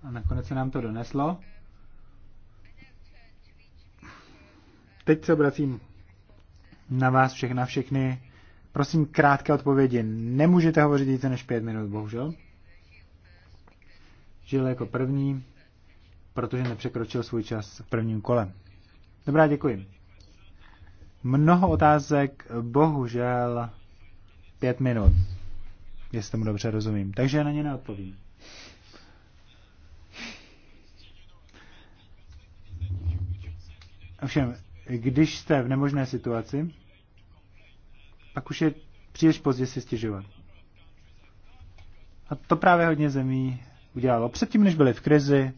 A nakonec se nám to doneslo. Teď se obracím na vás všech, na všechny. Prosím, krátké odpovědi. Nemůžete hovořit více než pět minut, bohužel. Žil jako první, protože nepřekročil svůj čas v prvním kole. Dobrá, děkuji. Mnoho otázek, bohužel pět minut, jestli tomu dobře rozumím. Takže na ně neodpovím. Ovšem, když jste v nemožné situaci, pak už je příliš pozdě si stěžovat. A to právě hodně zemí udělalo. Předtím, než byli v krizi,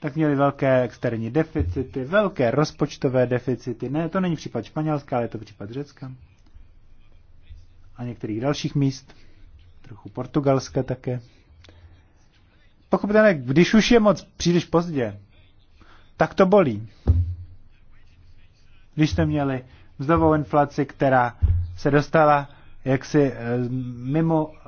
tak měli velké externí deficity, velké rozpočtové deficity. Ne, to není případ Španělska, ale je to případ Řecka. A některých dalších míst, trochu Portugalska také. Pochopitelně, když už je moc příliš pozdě, tak to bolí když jste měli mzdovou inflaci, která se dostala jaksi eh, mimo eh,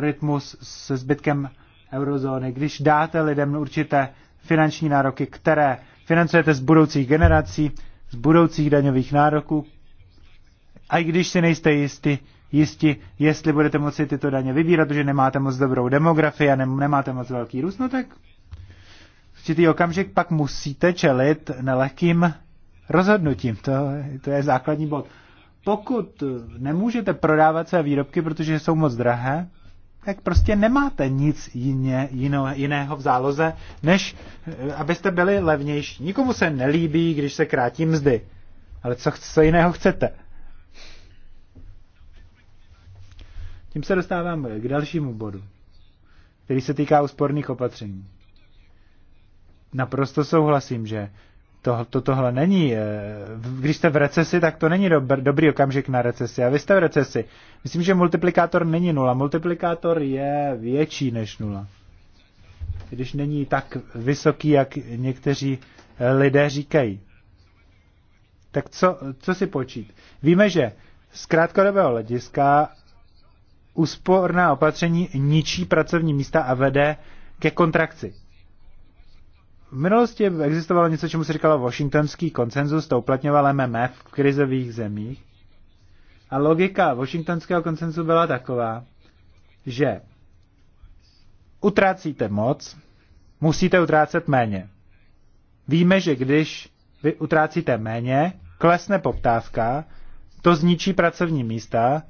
rytmus se zbytkem eurozóny, když dáte lidem určité finanční nároky, které financujete z budoucích generací, z budoucích daňových nároků, a i když si nejste jistí, jisti, jestli budete moci tyto daně vybírat, protože nemáte moc dobrou demografii a nemáte moc velký růst, no tak v určitý okamžik pak musíte čelit nelehkým rozhodnutím. To, to je základní bod. Pokud nemůžete prodávat své výrobky, protože jsou moc drahé, tak prostě nemáte nic jině, jino, jiného v záloze, než eh, abyste byli levnější. Nikomu se nelíbí, když se krátí mzdy. Ale co, co jiného chcete? Tím se dostávám k dalšímu bodu, který se týká úsporných opatření. Naprosto souhlasím, že to, to, tohle není, eh, když jste v recesi, tak to není dobr, dobrý okamžik na recesi. A vy jste v recesi. Myslím, že multiplikátor není nula. Multiplikátor je větší než nula. Když není tak vysoký, jak někteří eh, lidé říkají. Tak co, co si počít? Víme, že z krátkodobého hlediska úsporná opatření ničí pracovní místa a vede ke kontrakci. V minulosti existovalo něco, čemu se říkalo Washingtonský koncenzus, to uplatňoval MMF v krizových zemích. A logika Washingtonského koncenzu byla taková, že utrácíte moc, musíte utrácet méně. Víme, že když vy utrácíte méně, klesne poptávka, to zničí pracovní místa,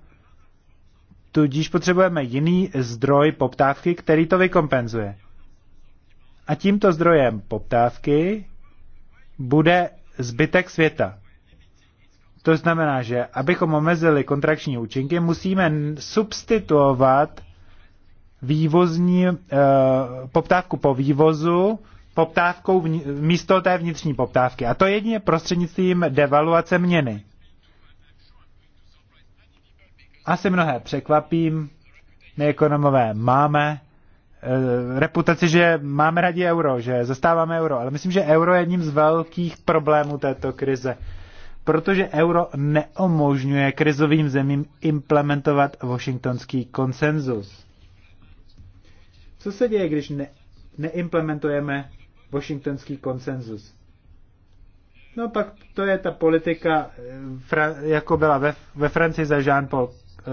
tudíž potřebujeme jiný zdroj poptávky, který to vykompenzuje. A tímto zdrojem poptávky bude zbytek světa. To znamená, že abychom omezili kontrakční účinky, musíme substituovat vývozní e, poptávku po vývozu poptávkou v, místo té vnitřní poptávky. A to jedině prostřednictvím devaluace měny. Asi mnohé překvapím, my ekonomové máme Eh, reputaci, že máme rádi euro, že zastáváme euro, ale myslím, že euro je jedním z velkých problémů této krize, protože euro neomožňuje krizovým zemím implementovat washingtonský konsenzus. Co se děje, když ne, neimplementujeme washingtonský konsenzus? No pak to je ta politika, eh, jako byla ve, ve Francii za Jean-Paul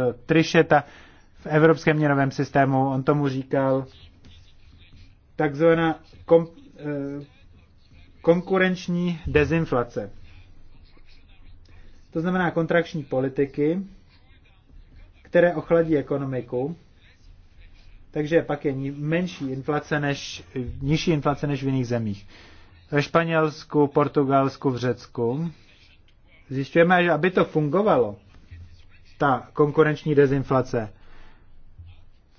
eh, Tricheta, v Evropském měnovém systému. On tomu říkal takzvaná kom, eh, konkurenční dezinflace. To znamená kontrakční politiky, které ochladí ekonomiku, takže pak je menší inflace než, nižší inflace než v jiných zemích. Ve Španělsku, Portugalsku, v Řecku. Zjišťujeme, že aby to fungovalo, ta konkurenční dezinflace,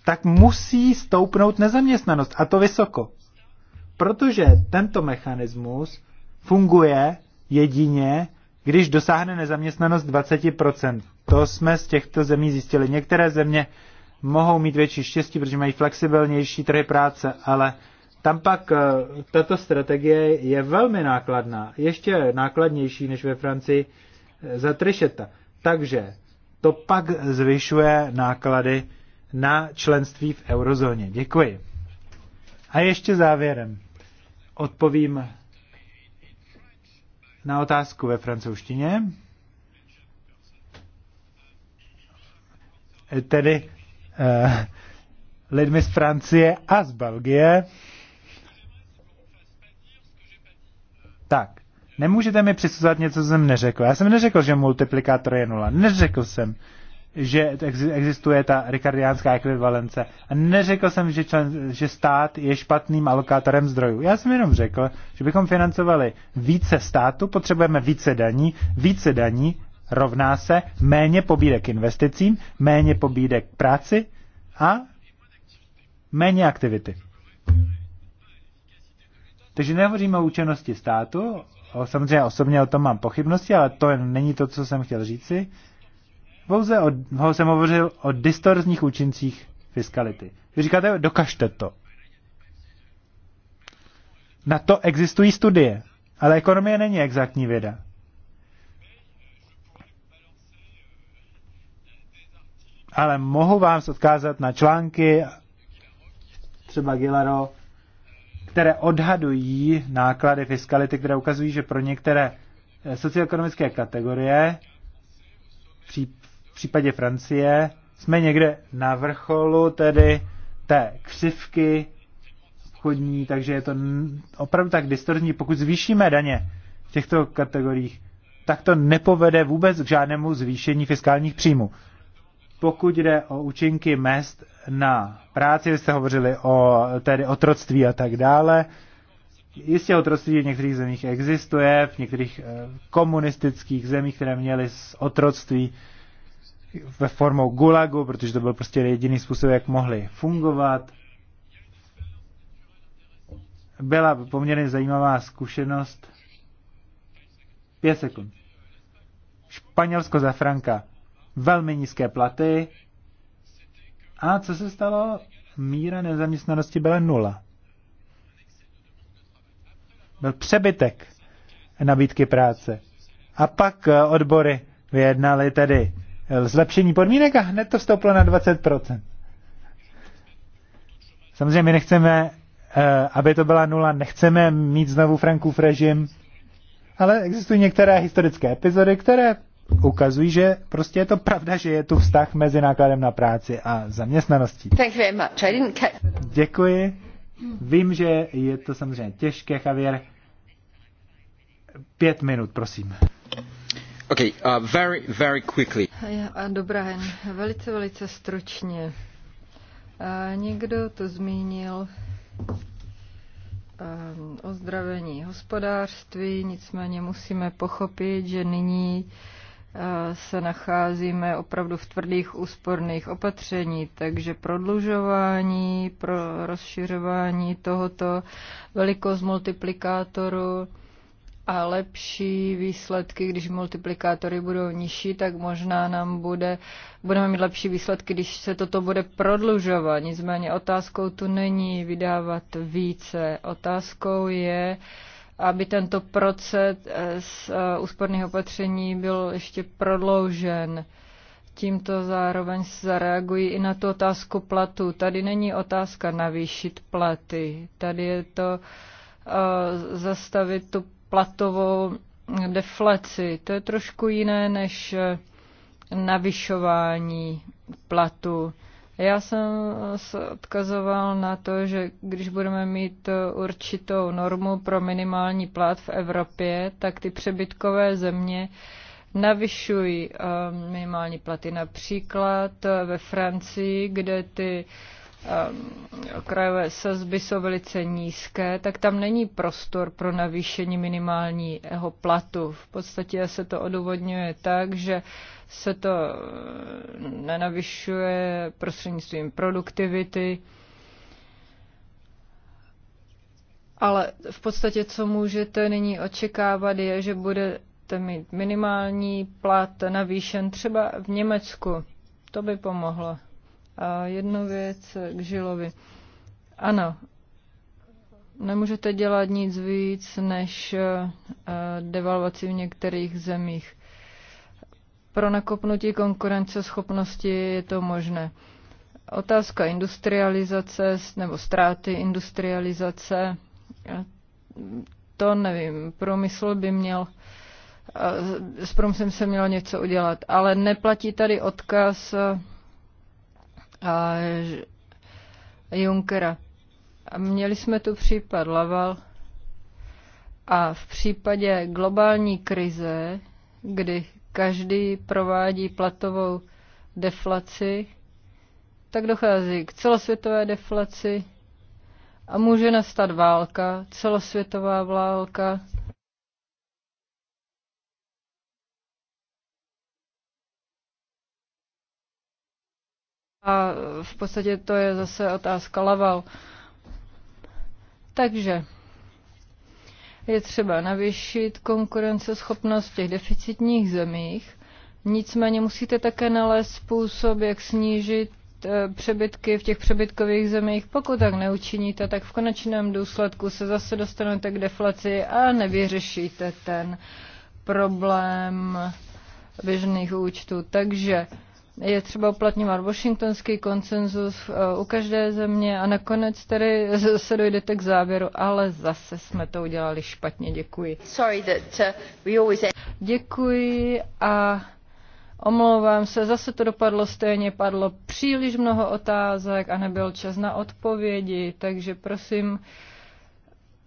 tak musí stoupnout nezaměstnanost a to vysoko. Protože tento mechanismus funguje jedině, když dosáhne nezaměstnanost 20%. To jsme z těchto zemí zjistili. Některé země mohou mít větší štěstí, protože mají flexibilnější trhy práce, ale tam pak eh, tato strategie je velmi nákladná, ještě nákladnější než ve Francii eh, za trišeta. Takže to pak zvyšuje náklady na členství v eurozóně. Děkuji. A ještě závěrem odpovím na otázku ve francouzštině. Tedy eh, lidmi z Francie a z Belgie. Tak, nemůžete mi přisuzovat něco, co jsem neřekl. Já jsem neřekl, že multiplikátor je nula. Neřekl jsem. Eh, že existuje ta rikardiánská ekvivalence. A neřekl jsem, že, člen, že stát je špatným alokátorem zdrojů. Já jsem jenom řekl, že bychom financovali více státu, potřebujeme více daní, více daní rovná se méně pobídek investicím, méně pobídek práci a méně aktivity. Takže nehovoříme o účinnosti státu, o, samozřejmě osobně o tom mám pochybnosti, ale to není to, co jsem chtěl říci. Pouze o, ho jsem hovořil o distorzních účincích fiskality. Vy říkáte, dokažte to. Na to existují studie, ale ekonomie není exaktní věda. Ale mohu vám odkázat na články, třeba Gilaro, které odhadují náklady fiskality, které ukazují, že pro některé eh, socioekonomické kategorie, v případě Francie jsme někde na vrcholu tedy té křivky obchodní, takže je to opravdu tak distorzní. Pokud zvýšíme daně v těchto kategoriích, tak to nepovede vůbec k žádnému zvýšení fiskálních příjmů. Pokud jde o účinky mest na práci, vy jste hovořili o tedy otroctví a tak dále, Jistě otroctví v některých zemích existuje, v některých eh, komunistických zemích, které měly otroctví, ve formou gulagu, protože to byl prostě jediný způsob, jak mohli fungovat. Byla poměrně zajímavá zkušenost. Pět sekund. Španělsko za Franka. Velmi nízké platy. A co se stalo? Míra nezaměstnanosti byla nula. Byl přebytek nabídky práce. A pak eh, odbory vyjednali tedy zlepšení podmínek a hned to stouplo na 20%. Samozřejmě my nechceme, eh, aby to byla nula, nechceme mít znovu Frankův režim, ale existují některé historické epizody, které ukazují, že prostě je to pravda, že je tu vztah mezi nákladem na práci a zaměstnaností. Děkuji. Vím, že je to samozřejmě těžké, Javier. Pět minut, prosím. Okay, uh, very, very quickly. Dobrá, jen velice, velice stručně. A někdo to zmínil um, o zdravení hospodářství, nicméně musíme pochopit, že nyní uh, se nacházíme opravdu v tvrdých úsporných opatření, takže prodlužování, pro rozšiřování tohoto velikost multiplikátoru a lepší výsledky, když multiplikátory budou nižší, tak možná nám bude, budeme mít lepší výsledky, když se toto bude prodlužovat. Nicméně otázkou tu není vydávat více. Otázkou je, aby tento proces eh, z eh, úsporných opatření byl ještě prodloužen. Tímto zároveň zareagují i na tu otázku platu. Tady není otázka navýšit platy. Tady je to eh, zastavit tu platovou deflaci. To je trošku jiné než navyšování platu. Já jsem se odkazoval na to, že když budeme mít určitou normu pro minimální plat v Evropě, tak ty přebytkové země navyšují eh, minimální platy. Například ve Francii, kde ty Ehm, krajové sazby jsou velice nízké, tak tam není prostor pro navýšení minimálního platu. V podstatě se to odůvodňuje tak, že se to eh, nenavyšuje prostřednictvím produktivity, ale v podstatě, co můžete nyní očekávat, je, že budete mít minimální plat navýšen třeba v Německu. To by pomohlo. A jednu věc k Žilovi. Ano, nemůžete dělat nic víc než eh, devalvaci v některých zemích. Pro nakopnutí konkurenceschopnosti je to možné. Otázka industrializace nebo ztráty industrializace, eh, to nevím. Průmysl by měl eh, s průmyslem se mělo něco udělat, ale neplatí tady odkaz Junckera. A měli jsme tu případ Laval a v případě globální krize, kdy každý provádí platovou deflaci, tak dochází k celosvětové deflaci a může nastat válka, celosvětová válka A v podstatě to je zase otázka Laval. Takže je třeba navýšit konkurenceschopnost v těch deficitních zemích, nicméně musíte také nalézt způsob, jak snížit eh, přebytky v těch přebytkových zemích. Pokud tak neučiníte, tak v konečném důsledku se zase dostanete k deflaci a nevyřešíte ten problém běžných účtů. Takže je třeba uplatňovat washingtonský konsenzus eh, u každé země a nakonec tedy se dojdete k závěru, ale zase jsme to udělali špatně. Děkuji. Sorry that uh, we always... Děkuji a omlouvám se, zase to dopadlo stejně, padlo příliš mnoho otázek a nebyl čas na odpovědi, takže prosím,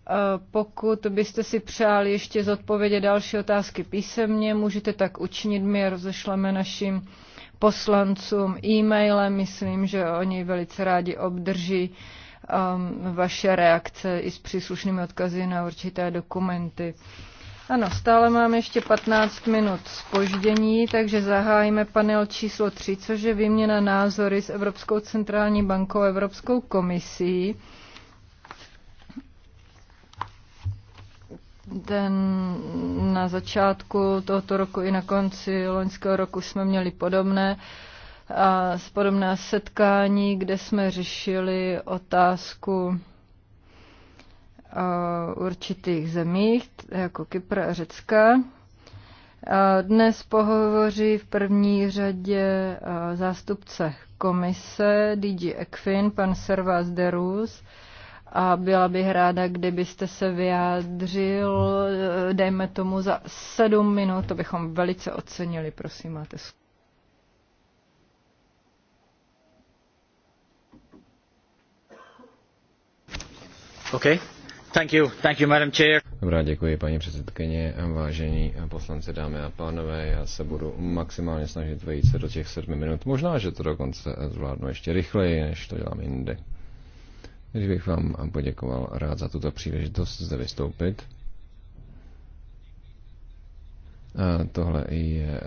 eh, pokud byste si přáli ještě zodpovědět další otázky písemně, můžete tak učinit, my je rozešleme našim poslancům e-mailem. Myslím, že oni velice rádi obdrží um, vaše reakce i s příslušnými odkazy na určité dokumenty. Ano, stále máme ještě 15 minut spoždění, takže zahájíme panel číslo 3, což je výměna názory s Evropskou centrální bankou a Evropskou komisí. ten na začátku tohoto roku i na konci loňského roku jsme měli podobné a podobné setkání, kde jsme řešili otázku určitých zemích, jako Kypr a Řecka. Dnes pohovoří v první řadě zástupce komise DG Ekfin, pan Servas de a byla bych ráda, kdybyste se vyjádřil, dejme tomu za sedm minut, to bychom velice ocenili, prosím, máte slovo. Okay. Thank you. Thank you, madam chair. Dobrá, děkuji paní předsedkyně, vážení poslanci, dámy a pánové. Já se budu maximálně snažit vejít se do těch sedmi minut. Možná, že to dokonce zvládnu ještě rychleji, než to dělám jinde. Když bych vám poděkoval rád za tuto příležitost zde vystoupit. A tohle je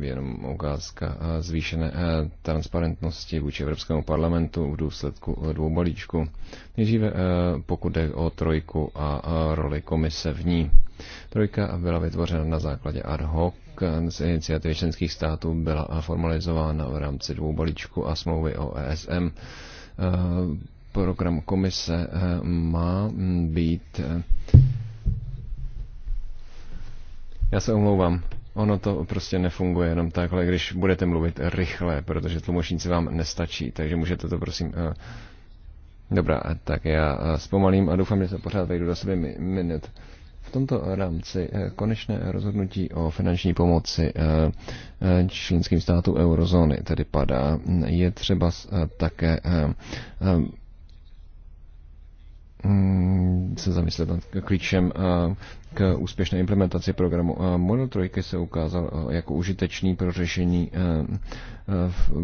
e, jenom ukázka e, zvýšené e, transparentnosti vůči Evropskému parlamentu v důsledku dvou balíčku. Nejdříve pokud jde o trojku a roli komise v ní. Trojka byla vytvořena na základě ad hoc z iniciativy členských států, byla formalizována v rámci dvou balíčku a smlouvy o ESM programu komise eh, má mm, být. Eh, já se omlouvám. Ono to prostě nefunguje jenom takhle, když budete mluvit rychle, protože tlumočníci vám nestačí, takže můžete to prosím... Eh, Dobrá, tak já zpomalím a doufám, že se pořád vejdu do sebe minut. V tomto rámci konečné rozhodnutí o finanční pomoci členským státům eurozóny tedy padá. Je třeba také Mm, se zamyslet nad klíčem eh, k úspěšné implementaci programu. Eh, Model trojky se ukázal eh, jako užitečný pro řešení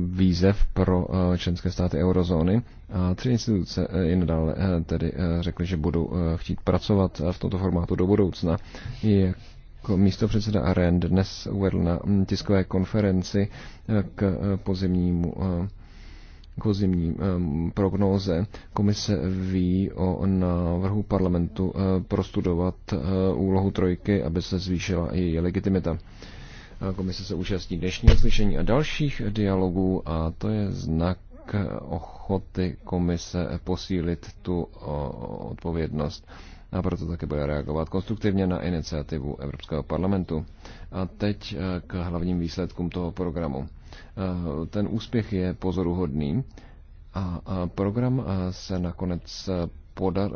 výzev pro členské státy eurozóny a tři instituce i nadále tedy řekly, že budou chtít pracovat v tomto formátu do budoucna. Jako místo předseda arend dnes uvedl na mm, tiskové konferenci k pozemnímu kozimní jako eh, prognóze. Komise ví o návrhu parlamentu eh, prostudovat eh, úlohu trojky, aby se zvýšila její legitimita. Komise se účastní dnešního slyšení a dalších dialogů a to je znak ochoty komise posílit tu odpovědnost a proto také bude reagovat konstruktivně na iniciativu Evropského parlamentu. A teď k hlavním výsledkům toho programu. Eh, ten úspěch je pozoruhodný a program eh, se nakonec eh, podar,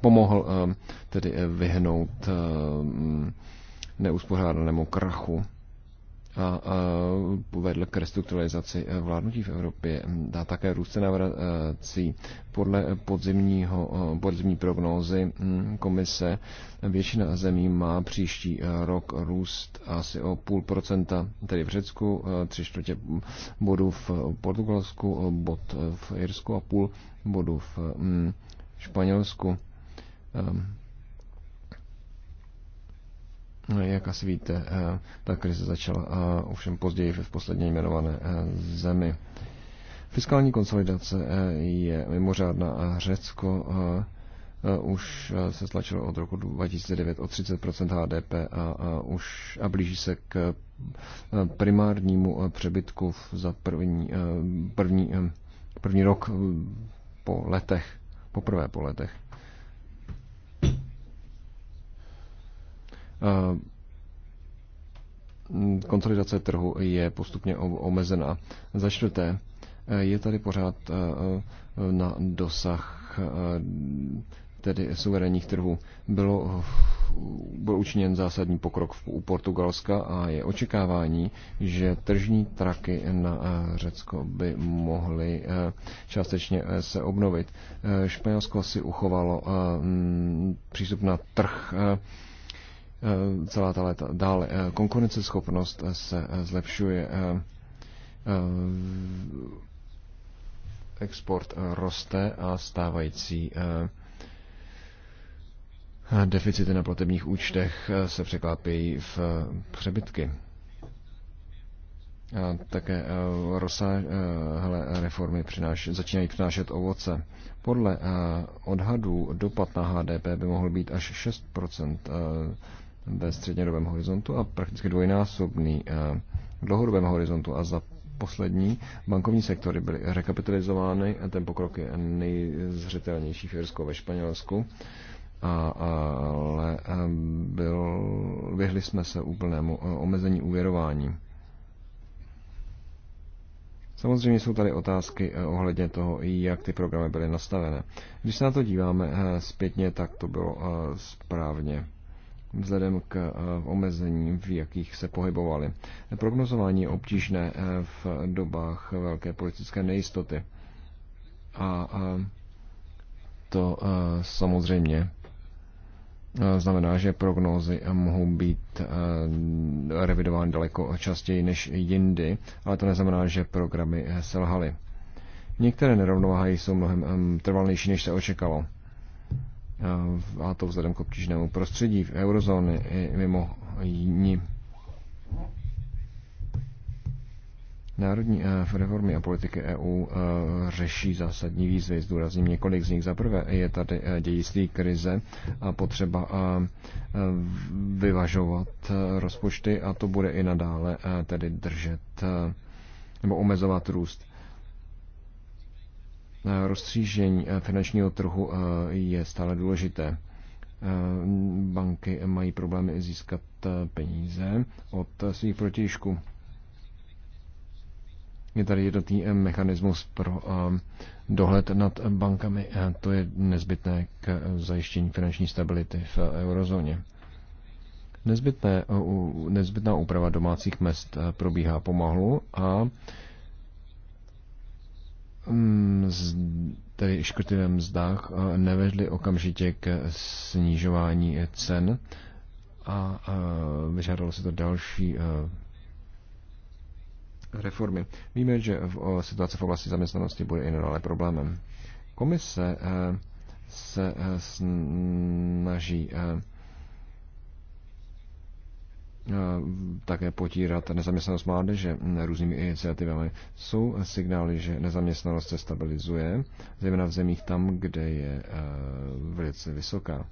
pomohl tedy vyhnout mm, neuspořádanému krachu a, povedl k restrukturalizaci eh, vládnutí v Evropě a také růst cen vrací. Podle podzimního, eh, podzimní prognózy hm, komise většina zemí má příští eh, rok růst asi o půl procenta, tedy v Řecku, tři čtvrtě bodu v Portugalsku, bod v Irsku a půl bodu v hm, Španělsku. Ehm, jak asi víte, eh, ta krize začala eh, ovšem později v posledně jmenované eh, zemi. Fiskální konsolidace je mimořádná a Řecko už se stlačilo od roku 2009 o 30% HDP a, a už a blíží se k primárnímu přebytku za první, první, první rok po letech, poprvé po letech. Eh, konsolidace trhu je postupně omezená. Za čtvrté, eh, je tady pořád eh, na dosah tedy suverénních trhů. Bylo, byl učiněn zásadní pokrok u Portugalska a je očekávání, že tržní traky na Řecko by mohly částečně se obnovit. Španělsko si uchovalo přístup na trh Eh, celá ta léta. Dále eh, konkurenceschopnost se eh, zlepšuje, export roste a stávající deficity na platebních účtech se překlápějí v přebytky. A také rozsáhlé reformy přináši, začínají přinášet ovoce. Podle odhadů dopad na HDP by mohl být až 6 ve střednědobém horizontu a prakticky dvojnásobný v eh, dlouhodobém horizontu a za poslední bankovní sektory byly rekapitalizovány a ten pokrok je nejzřetelnější v Jirsku ve Španělsku. A, ale eh, byl, vyhli jsme se úplnému eh, omezení uvěrování. Samozřejmě jsou tady otázky ohledně toho, jak ty programy byly nastavené. Když se na to díváme zpětně, tak to bylo správně vzhledem k eh, omezením, v jakých se pohybovali. Prognozování je obtížné eh, v dobách velké politické nejistoty. A eh, to samozřejmě znamená, že prognózy mohou být revidovány daleko častěji než jindy, ale to neznamená, že programy selhaly. Některé nerovnováhy jsou mnohem trvalnější, než se očekalo. Eh, a to vzhledem k obtížnému prostředí v eurozóně i mimo jiní. Národní eh, reformy a politiky EU eh, řeší zásadní výzvy. Zdůrazním několik z nich. Za prvé je tady dějistý krize a potřeba vyvažovat rozpočty a to bude i nadále tedy držet nebo omezovat růst rozstřížení eh, finančního trhu eh, je stále důležité. Eh, banky mají problémy získat peníze od svých protižků. Je tady jednotný mechanismus pro dohled nad bankami. To je nezbytné k zajištění finanční stability v eurozóně. Nezbytné, nezbytná úprava domácích mest probíhá pomalu a tedy škrty ve mzdách nevedly okamžitě k snižování cen a vyžádalo se to další e, reformy. Víme, že v situace v oblasti zaměstnanosti bude i nadále problémem. Komise e, se e, snaží Eh, také potírat nezaměstnanost mládeže hm, různými iniciativami. Jsou signály, že nezaměstnanost se stabilizuje, zejména v zemích tam, kde je eh, velice vysoká.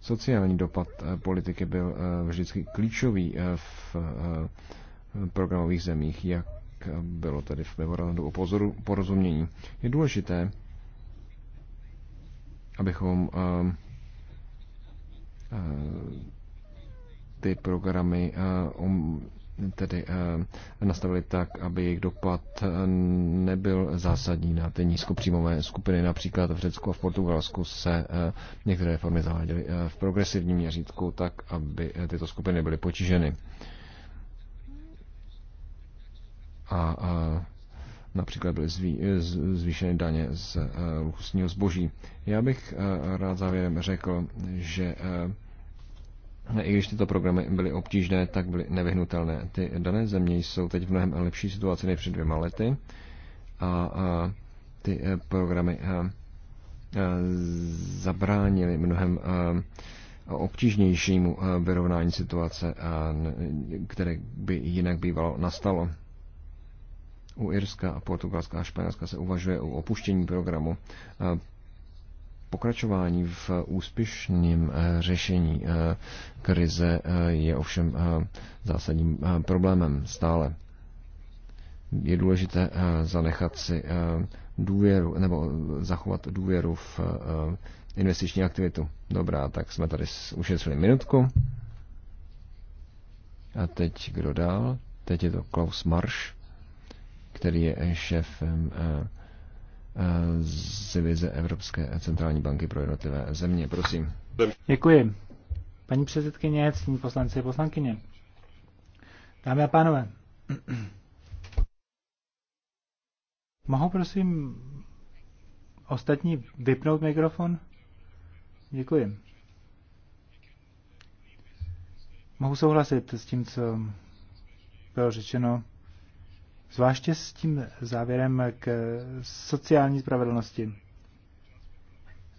Sociální dopad eh, politiky byl vždycky klíčový v programových zemích, jak bylo tedy v memorandu o pozoru, porozumění. Je důležité, abychom ty programy eh, um, tedy eh, nastavili tak, aby jejich dopad eh, nebyl zásadní na ty nízkopříjmové skupiny. Například v Řecku a v Portugalsku se některé reformy zaváděly v progresivním měřítku tak, aby tyto skupiny byly potíženy. A, a například byly zví, z, zvýšeny daně z luxusního zboží. Já bych rád závěrem řekl, že No, i když tyto programy byly obtížné, tak byly nevyhnutelné. Ty dané země jsou teď v mnohem lepší situaci než před dvěma lety a, a ty eh, programy a, eh, a, eh, zabránily mnohem a, obtížnějšímu vyrovnání situace, a, které by jinak bývalo nastalo. U Irska, Portugalska a Španělska se uvažuje o opuštění programu pokračování v úspěšném eh, řešení eh, krize eh, je ovšem zásadním problémem stále. Je důležité zanechat si důvěru, nebo zachovat důvěru v investiční aktivitu. Dobrá, tak jsme tady ušetřili minutku. A teď kdo dál? Teď je to Klaus Marsch, který je šéfem eh, z vize Evropské centrální banky pro jednotlivé země. Prosím. Děkuji. Paní předsedkyně, ctění poslanci a poslankyně. Dámy a pánové. Mohu prosím ostatní vypnout mikrofon? Děkuji. Mohu souhlasit s tím, co bylo řečeno Zvláště s tím závěrem k sociální spravedlnosti,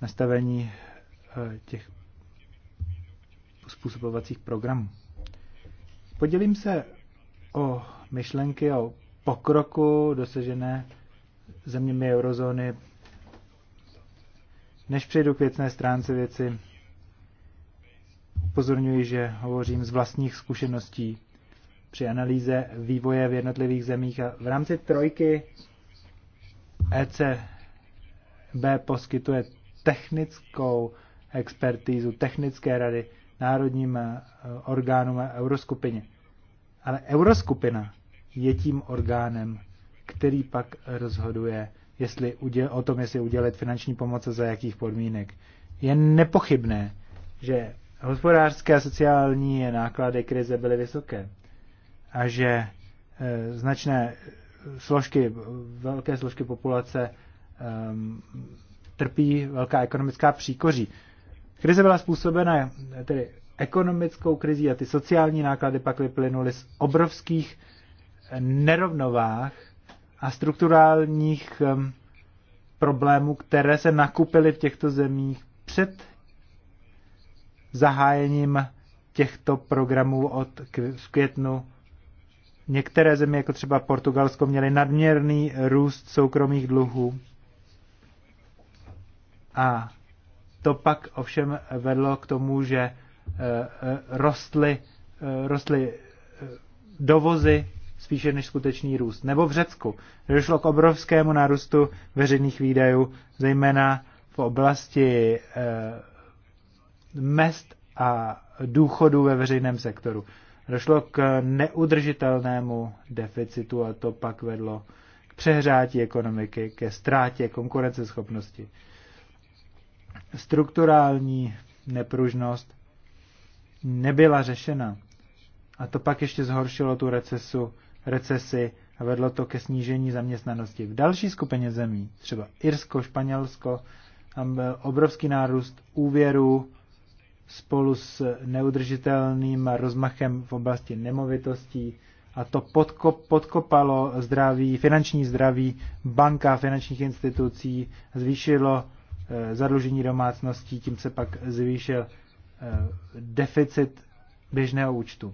nastavení eh, těch způsobovacích programů. Podělím se o myšlenky o pokroku dosažené zeměmi eurozóny. Než přejdu k věcné stránce věci, upozorňuji, že hovořím z vlastních zkušeností při analýze vývoje v jednotlivých zemích. A v rámci trojky ECB poskytuje technickou expertízu, technické rady národním eh, orgánům a euroskupině. Ale euroskupina je tím orgánem, který pak rozhoduje jestli uděl, o tom, jestli udělat finanční pomoc a za jakých podmínek. Je nepochybné, že hospodářské a sociální náklady krize byly vysoké a že e, značné složky, velké složky populace e, trpí velká ekonomická příkoří. Krize byla způsobena tedy ekonomickou krizí a ty sociální náklady pak vyplynuly z obrovských e, nerovnovách a strukturálních problémů, které se nakupily v těchto zemích před zahájením těchto programů od květnu Některé země, jako třeba Portugalsko, měly nadměrný růst soukromých dluhů. A to pak ovšem vedlo k tomu, že eh, eh, rostly, eh, rostly dovozy spíše než skutečný růst. Nebo v Řecku, došlo k obrovskému nárůstu veřejných výdajů, zejména v oblasti mest a důchodů ve veřejném sektoru došlo k neudržitelnému deficitu a to pak vedlo k přehřátí ekonomiky, ke ztrátě konkurenceschopnosti. Strukturální nepružnost nebyla řešena. A to pak ještě zhoršilo tu recesu, recesi a vedlo to ke snížení zaměstnanosti. V další skupině zemí, třeba Irsko, Španělsko, tam byl obrovský nárůst úvěrů, spolu s neudržitelným rozmachem v oblasti nemovitostí a to podko- podkopalo zdraví, finanční zdraví banka finančních institucí, zvýšilo eh, zadlužení domácností, tím se pak zvýšil eh, deficit běžného účtu.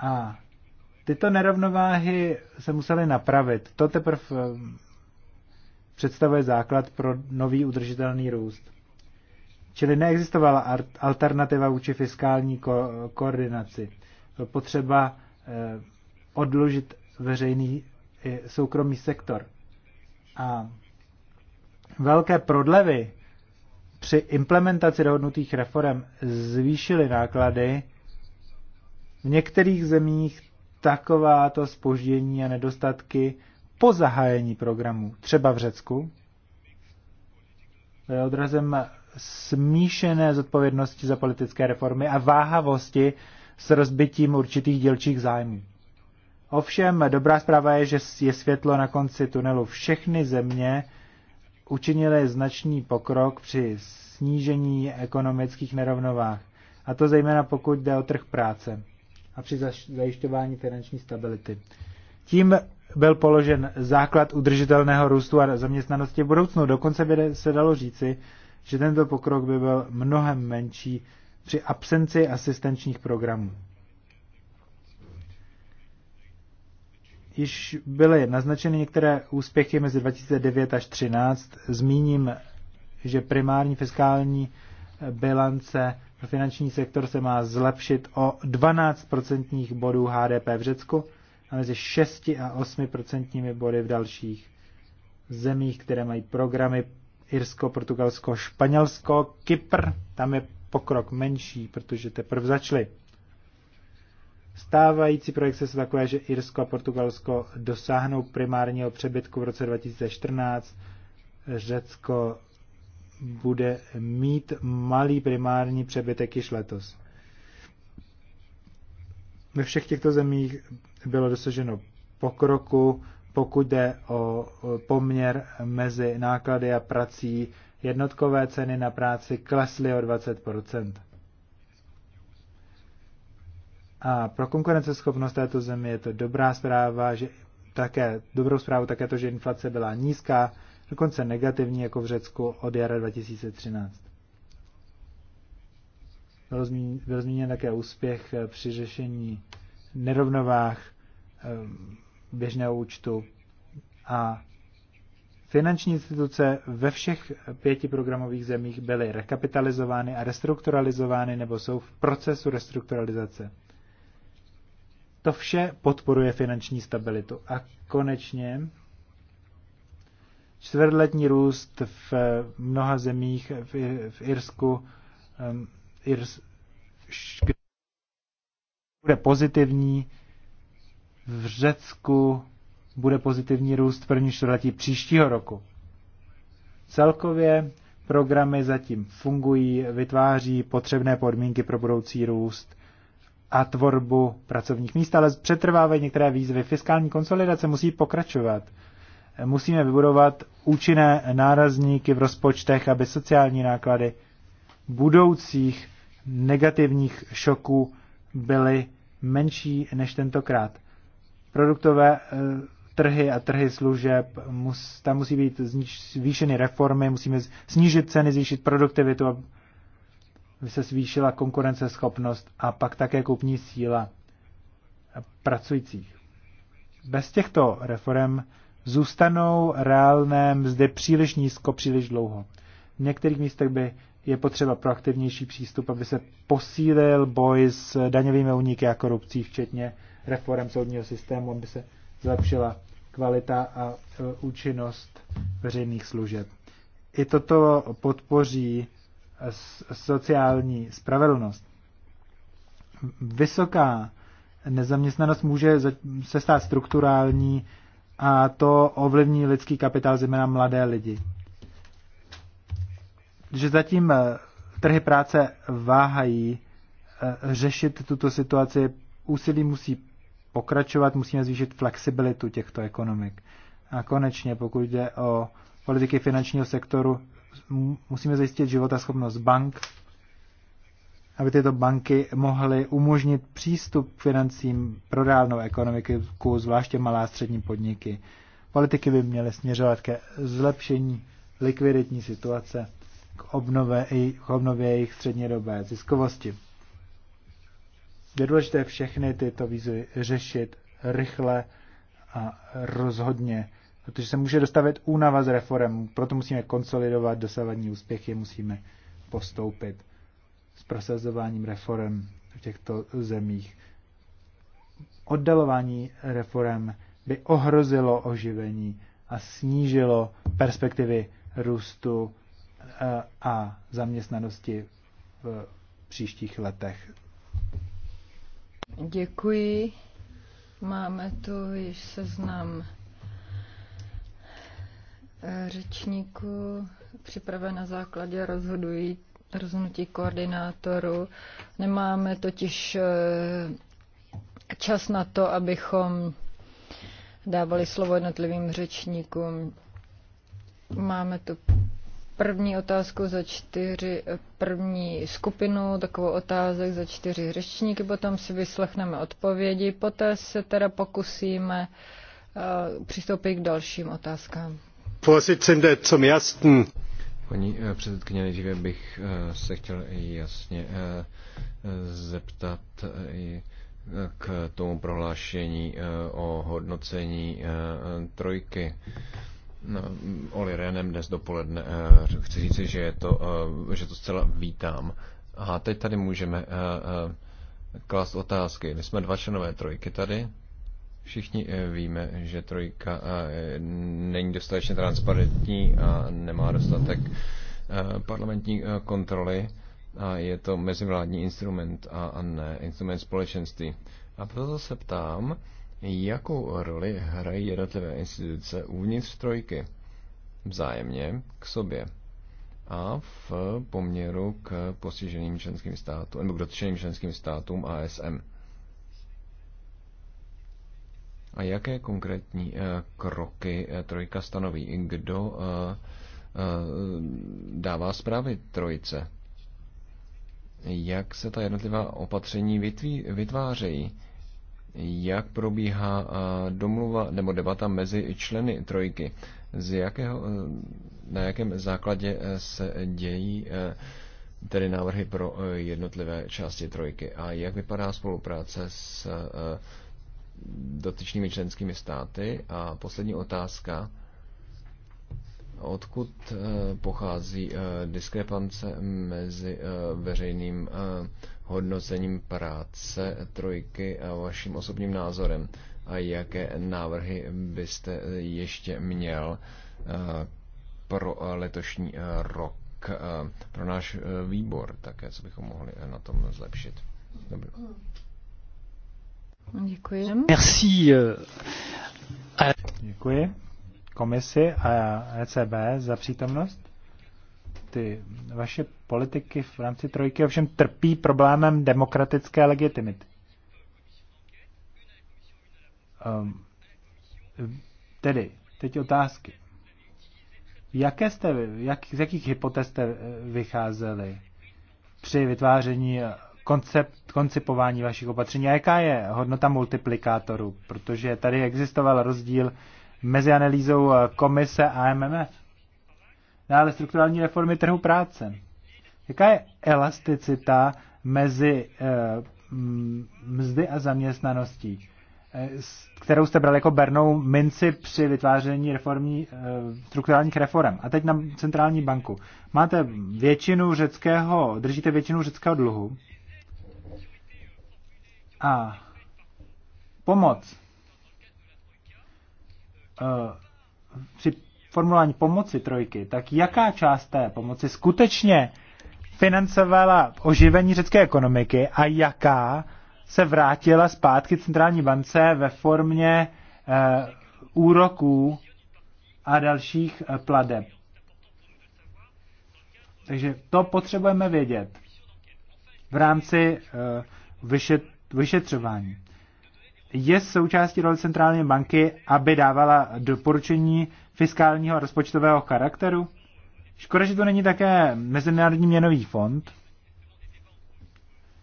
A tyto nerovnováhy se musely napravit. To teprve eh, představuje základ pro nový udržitelný růst. Čili neexistovala alternativa vůči fiskální ko- koordinaci. Byl potřeba eh, odložit veřejný i eh, soukromý sektor. A velké prodlevy při implementaci dohodnutých reform zvýšily náklady. V některých zemích takováto spoždění a nedostatky po zahájení programu, třeba v Řecku, je eh, odrazem smíšené zodpovědnosti za politické reformy a váhavosti s rozbitím určitých dělčích zájmů. Ovšem, dobrá zpráva je, že je světlo na konci tunelu. Všechny země učinily značný pokrok při snížení ekonomických nerovnovách, a to zejména pokud jde o trh práce a při zajišťování finanční stability. Tím byl položen základ udržitelného růstu a zaměstnanosti v budoucnu. Dokonce by se dalo říci, že tento pokrok by byl mnohem menší při absenci asistenčních programů. Již byly naznačeny některé úspěchy mezi 2009 až 2013. Zmíním, že primární fiskální bilance finanční sektor se má zlepšit o 12% bodů HDP v Řecku a mezi 6 a 8% body v dalších zemích, které mají programy Irsko, Portugalsko, Španělsko, Kypr, tam je pokrok menší, protože teprve začaly. Stávající projekce jsou takové, že Irsko a Portugalsko dosáhnou primárního přebytku v roce 2014, Řecko bude mít malý primární přebytek již letos. Ve všech těchto zemích bylo dosaženo pokroku pokud jde o poměr mezi náklady a prací, jednotkové ceny na práci klesly o 20 A pro konkurenceschopnost této země je to dobrá zpráva, že také, dobrou zprávu také to, že inflace byla nízká, dokonce negativní jako v Řecku od jara 2013. Byl zmíněn, byl zmíněn také úspěch při řešení nerovnovách ehm, běžného účtu a finanční instituce ve všech pěti programových zemích byly rekapitalizovány a restrukturalizovány nebo jsou v procesu restrukturalizace. To vše podporuje finanční stabilitu. A konečně čtvrtletní růst v mnoha zemích, v, v Irsku, um, Irs, bude pozitivní, v Řecku bude pozitivní růst v první čtvrtletí příštího roku. Celkově programy zatím fungují, vytváří potřebné podmínky pro budoucí růst a tvorbu pracovních míst, ale přetrvávají některé výzvy. Fiskální konsolidace musí pokračovat. Musíme vybudovat účinné nárazníky v rozpočtech, aby sociální náklady budoucích negativních šoků byly menší než tentokrát produktové eh, trhy a trhy služeb, tam musí být zvýšeny reformy, musíme snížit ceny, zvýšit produktivitu, aby se zvýšila konkurenceschopnost a pak také kupní síla pracujících. Bez těchto reform zůstanou reálné mzdy příliš nízko, příliš dlouho. V některých místech by je potřeba proaktivnější přístup, aby se posílil boj s daňovými uniky a korupcí, včetně reform soudního systému, aby se zlepšila kvalita a e, účinnost veřejných služeb. I toto podpoří sociální spravedlnost. Vysoká nezaměstnanost může se stát strukturální a to ovlivní lidský kapitál, zejména mladé lidi. Že zatím e, trhy práce váhají e, řešit tuto situaci, úsilí musí pokračovat, musíme zvýšit flexibilitu těchto ekonomik. A konečně, pokud jde o politiky finančního sektoru, musíme zajistit životaschopnost bank, aby tyto banky mohly umožnit přístup k financím pro reálnou ekonomiku, zvláště malá a střední podniky. Politiky by měly směřovat ke zlepšení likviditní situace, k obnově, k obnově jejich střednědobé ziskovosti. Je důležité všechny tyto výzvy řešit rychle a rozhodně, protože se může dostavit únava z reform, proto musíme konsolidovat dosavadní úspěchy, musíme postoupit s prosazováním reform v těchto zemích. Oddalování reform by ohrozilo oživení a snížilo perspektivy růstu eh, a zaměstnanosti v příštích letech. Děkuji. Máme tu již seznam eh, řečníků připraven na základě rozhodují, rozhodnutí koordinátoru. Nemáme totiž eh, čas na to, abychom dávali slovo jednotlivým řečníkům. Máme tu první otázku za čtyři, první skupinu, takovou otázek za čtyři řečníky, potom si vyslechneme odpovědi, poté se teda pokusíme eh, přistoupit k dalším otázkám. Vorsitzende zum ersten. Paní eh, předsedkyně, nejdříve bych eh, se chtěl jasně zeptat i k tomu prohlášení o hodnocení trojky. No, Oli Renem dnes dopoledne. Eh, chci říct, že, je to, eh, že to zcela vítám. A teď tady můžeme eh, klást otázky. My jsme dva členové trojky tady. Všichni víme, že trojka není dostatečně transparentní a nemá dostatek parlamentní kontroly a je to mezivládní instrument a ne instrument společenství. A proto se ptám, jakou roli hrají jednotlivé instituce uvnitř trojky vzájemně k sobě a v poměru k postiženým členským státům, nebo k dotčeným členským státům ASM. A jaké konkrétní eh, kroky eh, trojka stanoví? Kdo eh, dává zprávy trojce? Jak se ta jednotlivá opatření vytví, vytvářejí? jak probíhá domluva nebo debata mezi členy trojky, z jakého, e, na jakém základě e, se dějí e, tedy návrhy pro jednotlivé části trojky a jak vypadá spolupráce s dotyčnými členskými státy. A poslední otázka, odkud pochází diskrepance mezi veřejným hodnocením práce trojky a vaším osobním názorem a jaké návrhy byste ještě měl eh, pro letošní eh, rok eh, pro náš výbor také, co bychom mohli na tom zlepšit. Dobrý. Děkuji. Merci. Děkuji komisi a ECB za přítomnost ty vaše politiky v rámci trojky ovšem trpí problémem demokratické legitimity. Um, tedy, teď otázky. Jaké jste, jak, z jakých hypotéz jste eh, vycházeli při vytváření eh, koncept, koncipování vašich opatření a jaká je hodnota multiplikátoru? Protože tady existoval rozdíl mezi analýzou eh, komise a MMF dále strukturální reformy trhu práce. Jaká je elasticita mezi eh, mzdy a zaměstnaností, eh, kterou jste brali jako bernou minci při vytváření reformní, eh, strukturálních reform. A teď na centrální banku. Máte většinu řeckého, držíte většinu řeckého dluhu a pomoc při formulování pomoci trojky, tak jaká část té pomoci skutečně financovala oživení řecké ekonomiky a jaká se vrátila zpátky centrální bance ve formě eh, úroků a dalších eh, pladeb. Takže to potřebujeme vědět v rámci eh, vyšet, vyšetřování. Je součástí role centrální banky, aby dávala doporučení fiskálního a rozpočtového charakteru? Škoda, že to není také Mezinárodní měnový fond,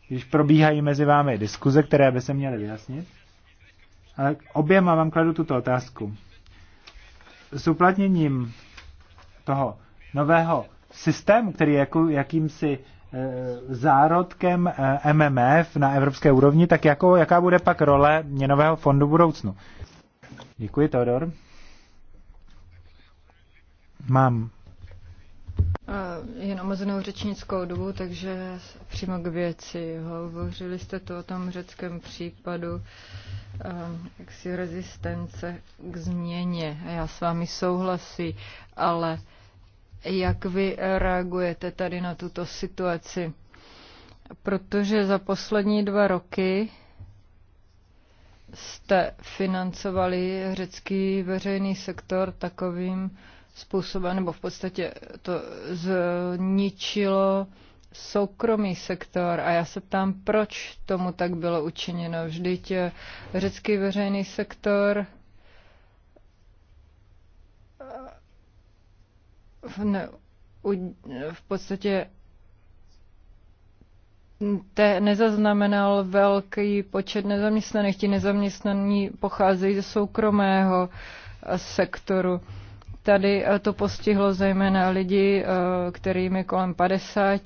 když probíhají mezi vámi diskuze, které by se měly vyjasnit. Ale oběma vám kladu tuto otázku. S uplatněním toho nového systému, který je jako, jakýmsi eh, zárodkem eh, MMF na evropské úrovni, tak jako, jaká bude pak role měnového fondu v budoucnu? Děkuji, Teodor. Mám eh, jen omezenou řečnickou dobu, takže přímo k věci. Hovořili jste to o tom řeckém případu eh, jaksi rezistence k změně. Já s vámi souhlasí, ale jak vy reagujete tady na tuto situaci? Protože za poslední dva roky jste financovali řecký veřejný sektor takovým způsobem, nebo v podstatě to zničilo soukromý sektor a já se ptám, proč tomu tak bylo učiněno. Vždyť řecký veřejný sektor v, ne, u, v podstatě te nezaznamenal velký počet nezaměstnaných. Ti nezaměstnaní pocházejí ze soukromého sektoru. Tady eh, to postihlo zejména lidi, eh, kterými kolem 50.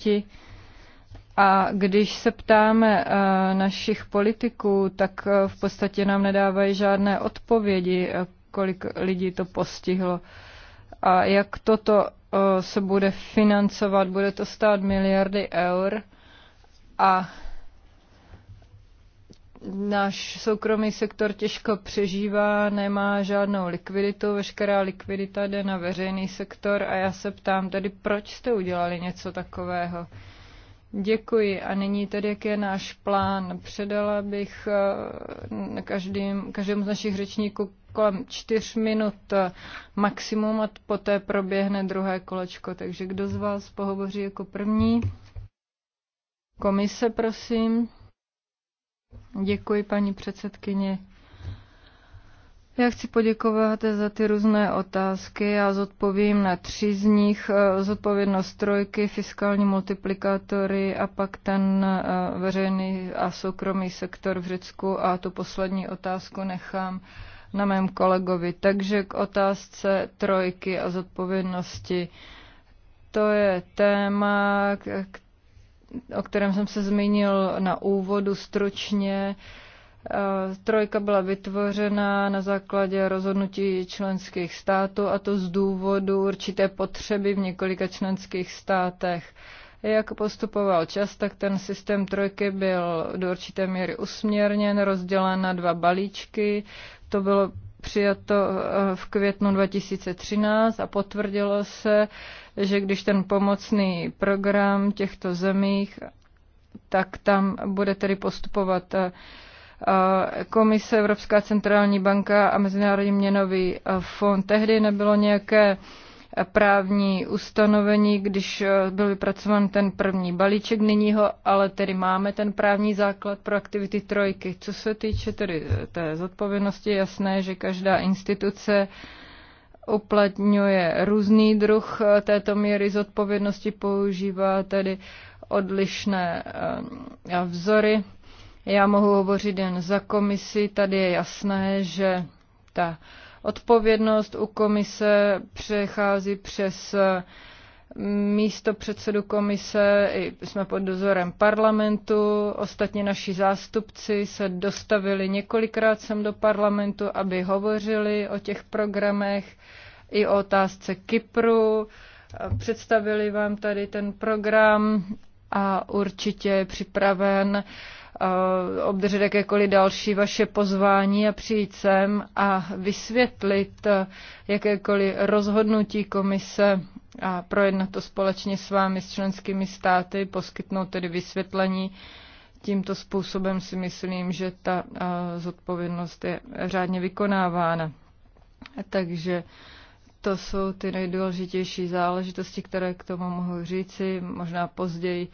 A když se ptáme eh, našich politiků, tak v podstatě nám nedávají žádné odpovědi, kolik lidí to postihlo. A jak toto se bude financovat, bude to stát miliardy eur. A náš soukromý sektor těžko přežívá, nemá žádnou likviditu, veškerá likvidita jde na veřejný sektor a já se ptám tedy, proč jste udělali něco takového? Děkuji. A nyní tedy, jak je náš plán? Předala bych eh, každým, každému z našich řečníků kolem čtyř minut eh, maximum a poté proběhne druhé kolečko. Takže kdo z vás pohovoří jako první? Komise, prosím. Děkuji, paní předsedkyně. Já chci poděkovat za ty různé otázky. Já zodpovím na tři z nich. Eh, zodpovědnost trojky, fiskální multiplikátory a pak ten eh, veřejný a soukromý sektor v Řecku a tu poslední otázku nechám na mém kolegovi. Takže k otázce trojky a zodpovědnosti. To je téma, o kterém jsem se zmínil na úvodu stručně. Eh, trojka byla vytvořena na základě rozhodnutí členských států a to z důvodu určité potřeby v několika členských státech. Jak postupoval čas, tak ten systém trojky byl do určité míry usměrněn, rozdělen na dva balíčky. To bylo přijato eh, v květnu 2013 a potvrdilo se, že když ten pomocný program těchto zemích, tak tam bude tedy postupovat eh, eh, Komise, Evropská centrální banka a Mezinárodní měnový fond. Tehdy nebylo nějaké právní ustanovení, když eh, byl vypracován ten první balíček, nyní ho ale tedy máme ten právní základ pro aktivity trojky. Co se týče tedy eh, té zodpovědnosti, je jasné, že každá instituce uplatňuje různý druh eh, této míry zodpovědnosti, používá tedy odlišné vzory. Já mohu hovořit jen za komisi, tady je jasné, že ta Odpovědnost u komise přechází přes eh, místo předsedu komise, jsme pod dozorem parlamentu, ostatně naši zástupci se dostavili několikrát sem do parlamentu, aby hovořili o těch programech i o otázce Kypru. Představili vám tady ten program a určitě je připraven uh, Eh, obdržet jakékoliv další vaše pozvání a přijít sem a vysvětlit eh, jakékoliv rozhodnutí komise a projednat to společně s vámi, s členskými státy, poskytnout tedy vysvětlení. Tímto způsobem si myslím, že ta eh, zodpovědnost je řádně vykonávána. Takže to jsou ty nejdůležitější záležitosti, které k tomu mohu říci. Možná později uh,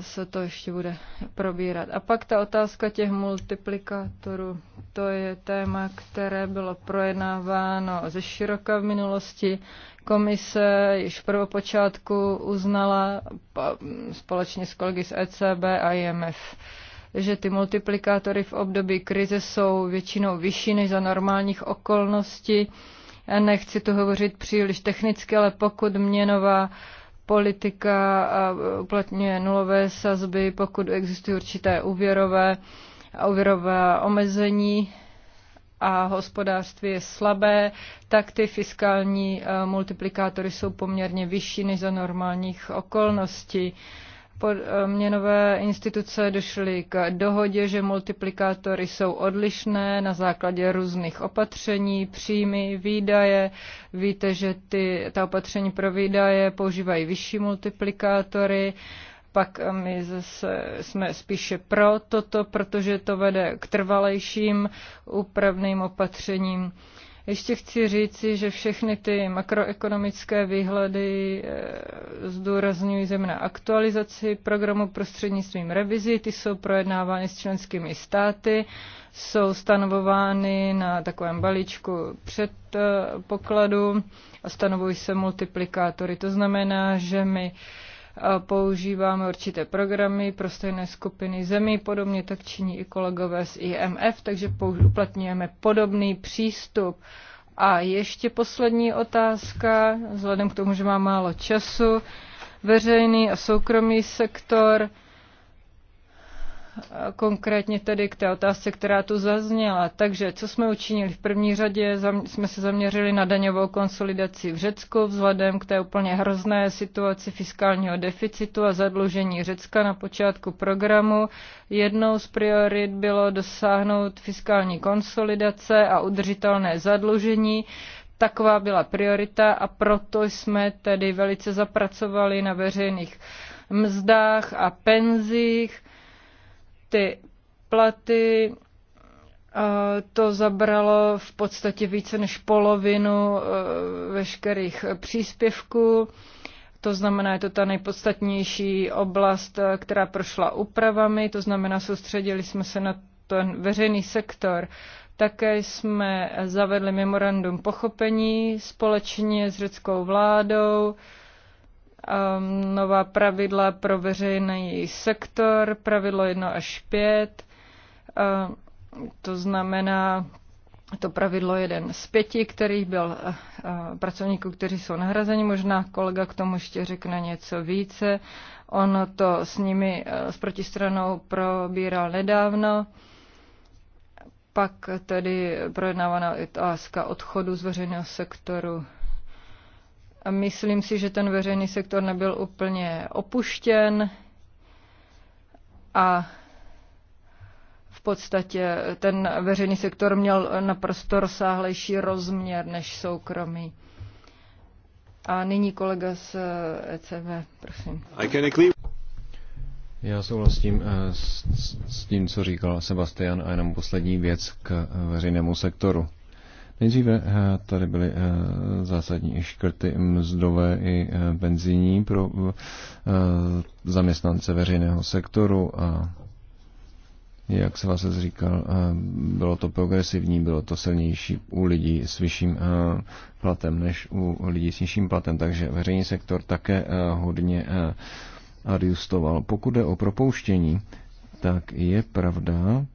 se to ještě bude probírat. A pak ta otázka těch multiplikátorů, to je téma, které bylo projednáváno ze široka v minulosti. Komise již v prvopočátku uznala společně s kolegy z ECB a IMF že ty multiplikátory v období krize jsou většinou vyšší než za normálních okolností. Nechci tu hovořit příliš technicky, ale pokud měnová uh, politika uplatňuje nulové sazby, pokud existují určité úvěrové, úvěrové omezení a hospodářství je slabé, tak ty fiskální multiplikátory jsou poměrně vyšší než za normálních okolností. Uh, Eh, měnové instituce došly k dohodě, že multiplikátory jsou odlišné na základě různých opatření, příjmy, výdaje. Víte, že ty, ta opatření pro výdaje používají vyšší multiplikátory pak eh, my zase jsme spíše pro toto, protože to vede k trvalejším úpravným opatřením ještě chci říci, že všechny ty makroekonomické výhledy eh, zdůrazňují zemna aktualizaci programu prostřednictvím revizí, ty jsou projednávány s členskými státy, jsou stanovovány na takovém balíčku předpokladu a stanovují se multiplikátory. To znamená, že my používáme určité programy pro stejné skupiny zemí, podobně tak činí i kolegové z IMF, takže uplatňujeme podobný přístup. A ještě poslední otázka, vzhledem k tomu, že mám málo času. Veřejný a soukromý sektor konkrétně tedy k té otázce, která tu zazněla. Takže co jsme učinili? V první řadě jsme se zaměřili na daňovou konsolidaci v Řecku vzhledem k té úplně hrozné situaci fiskálního deficitu a zadlužení Řecka na počátku programu. Jednou z priorit bylo dosáhnout fiskální konsolidace a udržitelné zadlužení. Taková byla priorita a proto jsme tedy velice zapracovali na veřejných mzdách a penzích ty platy to zabralo v podstatě více než polovinu e, veškerých příspěvků. To znamená, je to ta nejpodstatnější oblast, e, která prošla úpravami, to znamená, soustředili jsme se na ten veřejný sektor. Také jsme zavedli memorandum pochopení společně s řeckou vládou, Um, nová pravidla pro veřejný sektor, pravidlo 1 až 5, uh, to znamená to pravidlo jeden z pěti, který byl uh, uh, pracovníků, kteří jsou nahrazeni. Možná kolega k tomu ještě řekne něco více. On to s nimi, s protistranou probíral nedávno. Pak tedy projednávaná otázka odchodu z veřejného sektoru Myslím si, že ten veřejný sektor nebyl úplně opuštěn a v podstatě ten veřejný sektor měl naprosto rozsáhlejší rozměr než soukromý. A nyní kolega z ECV, eh, e prosím. Já souhlasím eh, s, s tím, co říkal Sebastian, a jenom poslední věc k eh, veřejnému sektoru. Nejdříve eh, tady byly eh, zásadní škrty mzdové i benzíní eh, pro zaměstnance veřejného sektoru a jak se vás říkal, bylo to progresivní, bylo to silnější u lidí s vyšším platem než u lidí s nižším platem, takže veřejný sektor také hodně adjustoval. Pokud jde o propouštění, tak je pravda,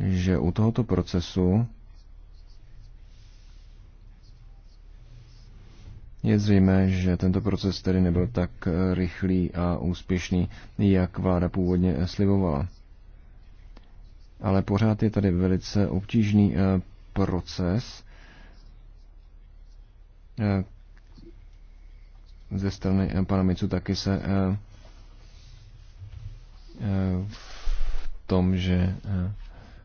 že u tohoto procesu Je zřejmé, že tento proces tedy nebyl tak eh, rychlý a úspěšný, jak vláda původně eh, slibovala. Ale pořád je tady velice obtížný eh, proces ze strany pana Micu taky se v tom, že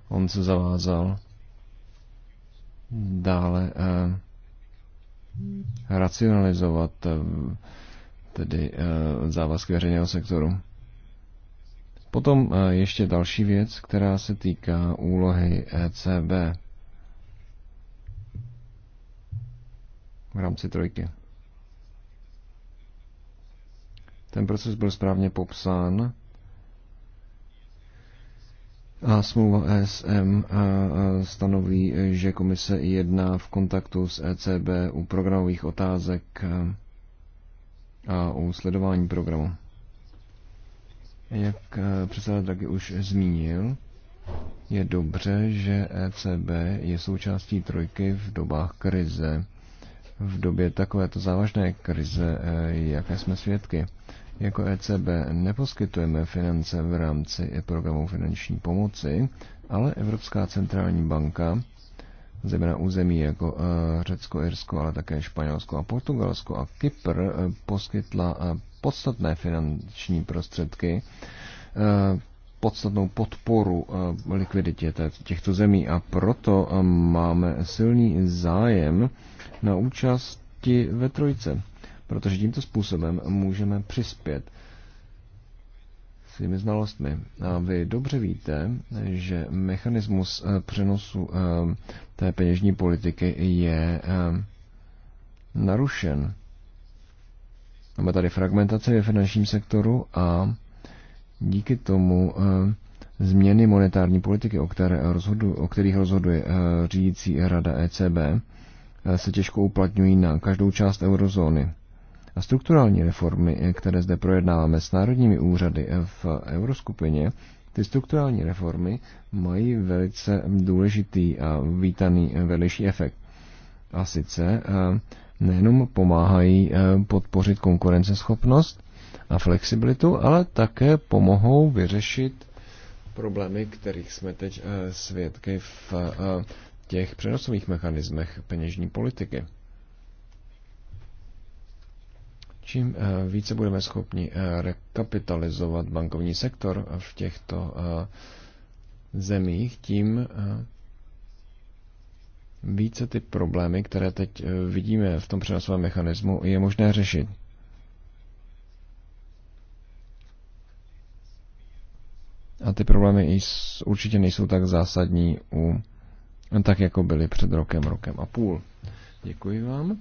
on se zavázal dále racionalizovat eh, tedy eh, závazky veřejného sektoru. Potom eh, ještě další věc, která se týká úlohy ECB v rámci trojky. Ten proces byl správně popsán a smlouva ESM stanoví, že komise jedná v kontaktu s ECB u programových otázek a u sledování programu. Jak e, předseda Draghi už zmínil, je dobře, že ECB je součástí trojky v dobách krize, v době takovéto závažné krize, e, jaké jsme svědky. Jako ECB neposkytujeme finance v rámci programu finanční pomoci, ale Evropská centrální banka, zejména území jako eh, Řecko, Irsko, ale také Španělsko a Portugalsko a Kypr, eh, poskytla eh, podstatné finanční prostředky, podstatnou podporu likviditě těchto zemí a proto máme silný zájem na účasti ve trojce protože tímto způsobem můžeme přispět svými znalostmi. A vy dobře víte, že mechanismus eh, přenosu eh, té peněžní politiky je eh, narušen. Máme tady fragmentace ve finančním sektoru a díky tomu změny monetární politiky, o, které rozhodu, o kterých rozhoduje řídící rada ECB, se těžko uplatňují na každou část eurozóny. A strukturální reformy, eh, které zde projednáváme s národními úřady eh, v euroskupině, ty strukturální reformy mají velice důležitý a vítaný eh, vedlejší efekt. A sice nejenom pomáhají podpořit konkurenceschopnost a flexibilitu, ale také pomohou vyřešit problémy, kterých jsme teď svědky v těch přenosových mechanismech peněžní politiky. Čím eh, více budeme schopni eh, rekapitalizovat bankovní sektor v těchto eh, zemích, tím více ty problémy, které teď vidíme v tom přenosovém mechanismu, je možné řešit. A ty problémy určitě nejsou tak zásadní u, tak jako byly před rokem, rokem a půl. Děkuji vám.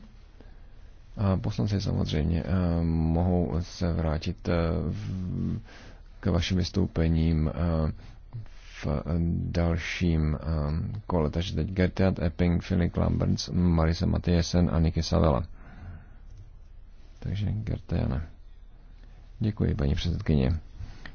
Poslanci samozřejmě eh, mohou se vrátit eh, k vašim vystoupením eh, v dalším kole. Takže teď Gertiat Epping, Philip Lamberts, Marisa Matiesen a Niky Savela. Takže Gertejane. Děkuji, paní předsedkyně.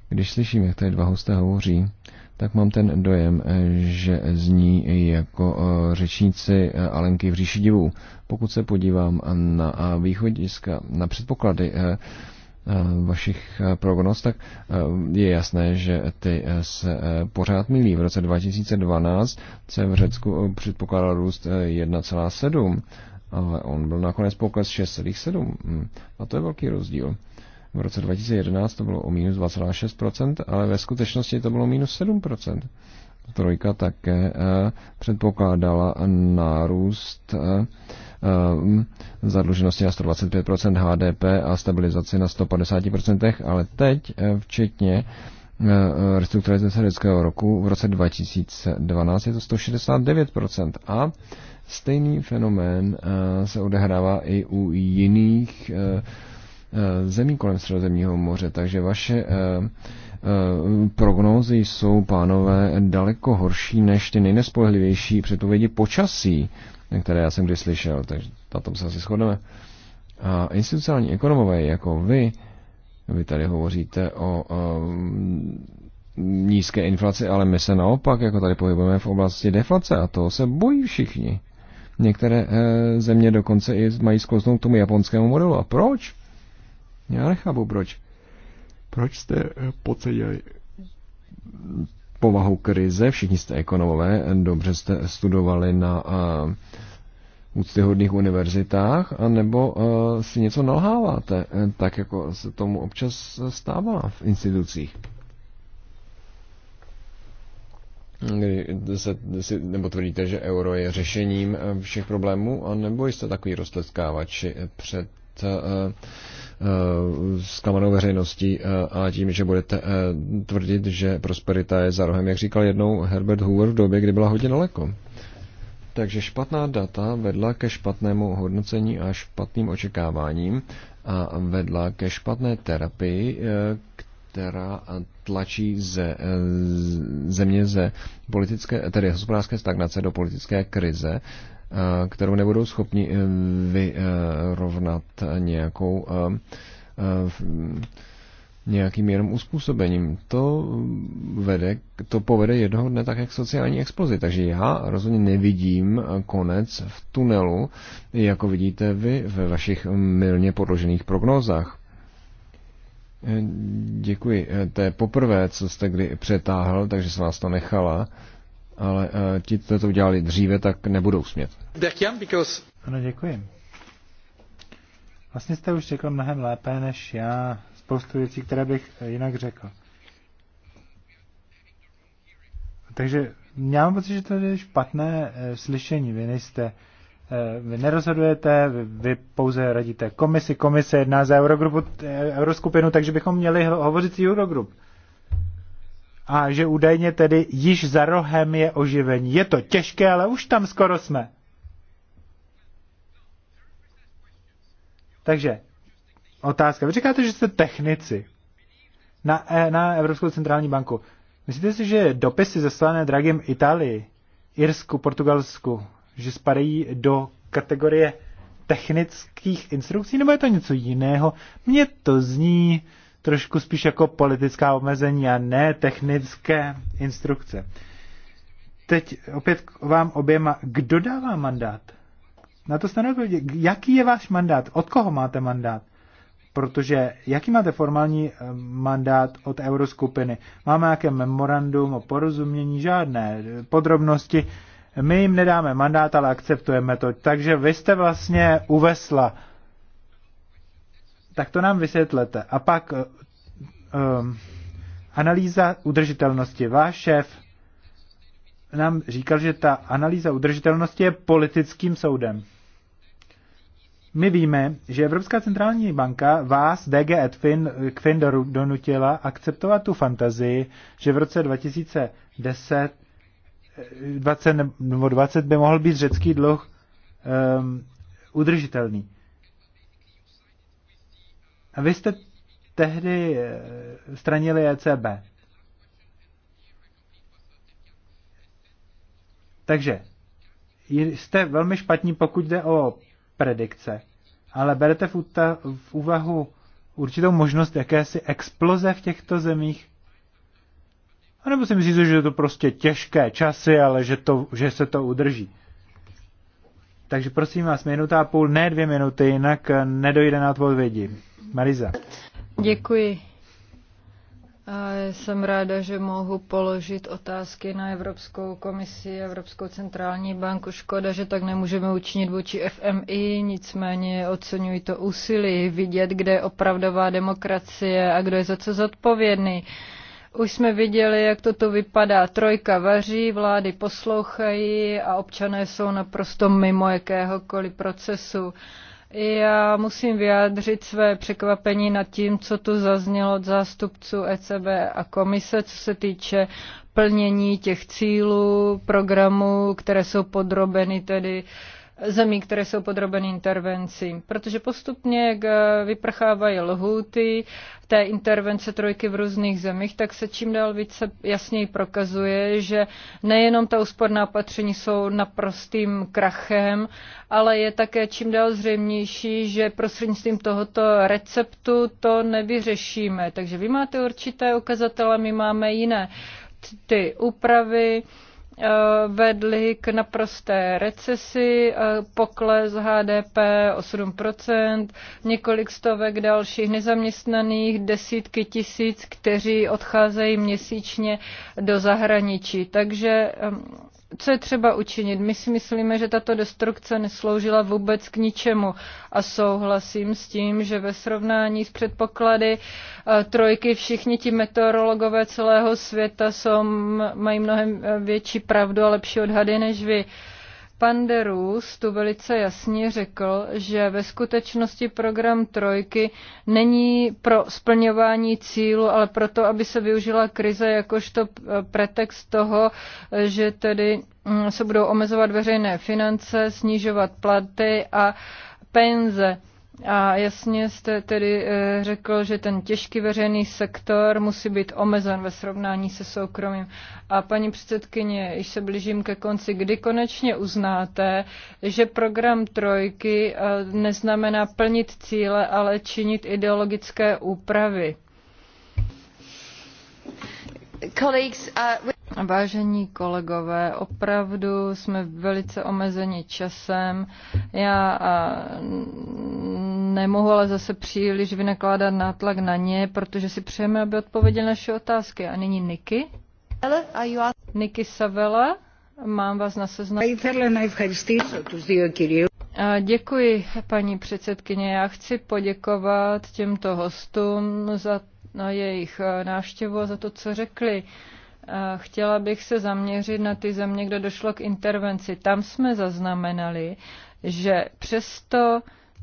Když slyším, jak tady dva hosté hovoří, tak mám ten dojem, eh, že zní jako eh, řečníci eh, Alenky v říši divů. Pokud se podívám na východiska, na předpoklady vašich prognoz, tak je jasné, že ty se pořád milí. V roce 2012 se v Řecku předpokládal růst 1,7, ale on byl nakonec pokles 6,7. Hm. A to je velký rozdíl. V roce 2011 to bylo o minus 2,6%, ale ve skutečnosti to bylo minus 7%. Trojka také eh, předpokládala nárůst eh, eh, zadluženosti na 125% HDP a stabilizaci na 150%, ale teď včetně restrukturalizace lidského roku v roce 2012 je to 169% a stejný fenomén se odehrává i u jiných Eh, zemí kolem Středozemního moře, takže vaše eh, eh, prognózy jsou, pánové, daleko horší než ty nejnespolehlivější předpovědi počasí, které já jsem kdy slyšel, takže na tom se asi shodneme. A institucionální ekonomové jako vy, vy tady hovoříte o um, nízké inflaci, ale my se naopak, jako tady pohybujeme v oblasti deflace a toho se bojí všichni. Některé e, země dokonce i mají sklouznout k tomu japonskému modelu. A proč? Já nechápu, proč. Proč jste eh, podcenili povahu krize? Všichni jste ekonomové, dobře jste studovali na uh, úctyhodných univerzitách, anebo uh, si něco nalháváte, tak jako se tomu občas stává v institucích. Kdy se, nebo tvrdíte, že euro je řešením všech problémů, anebo jste takový roztleskávači před uh, zklamanou eh, veřejností eh, a tím, že budete eh, tvrdit, že prosperita je za rohem, jak říkal jednou Herbert Hoover v době, kdy byla hodně daleko. Takže špatná data vedla ke špatnému hodnocení a špatným očekáváním a vedla ke špatné terapii, která tlačí ze, země ze politické, tedy hospodářské stagnace do politické krize, Eh, kterou nebudou schopni eh, vyrovnat nějakou eh, nějakým jenom uspůsobením. To, vede, to povede jednoho dne tak jak sociální explozi. Takže já rozhodně nevidím konec v tunelu, jako vidíte vy ve vašich milně podložených prognózách. Děkuji. To je poprvé, co jste kdy přetáhl, takže se vás to nechala ale eh, ti, co to udělali dříve, tak nebudou smět. Ano, děkuji. Vlastně jste už řekl mnohem lépe než já spoustu věcí, které bych eh, jinak řekl. Takže já mám pocit, že to je špatné e, slyšení. Vy nejste, e, vy nerozhodujete, vy, vy pouze radíte komisi, komise jedná za Eurogrupu, e, Euroskupinu, takže bychom měli ho, hovořit s Eurogrupu a že údajně tedy již za rohem je oživení. Je to těžké, ale už tam skoro jsme. Takže otázka. Vy říkáte, že jste technici na, e, na Evropskou centrální banku. Myslíte si, že dopisy zaslané Dragem Itálii, Irsku, Portugalsku, že spadají do kategorie technických instrukcí, nebo je to něco jiného? Mně to zní, trošku spíš jako politická omezení a ne technické instrukce. Teď opět vám oběma, kdo dává mandát? Na to jste Jaký je váš mandát? Od koho máte mandát? Protože jaký máte formální eh, mandát od euroskupiny? Máme nějaké memorandum o porozumění? Žádné eh, podrobnosti. My jim nedáme mandát, ale akceptujeme to. Takže vy jste vlastně uvesla tak to nám vysvětlete. A pak um, analýza udržitelnosti. Váš šéf nám říkal, že ta analýza udržitelnosti je politickým soudem. My víme, že Evropská centrální banka vás, DG Edfin, Kfin donutila akceptovat tu fantazii, že v roce 2010 20 eh, nebo 20 by mohl být řecký dluh um, udržitelný. A vy jste tehdy eh, stranili ECB. Takže jste velmi špatní, pokud jde o predikce, ale berete v, v úvahu určitou možnost jakési exploze v těchto zemích? A nebo si myslíte, že je to prostě těžké časy, ale že, to, že se to udrží? Takže prosím vás, minuta a půl, ne dvě minuty, jinak eh, nedojde na odpovědi. Mariza. Děkuji. A jsem ráda, že mohu položit otázky na Evropskou komisi, Evropskou centrální banku. Škoda, že tak nemůžeme učinit vůči FMI, nicméně oceňuji to úsilí vidět, kde je opravdová demokracie a kdo je za co zodpovědný. Už jsme viděli, jak toto vypadá. Trojka vaří, vlády poslouchají a občané jsou naprosto mimo jakéhokoliv procesu. Já musím vyjádřit své překvapení nad tím, co tu zaznělo od zástupců ECB a komise, co se týče plnění těch cílů, programů, které jsou podrobeny tedy zemí, které jsou podrobeny intervencím, protože postupně, jak vyprchávají lhuty té intervence trojky v různých zemích, tak se čím dál více jasněji prokazuje, že nejenom ta úsporná opatření jsou naprostým krachem, ale je také čím dál zřejmější, že prostřednictvím tohoto receptu to nevyřešíme. Takže vy máte určité ukazatele, my máme jiné ty úpravy, Eh, vedly k naprosté recesi, eh, pokles HDP o 7%, několik stovek dalších nezaměstnaných, desítky tisíc, kteří odcházejí měsíčně do zahraničí. Takže co je třeba učinit? My si myslíme, že tato destrukce nesloužila vůbec k ničemu a souhlasím s tím, že ve srovnání s předpoklady eh, trojky všichni ti meteorologové celého světa jsou, mají mnohem eh, větší pravdu a lepší odhady než vy. Pan de Roos tu velice jasně řekl, že ve skutečnosti program trojky není pro splňování cílu, ale proto, aby se využila krize jakožto eh, pretext toho, že tedy mm, se budou omezovat veřejné finance, snižovat platy a penze. A jasně jste tedy eh, řekl, že ten těžký veřejný sektor musí být omezen ve srovnání se soukromým. A paní předsedkyně, již se blížím ke konci, kdy konečně uznáte, že program trojky eh, neznamená plnit cíle, ale činit ideologické úpravy. Uh, Vážení kolegové, opravdu jsme velice omezeni časem. Já nemohu ale zase příliš vynakládat nátlak na ně, protože si přejeme, aby odpověděl naše otázky. A nyní Niky. Niky Savela, mám vás na seznamu. Děkuji, paní předsedkyně. Já chci poděkovat těmto hostům za na jejich eh, návštěvu a za to, co řekli. Eh, chtěla bych se zaměřit na ty země, kde došlo k intervenci. Tam jsme zaznamenali, že přesto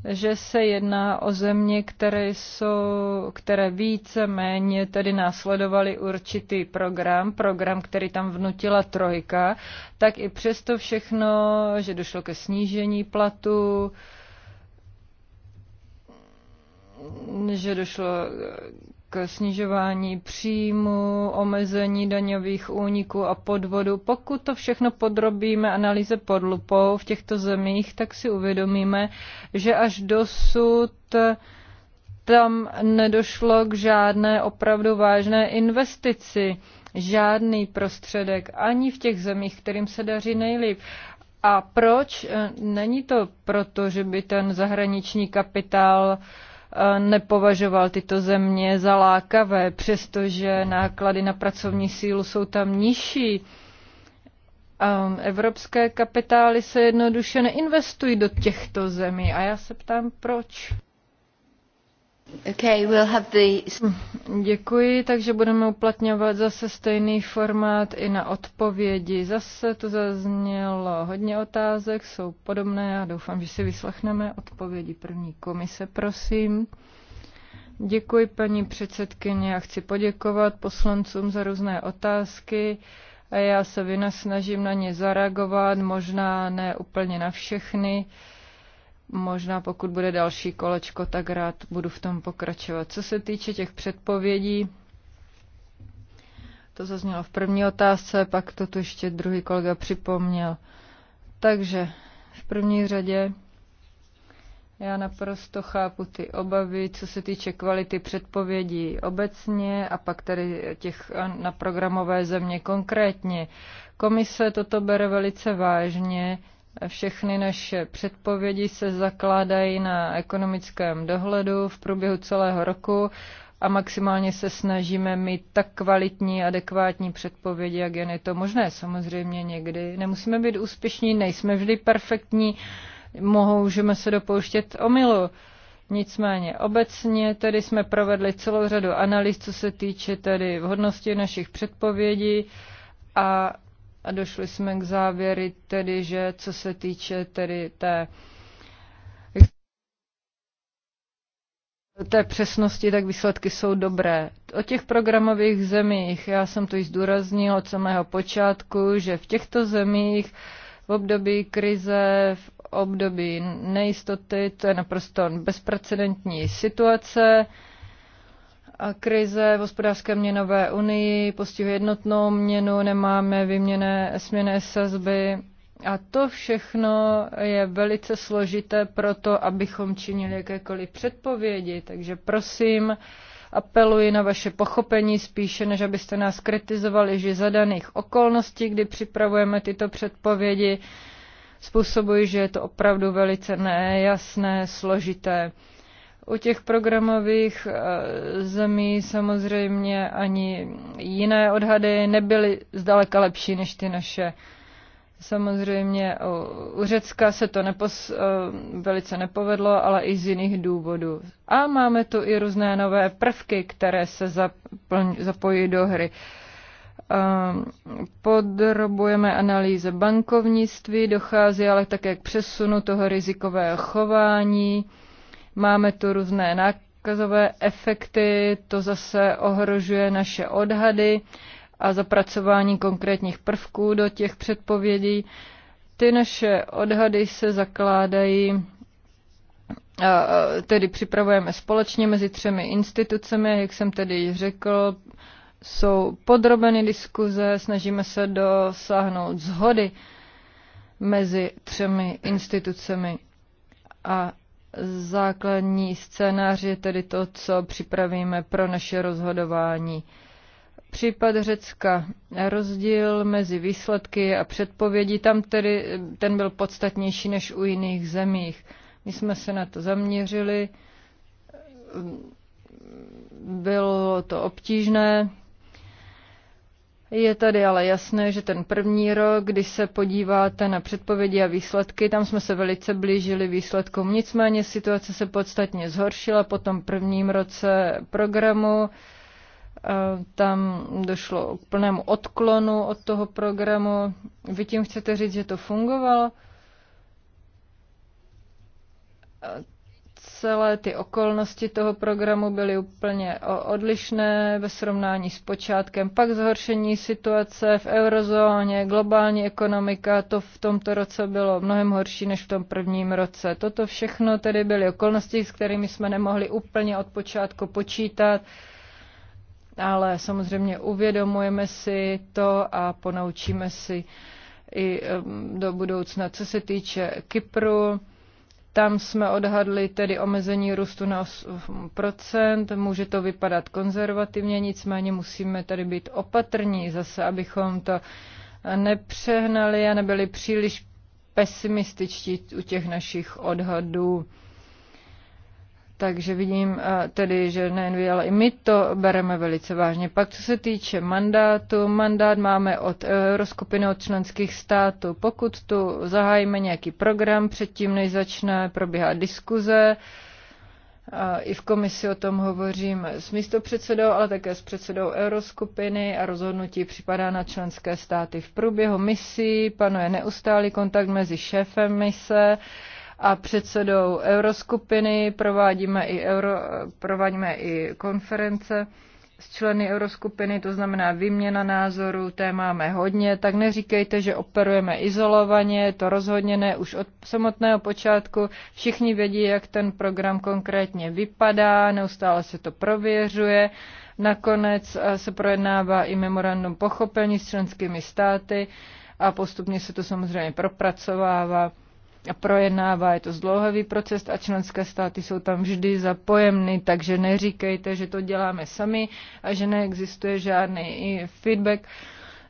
že se jedná o země, které, jsou, které více méně tedy následovaly určitý program, program, který tam vnutila trojka, tak i přesto všechno, že došlo ke snížení platu, že došlo snižování příjmu, omezení daňových úniků a podvodu. Pokud to všechno podrobíme analýze pod lupou v těchto zemích, tak si uvědomíme, že až dosud tam nedošlo k žádné opravdu vážné investici, žádný prostředek ani v těch zemích, kterým se daří nejlíp. A proč? Není to proto, že by ten zahraniční kapitál uh, Eh, nepovažoval tyto země za lákavé, přestože náklady na pracovní sílu jsou tam nižší. Ehm, evropské kapitály se jednoduše neinvestují do těchto zemí a já se ptám, proč. Hm, děkuji, takže budeme uplatňovat zase stejný formát i na odpovědi. Zase tu zaznělo hodně otázek, jsou podobné a doufám, že si vyslechneme odpovědi první komise, prosím. Děkuji, paní předsedkyně, a chci poděkovat poslancům za různé otázky. A já se vynasnažím na ně zareagovat, možná ne úplně na všechny. Uh, Možná pokud bude další kolečko, tak rád budu v tom pokračovat. Co se týče těch předpovědí, to zaznělo v první otázce, pak to tu ještě druhý kolega připomněl. Takže v první řadě já naprosto chápu ty obavy, co se týče kvality předpovědí obecně a pak tady těch na programové země konkrétně. Komise toto bere velice vážně, všechny naše předpovědi se zakládají na ekonomickém dohledu v průběhu celého roku a maximálně se snažíme mít tak kvalitní, adekvátní předpovědi, jak jen je to možné. Samozřejmě někdy nemusíme být úspěšní, nejsme vždy perfektní, můžeme se dopouštět omylu. Nicméně obecně tedy jsme provedli celou řadu analýz, co se týče tedy vhodnosti našich předpovědí a a došli jsme k závěry tedy, že co se týče tedy té té přesnosti, tak výsledky jsou dobré. O těch programových zemích, já jsem to již zdůraznil od samého počátku, že v těchto zemích v období krize, v období nejistoty, to je naprosto bezprecedentní situace, krize v hospodářské měnové unii postihuje jednotnou měnu, nemáme vyměné směné sazby a to všechno je velice složité pro to, abychom činili jakékoliv předpovědi. Takže prosím, apeluji na vaše pochopení spíše, než abyste nás kritizovali, že za daných okolností, kdy připravujeme tyto předpovědi, způsobují, že je to opravdu velice nejasné, složité. U těch programových eh, zemí samozřejmě ani jiné odhady nebyly zdaleka lepší než ty naše. Samozřejmě u Řecka se to nepos, eh, velice nepovedlo, ale i z jiných důvodů. A máme tu i různé nové prvky, které se zaplň, zapojí do hry. Ehm, podrobujeme analýze bankovnictví, dochází ale také k přesunu toho rizikového chování Máme tu různé nákazové efekty, to zase ohrožuje naše odhady a zapracování konkrétních prvků do těch předpovědí. Ty naše odhady se zakládají tedy připravujeme společně mezi třemi institucemi, jak jsem tedy řekl, jsou podrobeny diskuze, snažíme se dosáhnout zhody mezi třemi institucemi. A Základní scénář je tedy to, co připravíme pro naše rozhodování. Případ Řecka. Rozdíl mezi výsledky a předpovědí tam tedy ten byl podstatnější než u jiných zemích. My jsme se na to zaměřili, bylo to obtížné, je tady ale jasné, že ten první rok, když se podíváte na předpovědi a výsledky, tam jsme se velice blížili výsledkům. Nicméně situace se podstatně zhoršila po tom prvním roce programu. E, tam došlo k plnému odklonu od toho programu. Vy tím chcete říct, že to fungovalo? E, celé ty okolnosti toho programu byly úplně odlišné ve srovnání s počátkem. Pak zhoršení situace v eurozóně, globální ekonomika, to v tomto roce bylo mnohem horší než v tom prvním roce. Toto všechno tedy byly okolnosti, s kterými jsme nemohli úplně od počátku počítat, ale samozřejmě uvědomujeme si to a ponaučíme si i do budoucna. Co se týče Kypru, tam jsme odhadli tedy omezení růstu na 8%, může to vypadat konzervativně, nicméně musíme tady být opatrní zase, abychom to nepřehnali a nebyli příliš pesimističtí u těch našich odhadů. Takže vidím eh, tedy, že nejen vy, ale i my to bereme velice vážně. Pak co se týče mandátu, mandát máme od Euroskupiny od členských států. Pokud tu zahájíme nějaký program, předtím než začne probíhat diskuze, eh, i v komisi o tom hovořím s místopředsedou, ale také s předsedou Euroskupiny a rozhodnutí připadá na členské státy. V průběhu misí panuje neustálý kontakt mezi šéfem mise, a předsedou Euroskupiny. Provádíme i, euro, provádíme i konference s členy Euroskupiny, to znamená výměna názorů, té máme hodně, tak neříkejte, že operujeme izolovaně, to rozhodně ne, už od samotného počátku všichni vědí, jak ten program konkrétně vypadá, neustále se to prověřuje, nakonec eh, se projednává i memorandum pochopení s členskými státy a postupně se to samozřejmě propracovává projednává. Je to zdlouhavý proces a členské státy jsou tam vždy zapojemny, takže neříkejte, že to děláme sami a že neexistuje žádný feedback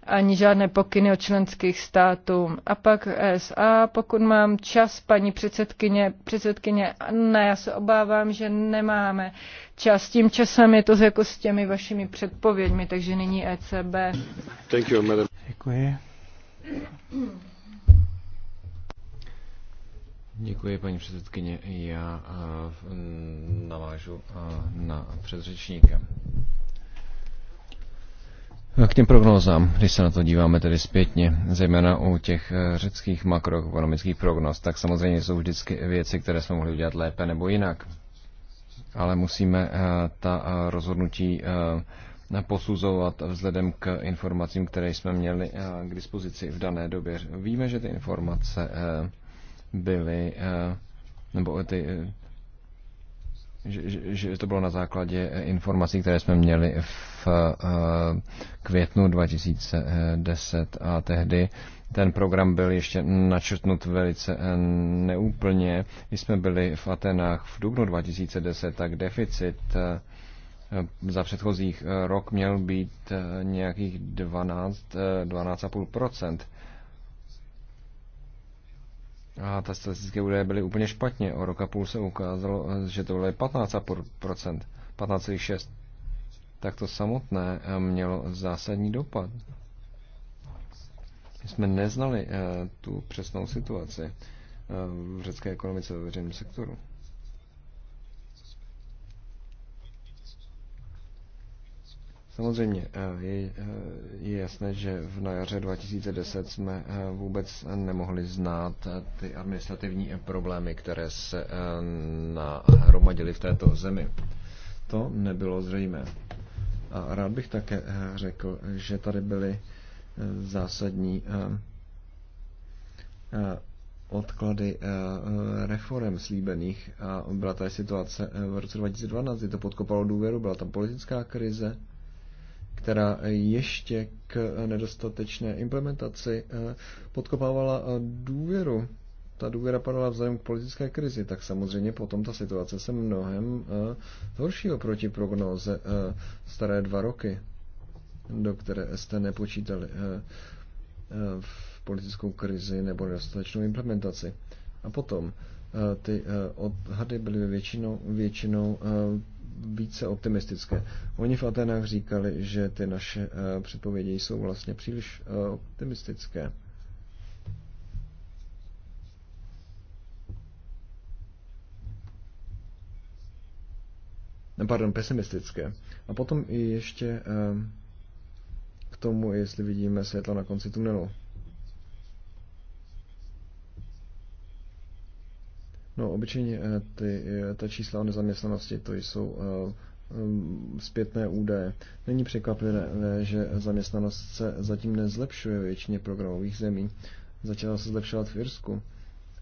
ani žádné pokyny od členských států. A pak ESA, pokud mám čas, paní předsedkyně, předsedkyně, ne, já se obávám, že nemáme čas. Tím časem je to jako s těmi vašimi předpověďmi, takže nyní ECB. Thank you, madam. Děkuji. Děkuji, paní předsedkyně. Já eh, mm, navážu eh, na předřečníka. K těm prognózám, když se na to díváme tedy zpětně, zejména u těch eh, řeckých makroekonomických prognóz, tak samozřejmě jsou vždycky věci, které jsme mohli udělat lépe nebo jinak. Ale musíme ta rozhodnutí posuzovat vzhledem k informacím, které jsme měli k dispozici v dané době. Víme, že ty informace byly, eh, nebo ty, eh, že, že to bylo na základě eh, informací, které jsme měli v květnu 2010 a tehdy ten program byl ještě načrtnut velice neúplně. Když jsme byli v Atenách v dubnu 2010, tak deficit za předchozích rok měl být nějakých 12, 12,5%. A ta statistické údaje byly úplně špatně. O roka půl se ukázalo, že to bylo 15%, 15,6%. Tak to samotné eh, mělo zásadní dopad. My jsme neznali eh, tu přesnou situaci eh, v řecké ekonomice ve veřejném sektoru. Samozřejmě eh, je, eh, je jasné, že v na jaře 2010 jsme eh, vůbec nemohli znát ty administrativní problémy, které se nahromadily v této zemi. To nebylo zřejmé. A rád bych také řekl, že tady byly zásadní odklady reform slíbených a byla ta situace v roce 2012, kdy to podkopalo důvěru, byla tam politická krize, která ještě k nedostatečné implementaci eh, podkopávala eh, důvěru. Ta důvěra padala vzhledem k politické krizi, tak samozřejmě potom ta situace se mnohem eh, horší oproti prognóze staré dva roky, do které jste nepočítali v politickou krizi nebo nedostatečnou implementaci. A potom ty odhady byly většinou, většinou více optimistické. Oni v Atenách říkali, že ty naše eh, předpovědi jsou vlastně příliš eh, optimistické. Eh, pardon, pesimistické. A potom i ještě k tomu, jestli vidíme světlo na konci tunelu. No, obyčejně eh, ty, eh, ta čísla o nezaměstnanosti, to jsou eh, zpětné údaje. Není překvapivé, že zaměstnanost se zatím nezlepšuje ve většině programových zemí. Začala se zlepšovat v Irsku,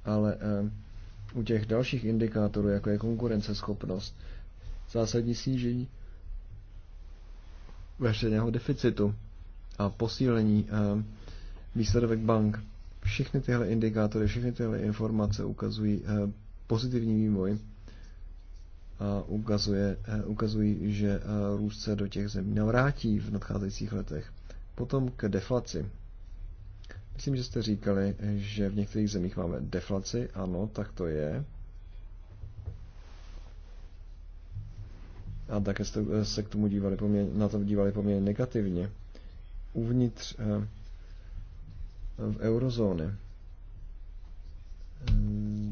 ale u těch dalších indikátorů, jako je konkurenceschopnost, zásadní snížení veřejného deficitu a posílení výsledek bank, všechny tyhle indikátory, všechny tyhle informace ukazují eh, pozitivní vývoj a ukazuje, eh, ukazují, že eh, růst se do těch zemí navrátí v nadcházejících letech. Potom k deflaci. Myslím, že jste říkali, že v některých zemích máme deflaci. Ano, tak to je. A také jste se k tomu dívali poměrně, na to dívali poměrně negativně. Uvnitř eurozóny. Ehm,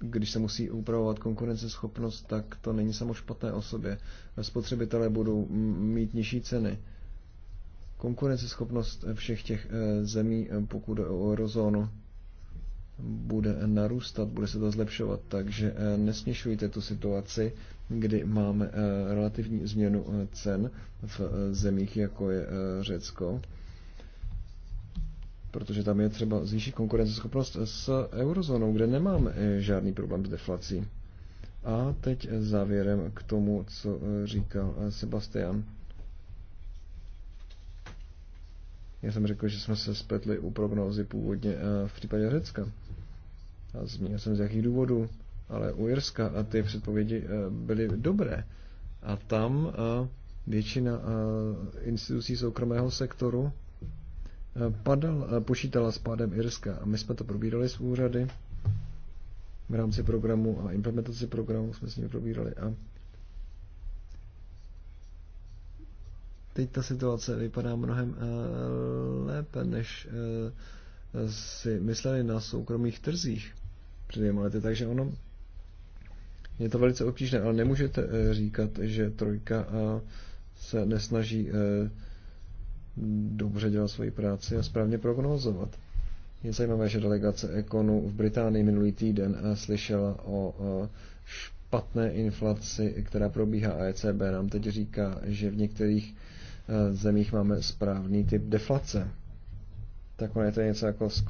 když se musí upravovat konkurenceschopnost, tak to není samo špatné o sobě. Spotřebitelé budou mít nižší ceny. Konkurenceschopnost všech těch e, zemí, e, pokud jde o eurozónu, bude narůstat, bude se to zlepšovat, takže e, nesměšujte tu situaci, kdy máme relativní změnu cen v zemích, jako je Řecko, protože tam je třeba zvýšit konkurenceschopnost s eurozónou, kde nemáme eh, žádný problém s deflací. A teď eh, závěrem k tomu, co eh, říkal Sebastian. Já jsem řekl, že jsme se spletli u prognózy původně v případě Řecka. A zmínil jsem z jakých důvodů, ale u Jirska a ty předpovědi byly dobré. A tam většina institucí soukromého sektoru padal, eh, počítala s pádem Irska a my jsme to probírali s úřady v rámci programu a implementaci programu jsme s nimi probírali a teď ta situace vypadá mnohem eh, lépe, než eh, si mysleli na soukromých trzích před dvěma lety, takže ono je to velice obtížné, ale nemůžete říkat, že trojka se nesnaží dobře dělat svoji práci a správně prognozovat. Je zajímavé, že delegace Ekonu v Británii minulý týden eh, slyšela o špatné inflaci, která probíhá a ECB nám teď říká, že v některých eh, zemích máme správný typ deflace. Tak ono je to něco jako s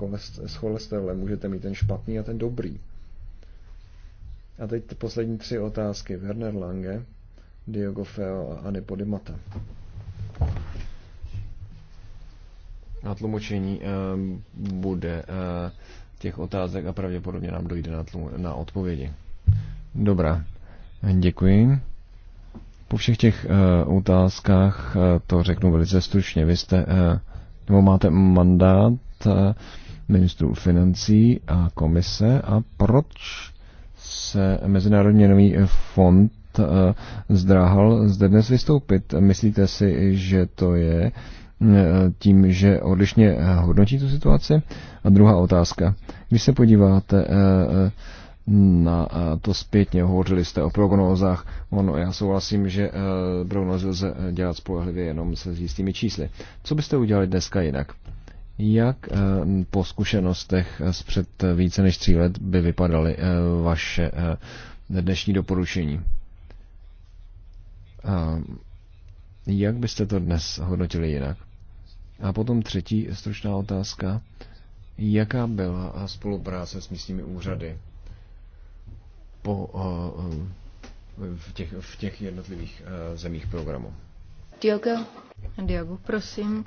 cholesterolem. Můžete mít ten špatný a ten dobrý. A teď poslední tři otázky. Werner Lange, Diogo Feo a Anipodimata. Podimata. na tlumočení eh, bude eh, těch otázek a pravděpodobně nám dojde na, tlum, na odpovědi. Dobrá, děkuji. Po všech těch eh, otázkách to řeknu velice stručně. Vy jste, nebo máte mandát ministrů financí a komise a proč se Mezinárodní nový fond zdráhal zde dnes vystoupit. Myslíte si, že to je E, tím, že odlišně e, hodnotí tu situaci? A druhá otázka. Když se podíváte e, na to zpětně, hovořili jste o prognózách. Ono, já souhlasím, že prognózy lze dělat spolehlivě jenom se s jistými čísly. Co byste udělali dneska jinak? Jak po zkušenostech z před více než tří let by vypadaly vaše dnešní doporučení? Jak byste to dnes hodnotili jinak? A potom třetí stručná otázka. Jaká byla spolupráce s místními úřady po, eh, v, těch, v těch jednotlivých eh, zemích programu? Diogo. Diogo, prosím.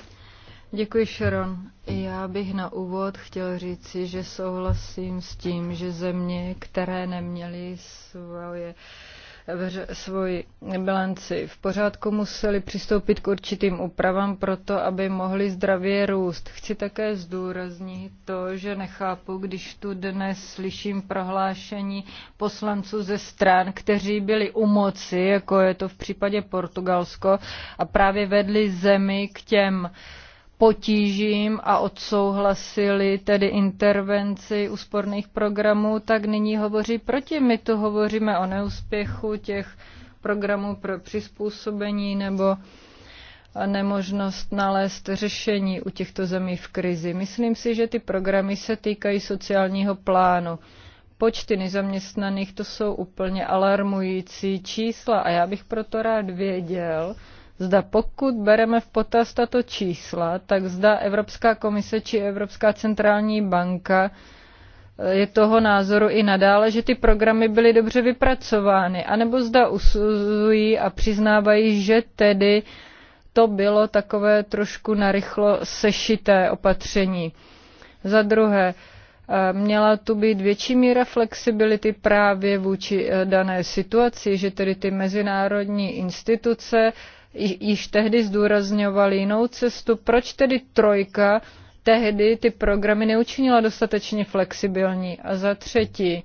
Děkuji, Sharon. Já bych na úvod chtěl říci, že souhlasím s tím, že země, které neměly svoje uh, svoji bilanci v pořádku, museli přistoupit k určitým úpravám proto, aby mohli zdravě růst. Chci také zdůraznit to, že nechápu, když tu dnes slyším prohlášení poslanců ze stran, kteří byli u moci, jako je to v případě Portugalsko, a právě vedli zemi k těm uh, potížím a odsouhlasili tedy intervenci úsporných programů, tak nyní hovoří proti. My tu hovoříme o neúspěchu těch programů pro přizpůsobení nebo nemožnost nalézt řešení u těchto zemí v krizi. Myslím si, že ty programy se týkají sociálního plánu. Počty nezaměstnaných to jsou úplně alarmující čísla a já bych proto rád věděl, Zda pokud bereme v potaz tato čísla, tak zda Evropská komise či Evropská centrální banka eh, je toho názoru i nadále, že ty programy byly dobře vypracovány, anebo zda usuzují a přiznávají, že tedy to bylo takové trošku narychlo sešité opatření. Za druhé, eh, měla tu být větší míra flexibility právě vůči eh, dané situaci, že tedy ty mezinárodní instituce již tehdy zdůrazňovali jinou cestu. Proč tedy trojka tehdy ty programy neučinila dostatečně flexibilní? A za třetí,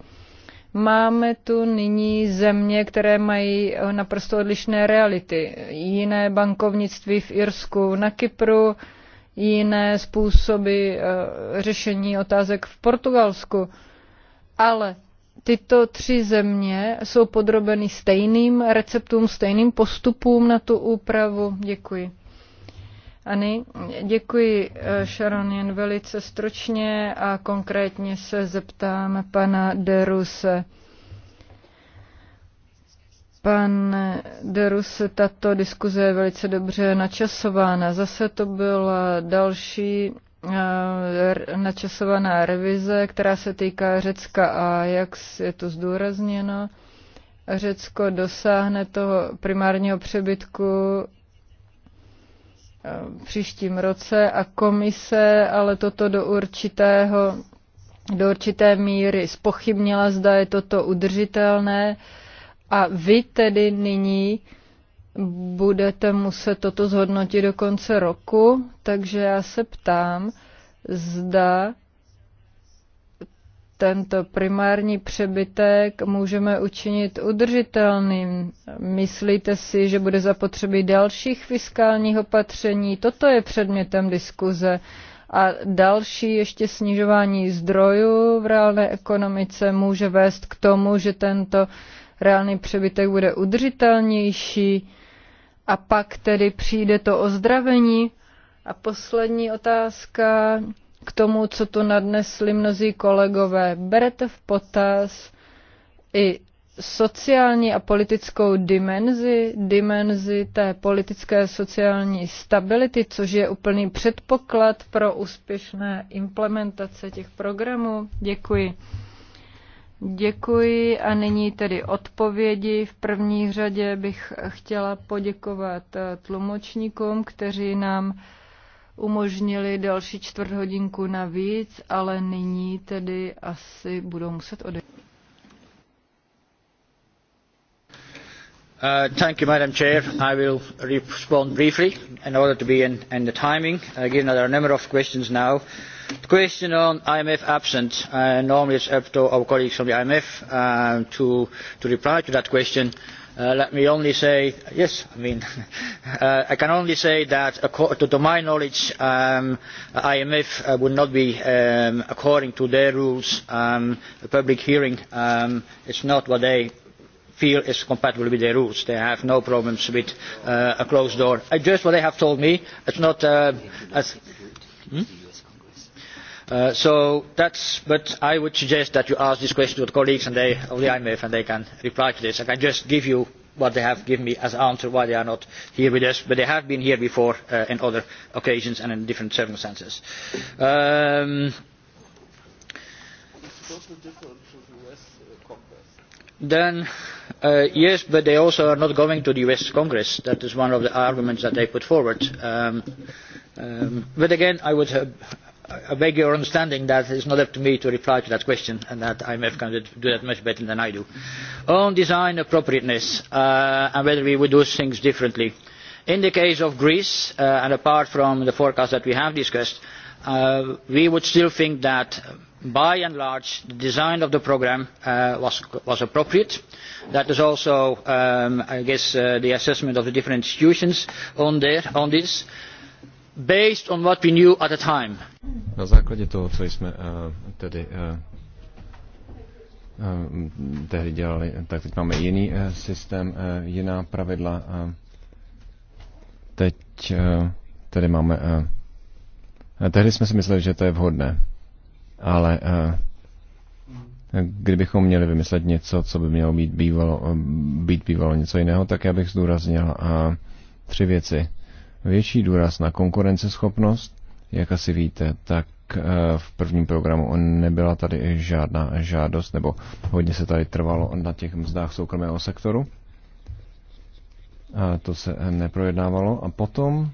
máme tu nyní země, které mají eh, naprosto odlišné reality. Jiné bankovnictví v Irsku, na Kypru, jiné způsoby eh, řešení otázek v Portugalsku. Ale tyto tři země jsou podrobeny stejným receptům, stejným postupům na tu úpravu? Děkuji. Ani, děkuji eh, Sharon jen velice stročně a konkrétně se zeptám pana Deruse. Pan Derus, tato diskuze je velice dobře načasována. Zase to byla další Eh, načasovaná revize, která se týká Řecka a jak je to zdůrazněno, Řecko dosáhne toho primárního přebytku eh, příštím roce a komise ale toto do určitého do určité míry spochybnila, zda je toto udržitelné a vy tedy nyní budete muset toto zhodnotit do konce roku, takže já se ptám, zda tento primární přebytek můžeme učinit udržitelným. Myslíte si, že bude zapotřebí dalších fiskálních opatření? Toto je předmětem diskuze. A další ještě snižování zdrojů v reálné ekonomice může vést k tomu, že tento reálný přebytek bude udržitelnější a pak tedy přijde to ozdravení. A poslední otázka k tomu, co tu nadnesli mnozí kolegové. Berete v potaz i sociální a politickou dimenzi, dimenzi té politické sociální stability, což je úplný předpoklad pro úspěšné implementace těch programů. Děkuji. Děkuji a nyní tedy odpovědi. V první řadě bych chtěla poděkovat eh, tlumočníkům, kteří nám umožnili další čtvrt hodinku navíc, ale nyní tedy asi budou muset odejít. Uh, madam president i will respond briefly in order to be in, in the timing uh, given that there are a number of questions now. the question on imf absence uh, normally it is up to our colleagues from the imf uh, to, reply to that question. let me only say yes i mean i can only say that to my knowledge the um, imf would not be um, according to their rules um, a public hearing. is not what they feel is compatible with their rules. They have no problems with uh, a closed door. Uh, just what they have told me. It's not. Uh, as, hmm? Uh, so that's, but I would suggest that you ask this question to the colleagues and they, of the IMF and they can reply to this. I can just give you what they have given me as an answer why they are not here with us, but they have been here before uh, in other occasions and in different circumstances. Um, then uh, yes, but they also are not going to the US Congress. That is one of the arguments that they put forward. Um, um, but again, I would have, I beg your understanding that it's not up to me to reply to that question and that IMF can do that much better than I do. On design appropriateness uh, and whether we would do things differently. In the case of Greece, uh, and apart from the forecast that we have discussed, uh, we would still think that by and large the design of the programme uh, was, appropriate. that is also um, i guess uh, the assessment of the different institutions on, this based on what we knew at the time. na základě toho co jsme uh, tedy uh, tehdy dělali, tak teď máme jiný systém, jiná pravidla. Teď tedy máme. Tehdy jsme si mysleli, že to je vhodné ale eh, kdybychom měli vymyslet něco, co by mělo být bývalo, eh, být bývalo něco jiného, tak já bych zdůraznil a eh, tři věci. Větší důraz na konkurenceschopnost, jak asi víte, tak v prvním programu nebyla tady žádná žádost, nebo hodně se tady trvalo na těch mzdách soukromého sektoru. A to se neprojednávalo. A potom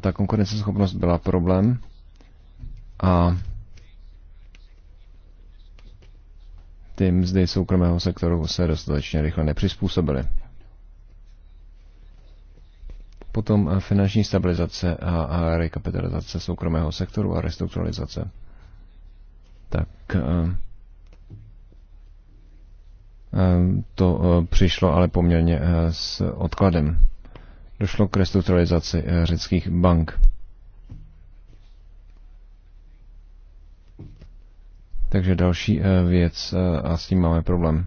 ta konkurenceschopnost byla problém a ty mzdy soukromého sektoru se dostatečně rychle nepřizpůsobily. Potom eh, finanční stabilizace a, rekapitalizace soukromého sektoru a restrukturalizace. Tak eh, eh, to přišlo ale poměrně s odkladem. Došlo k restrukturalizaci řeckých bank Takže další eh, věc eh, a s tím máme problém.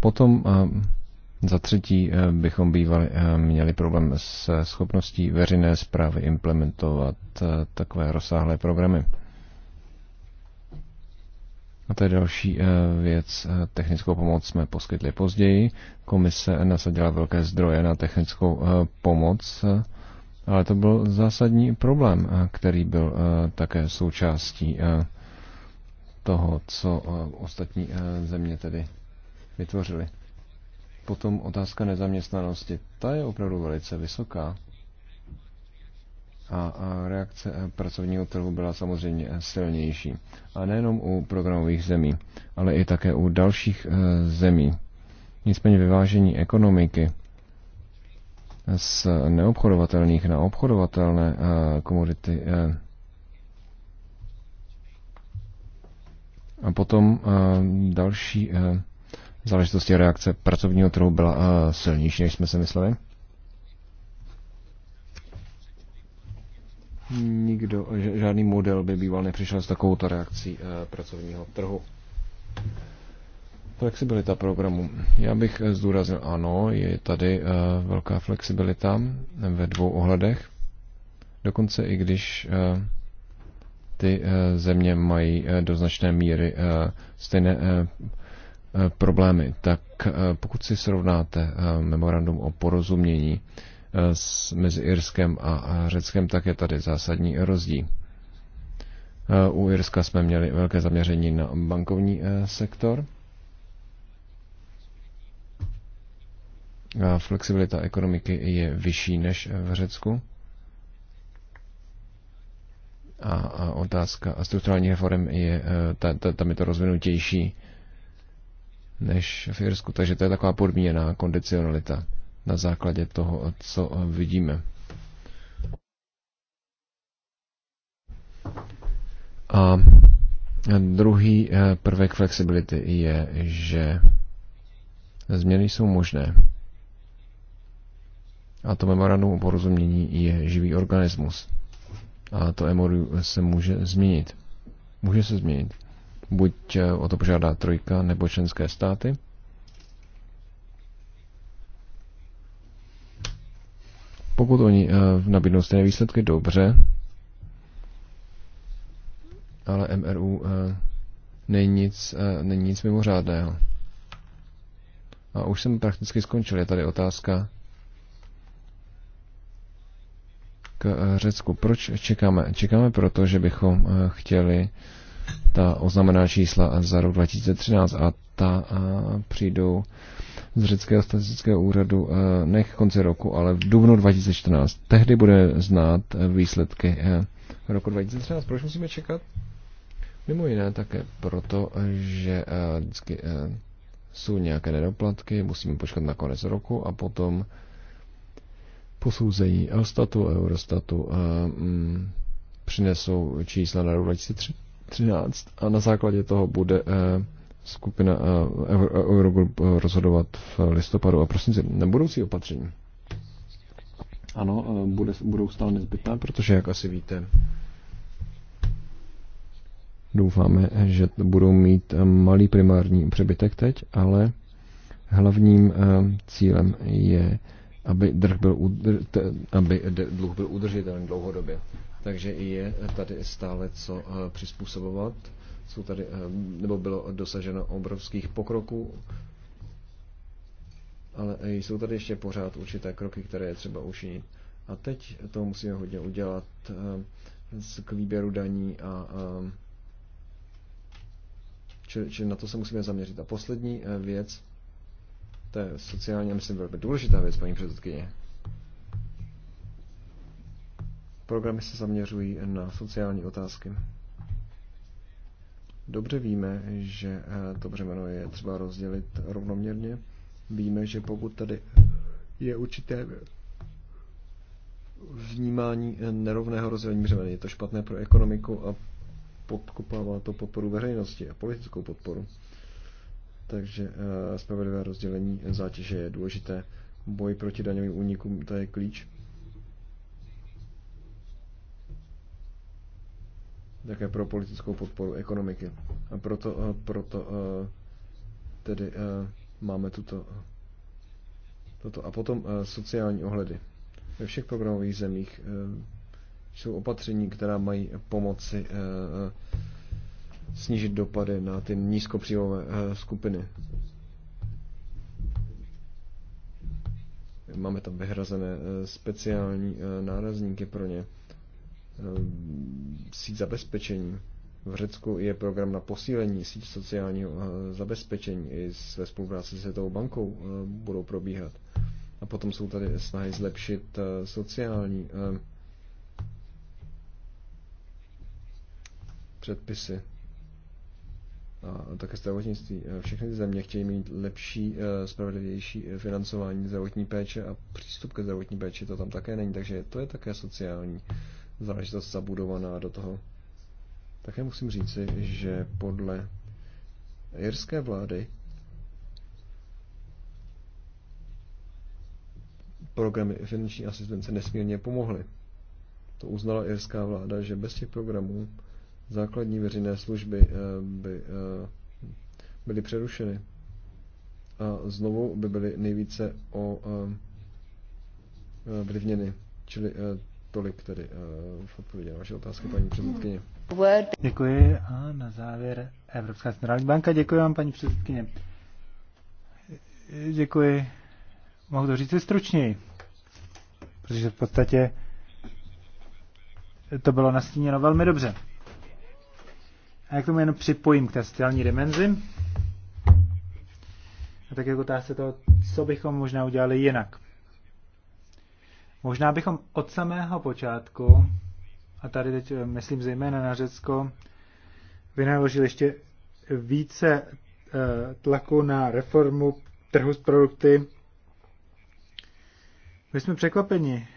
Potom eh, za třetí bychom bývali měli problém s schopností veřejné zprávy implementovat takové rozsáhlé programy. A to je další věc. Technickou pomoc jsme poskytli později. Komise nasadila velké zdroje na technickou pomoc, ale to byl zásadní problém, který byl také součástí toho, co eh, ostatní eh, země tedy vytvořily. Potom otázka nezaměstnanosti. Ta je opravdu velice vysoká. A reakce eh, pracovního trhu byla samozřejmě silnější. A nejenom u programových zemí, ale i také u dalších zemí. Nicméně vyvážení ekonomiky z neobchodovatelných na obchodovatelné komodity A potom eh, další eh, záležitosti reakce pracovního trhu byla eh, silnější, než jsme si mysleli. Nikdo, žádný model by býval nepřišel s takovouto reakcí pracovního trhu. Flexibilita programu. Já bych zdůraznil, ano, je tady velká flexibilita ve dvou ohledech. Dokonce i když ty eh, země mají eh, do značné míry eh, stejné problémy. Tak pokud si srovnáte memorandum o porozumění mezi Irskem a Řeckem, tak je tady zásadní rozdíl. U Irska jsme měli velké zaměření na bankovní sektor. A flexibilita ekonomiky je vyšší než v Řecku a, a otázka a strukturální reform je, e, ta, ta, tam je to rozvinutější než v Irsku. Takže to je taková podmíněná kondicionalita na základě toho, co e, vidíme. A druhý e, prvek flexibility je, že změny jsou možné. A to memorandum o porozumění je živý organismus. A to emory se může změnit. Může se změnit. Buď eh, o to požádá trojka nebo členské státy. Pokud oni eh, nabídnou stejné výsledky, dobře. Ale MRU eh, není nic, není nic mimořádného. A už jsem prakticky skončil. Je tady otázka, k eh, Řecku. Proč čekáme? Čekáme proto, že bychom eh, chtěli ta oznamená čísla za rok 2013 a ta eh, přijdou z Řeckého statistického úřadu ne v konci roku, ale v dubnu 2014. Tehdy bude znát výsledky roku 2013. Proč musíme čekat? Mimo jiné také proto, že vždycky jsou nějaké nedoplatky, musíme počkat na konec roku a potom posouzení Elstatu, Eurostatu mm, přinesou čísla na rok 2013 a na základě toho bude e, skupina e, e, Eurogroup rozhodovat v listopadu a prosinci na budoucí opatření. Ano, bude, budou stále nezbytná, protože, jak asi víte, doufáme, že budou mít malý primární přebytek teď, ale hlavním cílem je aby, drh byl, aby dluh byl udržitelný dlouhodobě. Takže je tady stále co eh, přizpůsobovat. Jsou tady, eh, nebo bylo dosaženo obrovských pokroků, ale jsou tady ještě pořád určité kroky, které je třeba učinit. A teď to musíme hodně udělat eh, k výběru daní a či, či na to se musíme zaměřit. A poslední věc, to je sociálně, myslím, velmi důležitá věc, paní předsedkyně. Programy se zaměřují na sociální otázky. Dobře víme, že eh, to břemeno je třeba rozdělit rovnoměrně. Víme, že pokud tady je určité vnímání eh, nerovného rozdělení břemene, je to špatné pro ekonomiku a podkopává to podporu veřejnosti a politickou podporu. Takže eh, spravedlivé rozdělení zátěže je důležité. Boj proti daňovým únikům, to je klíč. Také pro politickou podporu ekonomiky. A proto, eh, proto eh, tedy máme tuto, toto. A potom sociální ohledy. Ve všech programových zemích jsou opatření, která mají pomoci snížit dopady na ty nízkopříjmové eh, skupiny. Máme tam vyhrazené eh, speciální eh, nárazníky pro ně. Síť zabezpečení. V Řecku je program na posílení síť sociálního zabezpečení i ve spolupráci s Světovou bankou budou probíhat. A potom jsou tady snahy zlepšit sociální předpisy také zdravotnictví. E, všechny ty země chtějí mít lepší, e, spravedlivější e, financování zdravotní péče a přístup ke zdravotní péči to tam také není, takže to je také sociální záležitost zabudovaná do toho. Také musím říci, že podle jirské vlády programy finanční asistence nesmírně pomohly. To uznala irská vláda, že bez těch programů základní veřejné služby eh, by eh, byly přerušeny. A znovu by byly nejvíce o eh, vlivněny. Čili tolik tedy v odpovědi na vaše otázky, paní předsedkyně. Děkuji a na závěr Evropská centrální banka. Děkuji vám, paní předsedkyně. Děkuji. Mohu to říct stručněji, protože v podstatě to bylo nastíněno velmi dobře. A jak tomu jenom připojím k té střelní dimenzi, a tak jako otázka toho, co bychom možná udělali jinak. Možná bychom od samého počátku, a tady teď eh, myslím zejména na Řecko, vynaložili ještě více eh, tlaku na reformu trhu s produkty. Byli jsme překvapeni,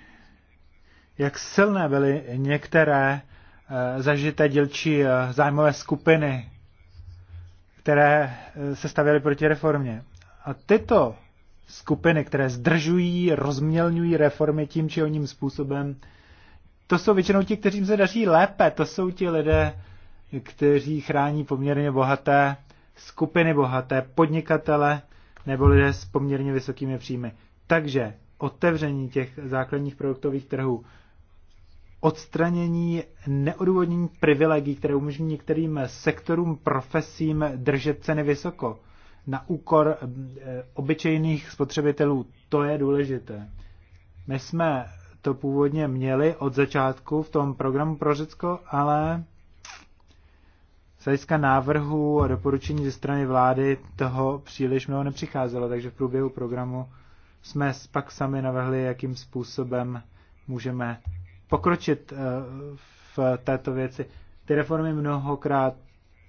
jak silné byly některé Eh, zažité dělčí eh, zájmové skupiny, které eh, se stavěly proti reformě. A tyto skupiny, které zdržují, rozmělňují reformy tím či oním způsobem, to jsou většinou ti, kteřím se daří lépe. To jsou ti lidé, kteří chrání poměrně bohaté skupiny, bohaté podnikatele nebo lidé s poměrně vysokými příjmy. Takže otevření těch základních produktových trhů odstranění neodůvodnění privilegií, které umožní některým sektorům, profesím držet ceny vysoko na úkor eh, obyčejných spotřebitelů. To je důležité. My jsme to původně měli od začátku v tom programu pro Řecko, ale z hlediska návrhu a doporučení ze strany vlády toho příliš mnoho nepřicházelo, takže v průběhu programu jsme pak sami navrhli, jakým způsobem můžeme pokročit eh, v této věci. Ty reformy mnohokrát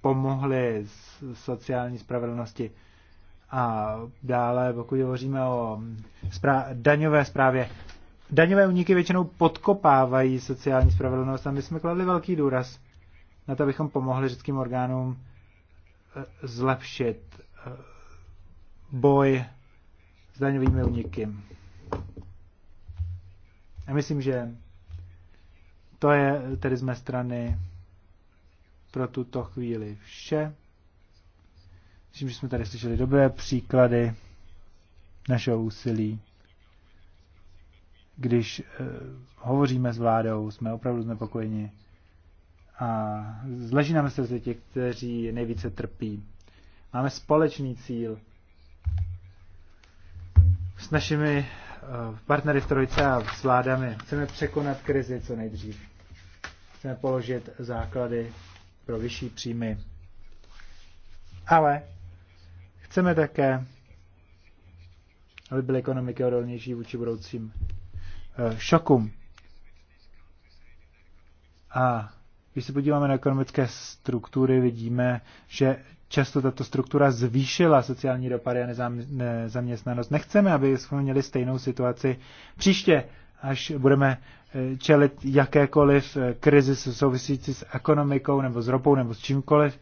pomohly sociální spravedlnosti. A dále, pokud hovoříme o spra- daňové zprávě, daňové uniky většinou podkopávají sociální spravedlnost a my jsme kladli velký důraz na to, abychom pomohli řeckým orgánům eh, zlepšit eh, boj s daňovými uniky. A myslím, že to je tedy z mé strany pro tuto chvíli vše. Myslím, že jsme tady slyšeli dobré příklady našeho úsilí. Když e, hovoříme s vládou, jsme opravdu znepokojeni a zleží nám zde těch, kteří nejvíce trpí. Máme společný cíl s našimi partnery v Trojce a s vládami. Chceme překonat krizi co nejdřív. Chceme položit základy pro vyšší příjmy. Ale chceme také, aby byly ekonomiky odolnější vůči budoucím eh, šokům. A když se podíváme na ekonomické struktury, vidíme, že často tato struktura zvýšila sociální dopady a nezaměstnanost. Nechceme, aby jsme měli stejnou situaci příště, až budeme eh, čelit jakékoliv eh, krizi souvisící s ekonomikou nebo s ropou nebo s čímkoliv.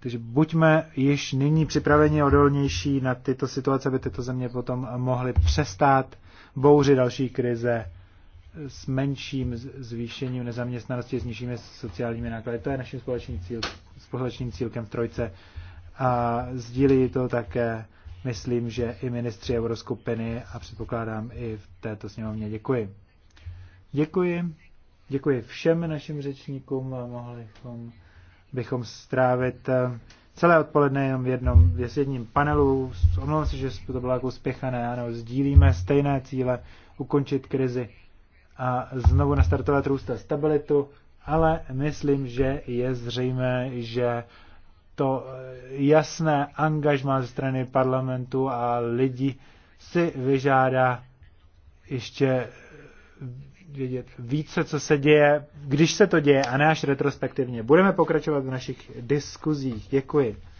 Takže buďme již nyní připraveni odolnější na tyto situace, aby tyto země potom mohly přestát bouřit další krize s menším zvýšením nezaměstnanosti, s nižšími sociálními náklady. To je naším společným, cíl, společným cílkem v trojce. A sdílí to také, myslím, že i ministři euroskupiny a předpokládám i v této sněmovně. Děkuji. Děkuji. Děkuji všem našim řečníkům mohli bychom, bychom strávit eh, celé odpoledne jenom v jednom v jedním panelu. Omlouvám se, že to bylo jako uspěchané, ano, sdílíme stejné cíle, ukončit krizi a znovu nastartovat růst a stabilitu, ale myslím, že je zřejmé, že to eh, jasné angažma ze strany parlamentu a lidí si vyžádá ještě vědět více, co se děje, když se to děje a ne až retrospektivně. Budeme pokračovat v našich diskuzích. Děkuji.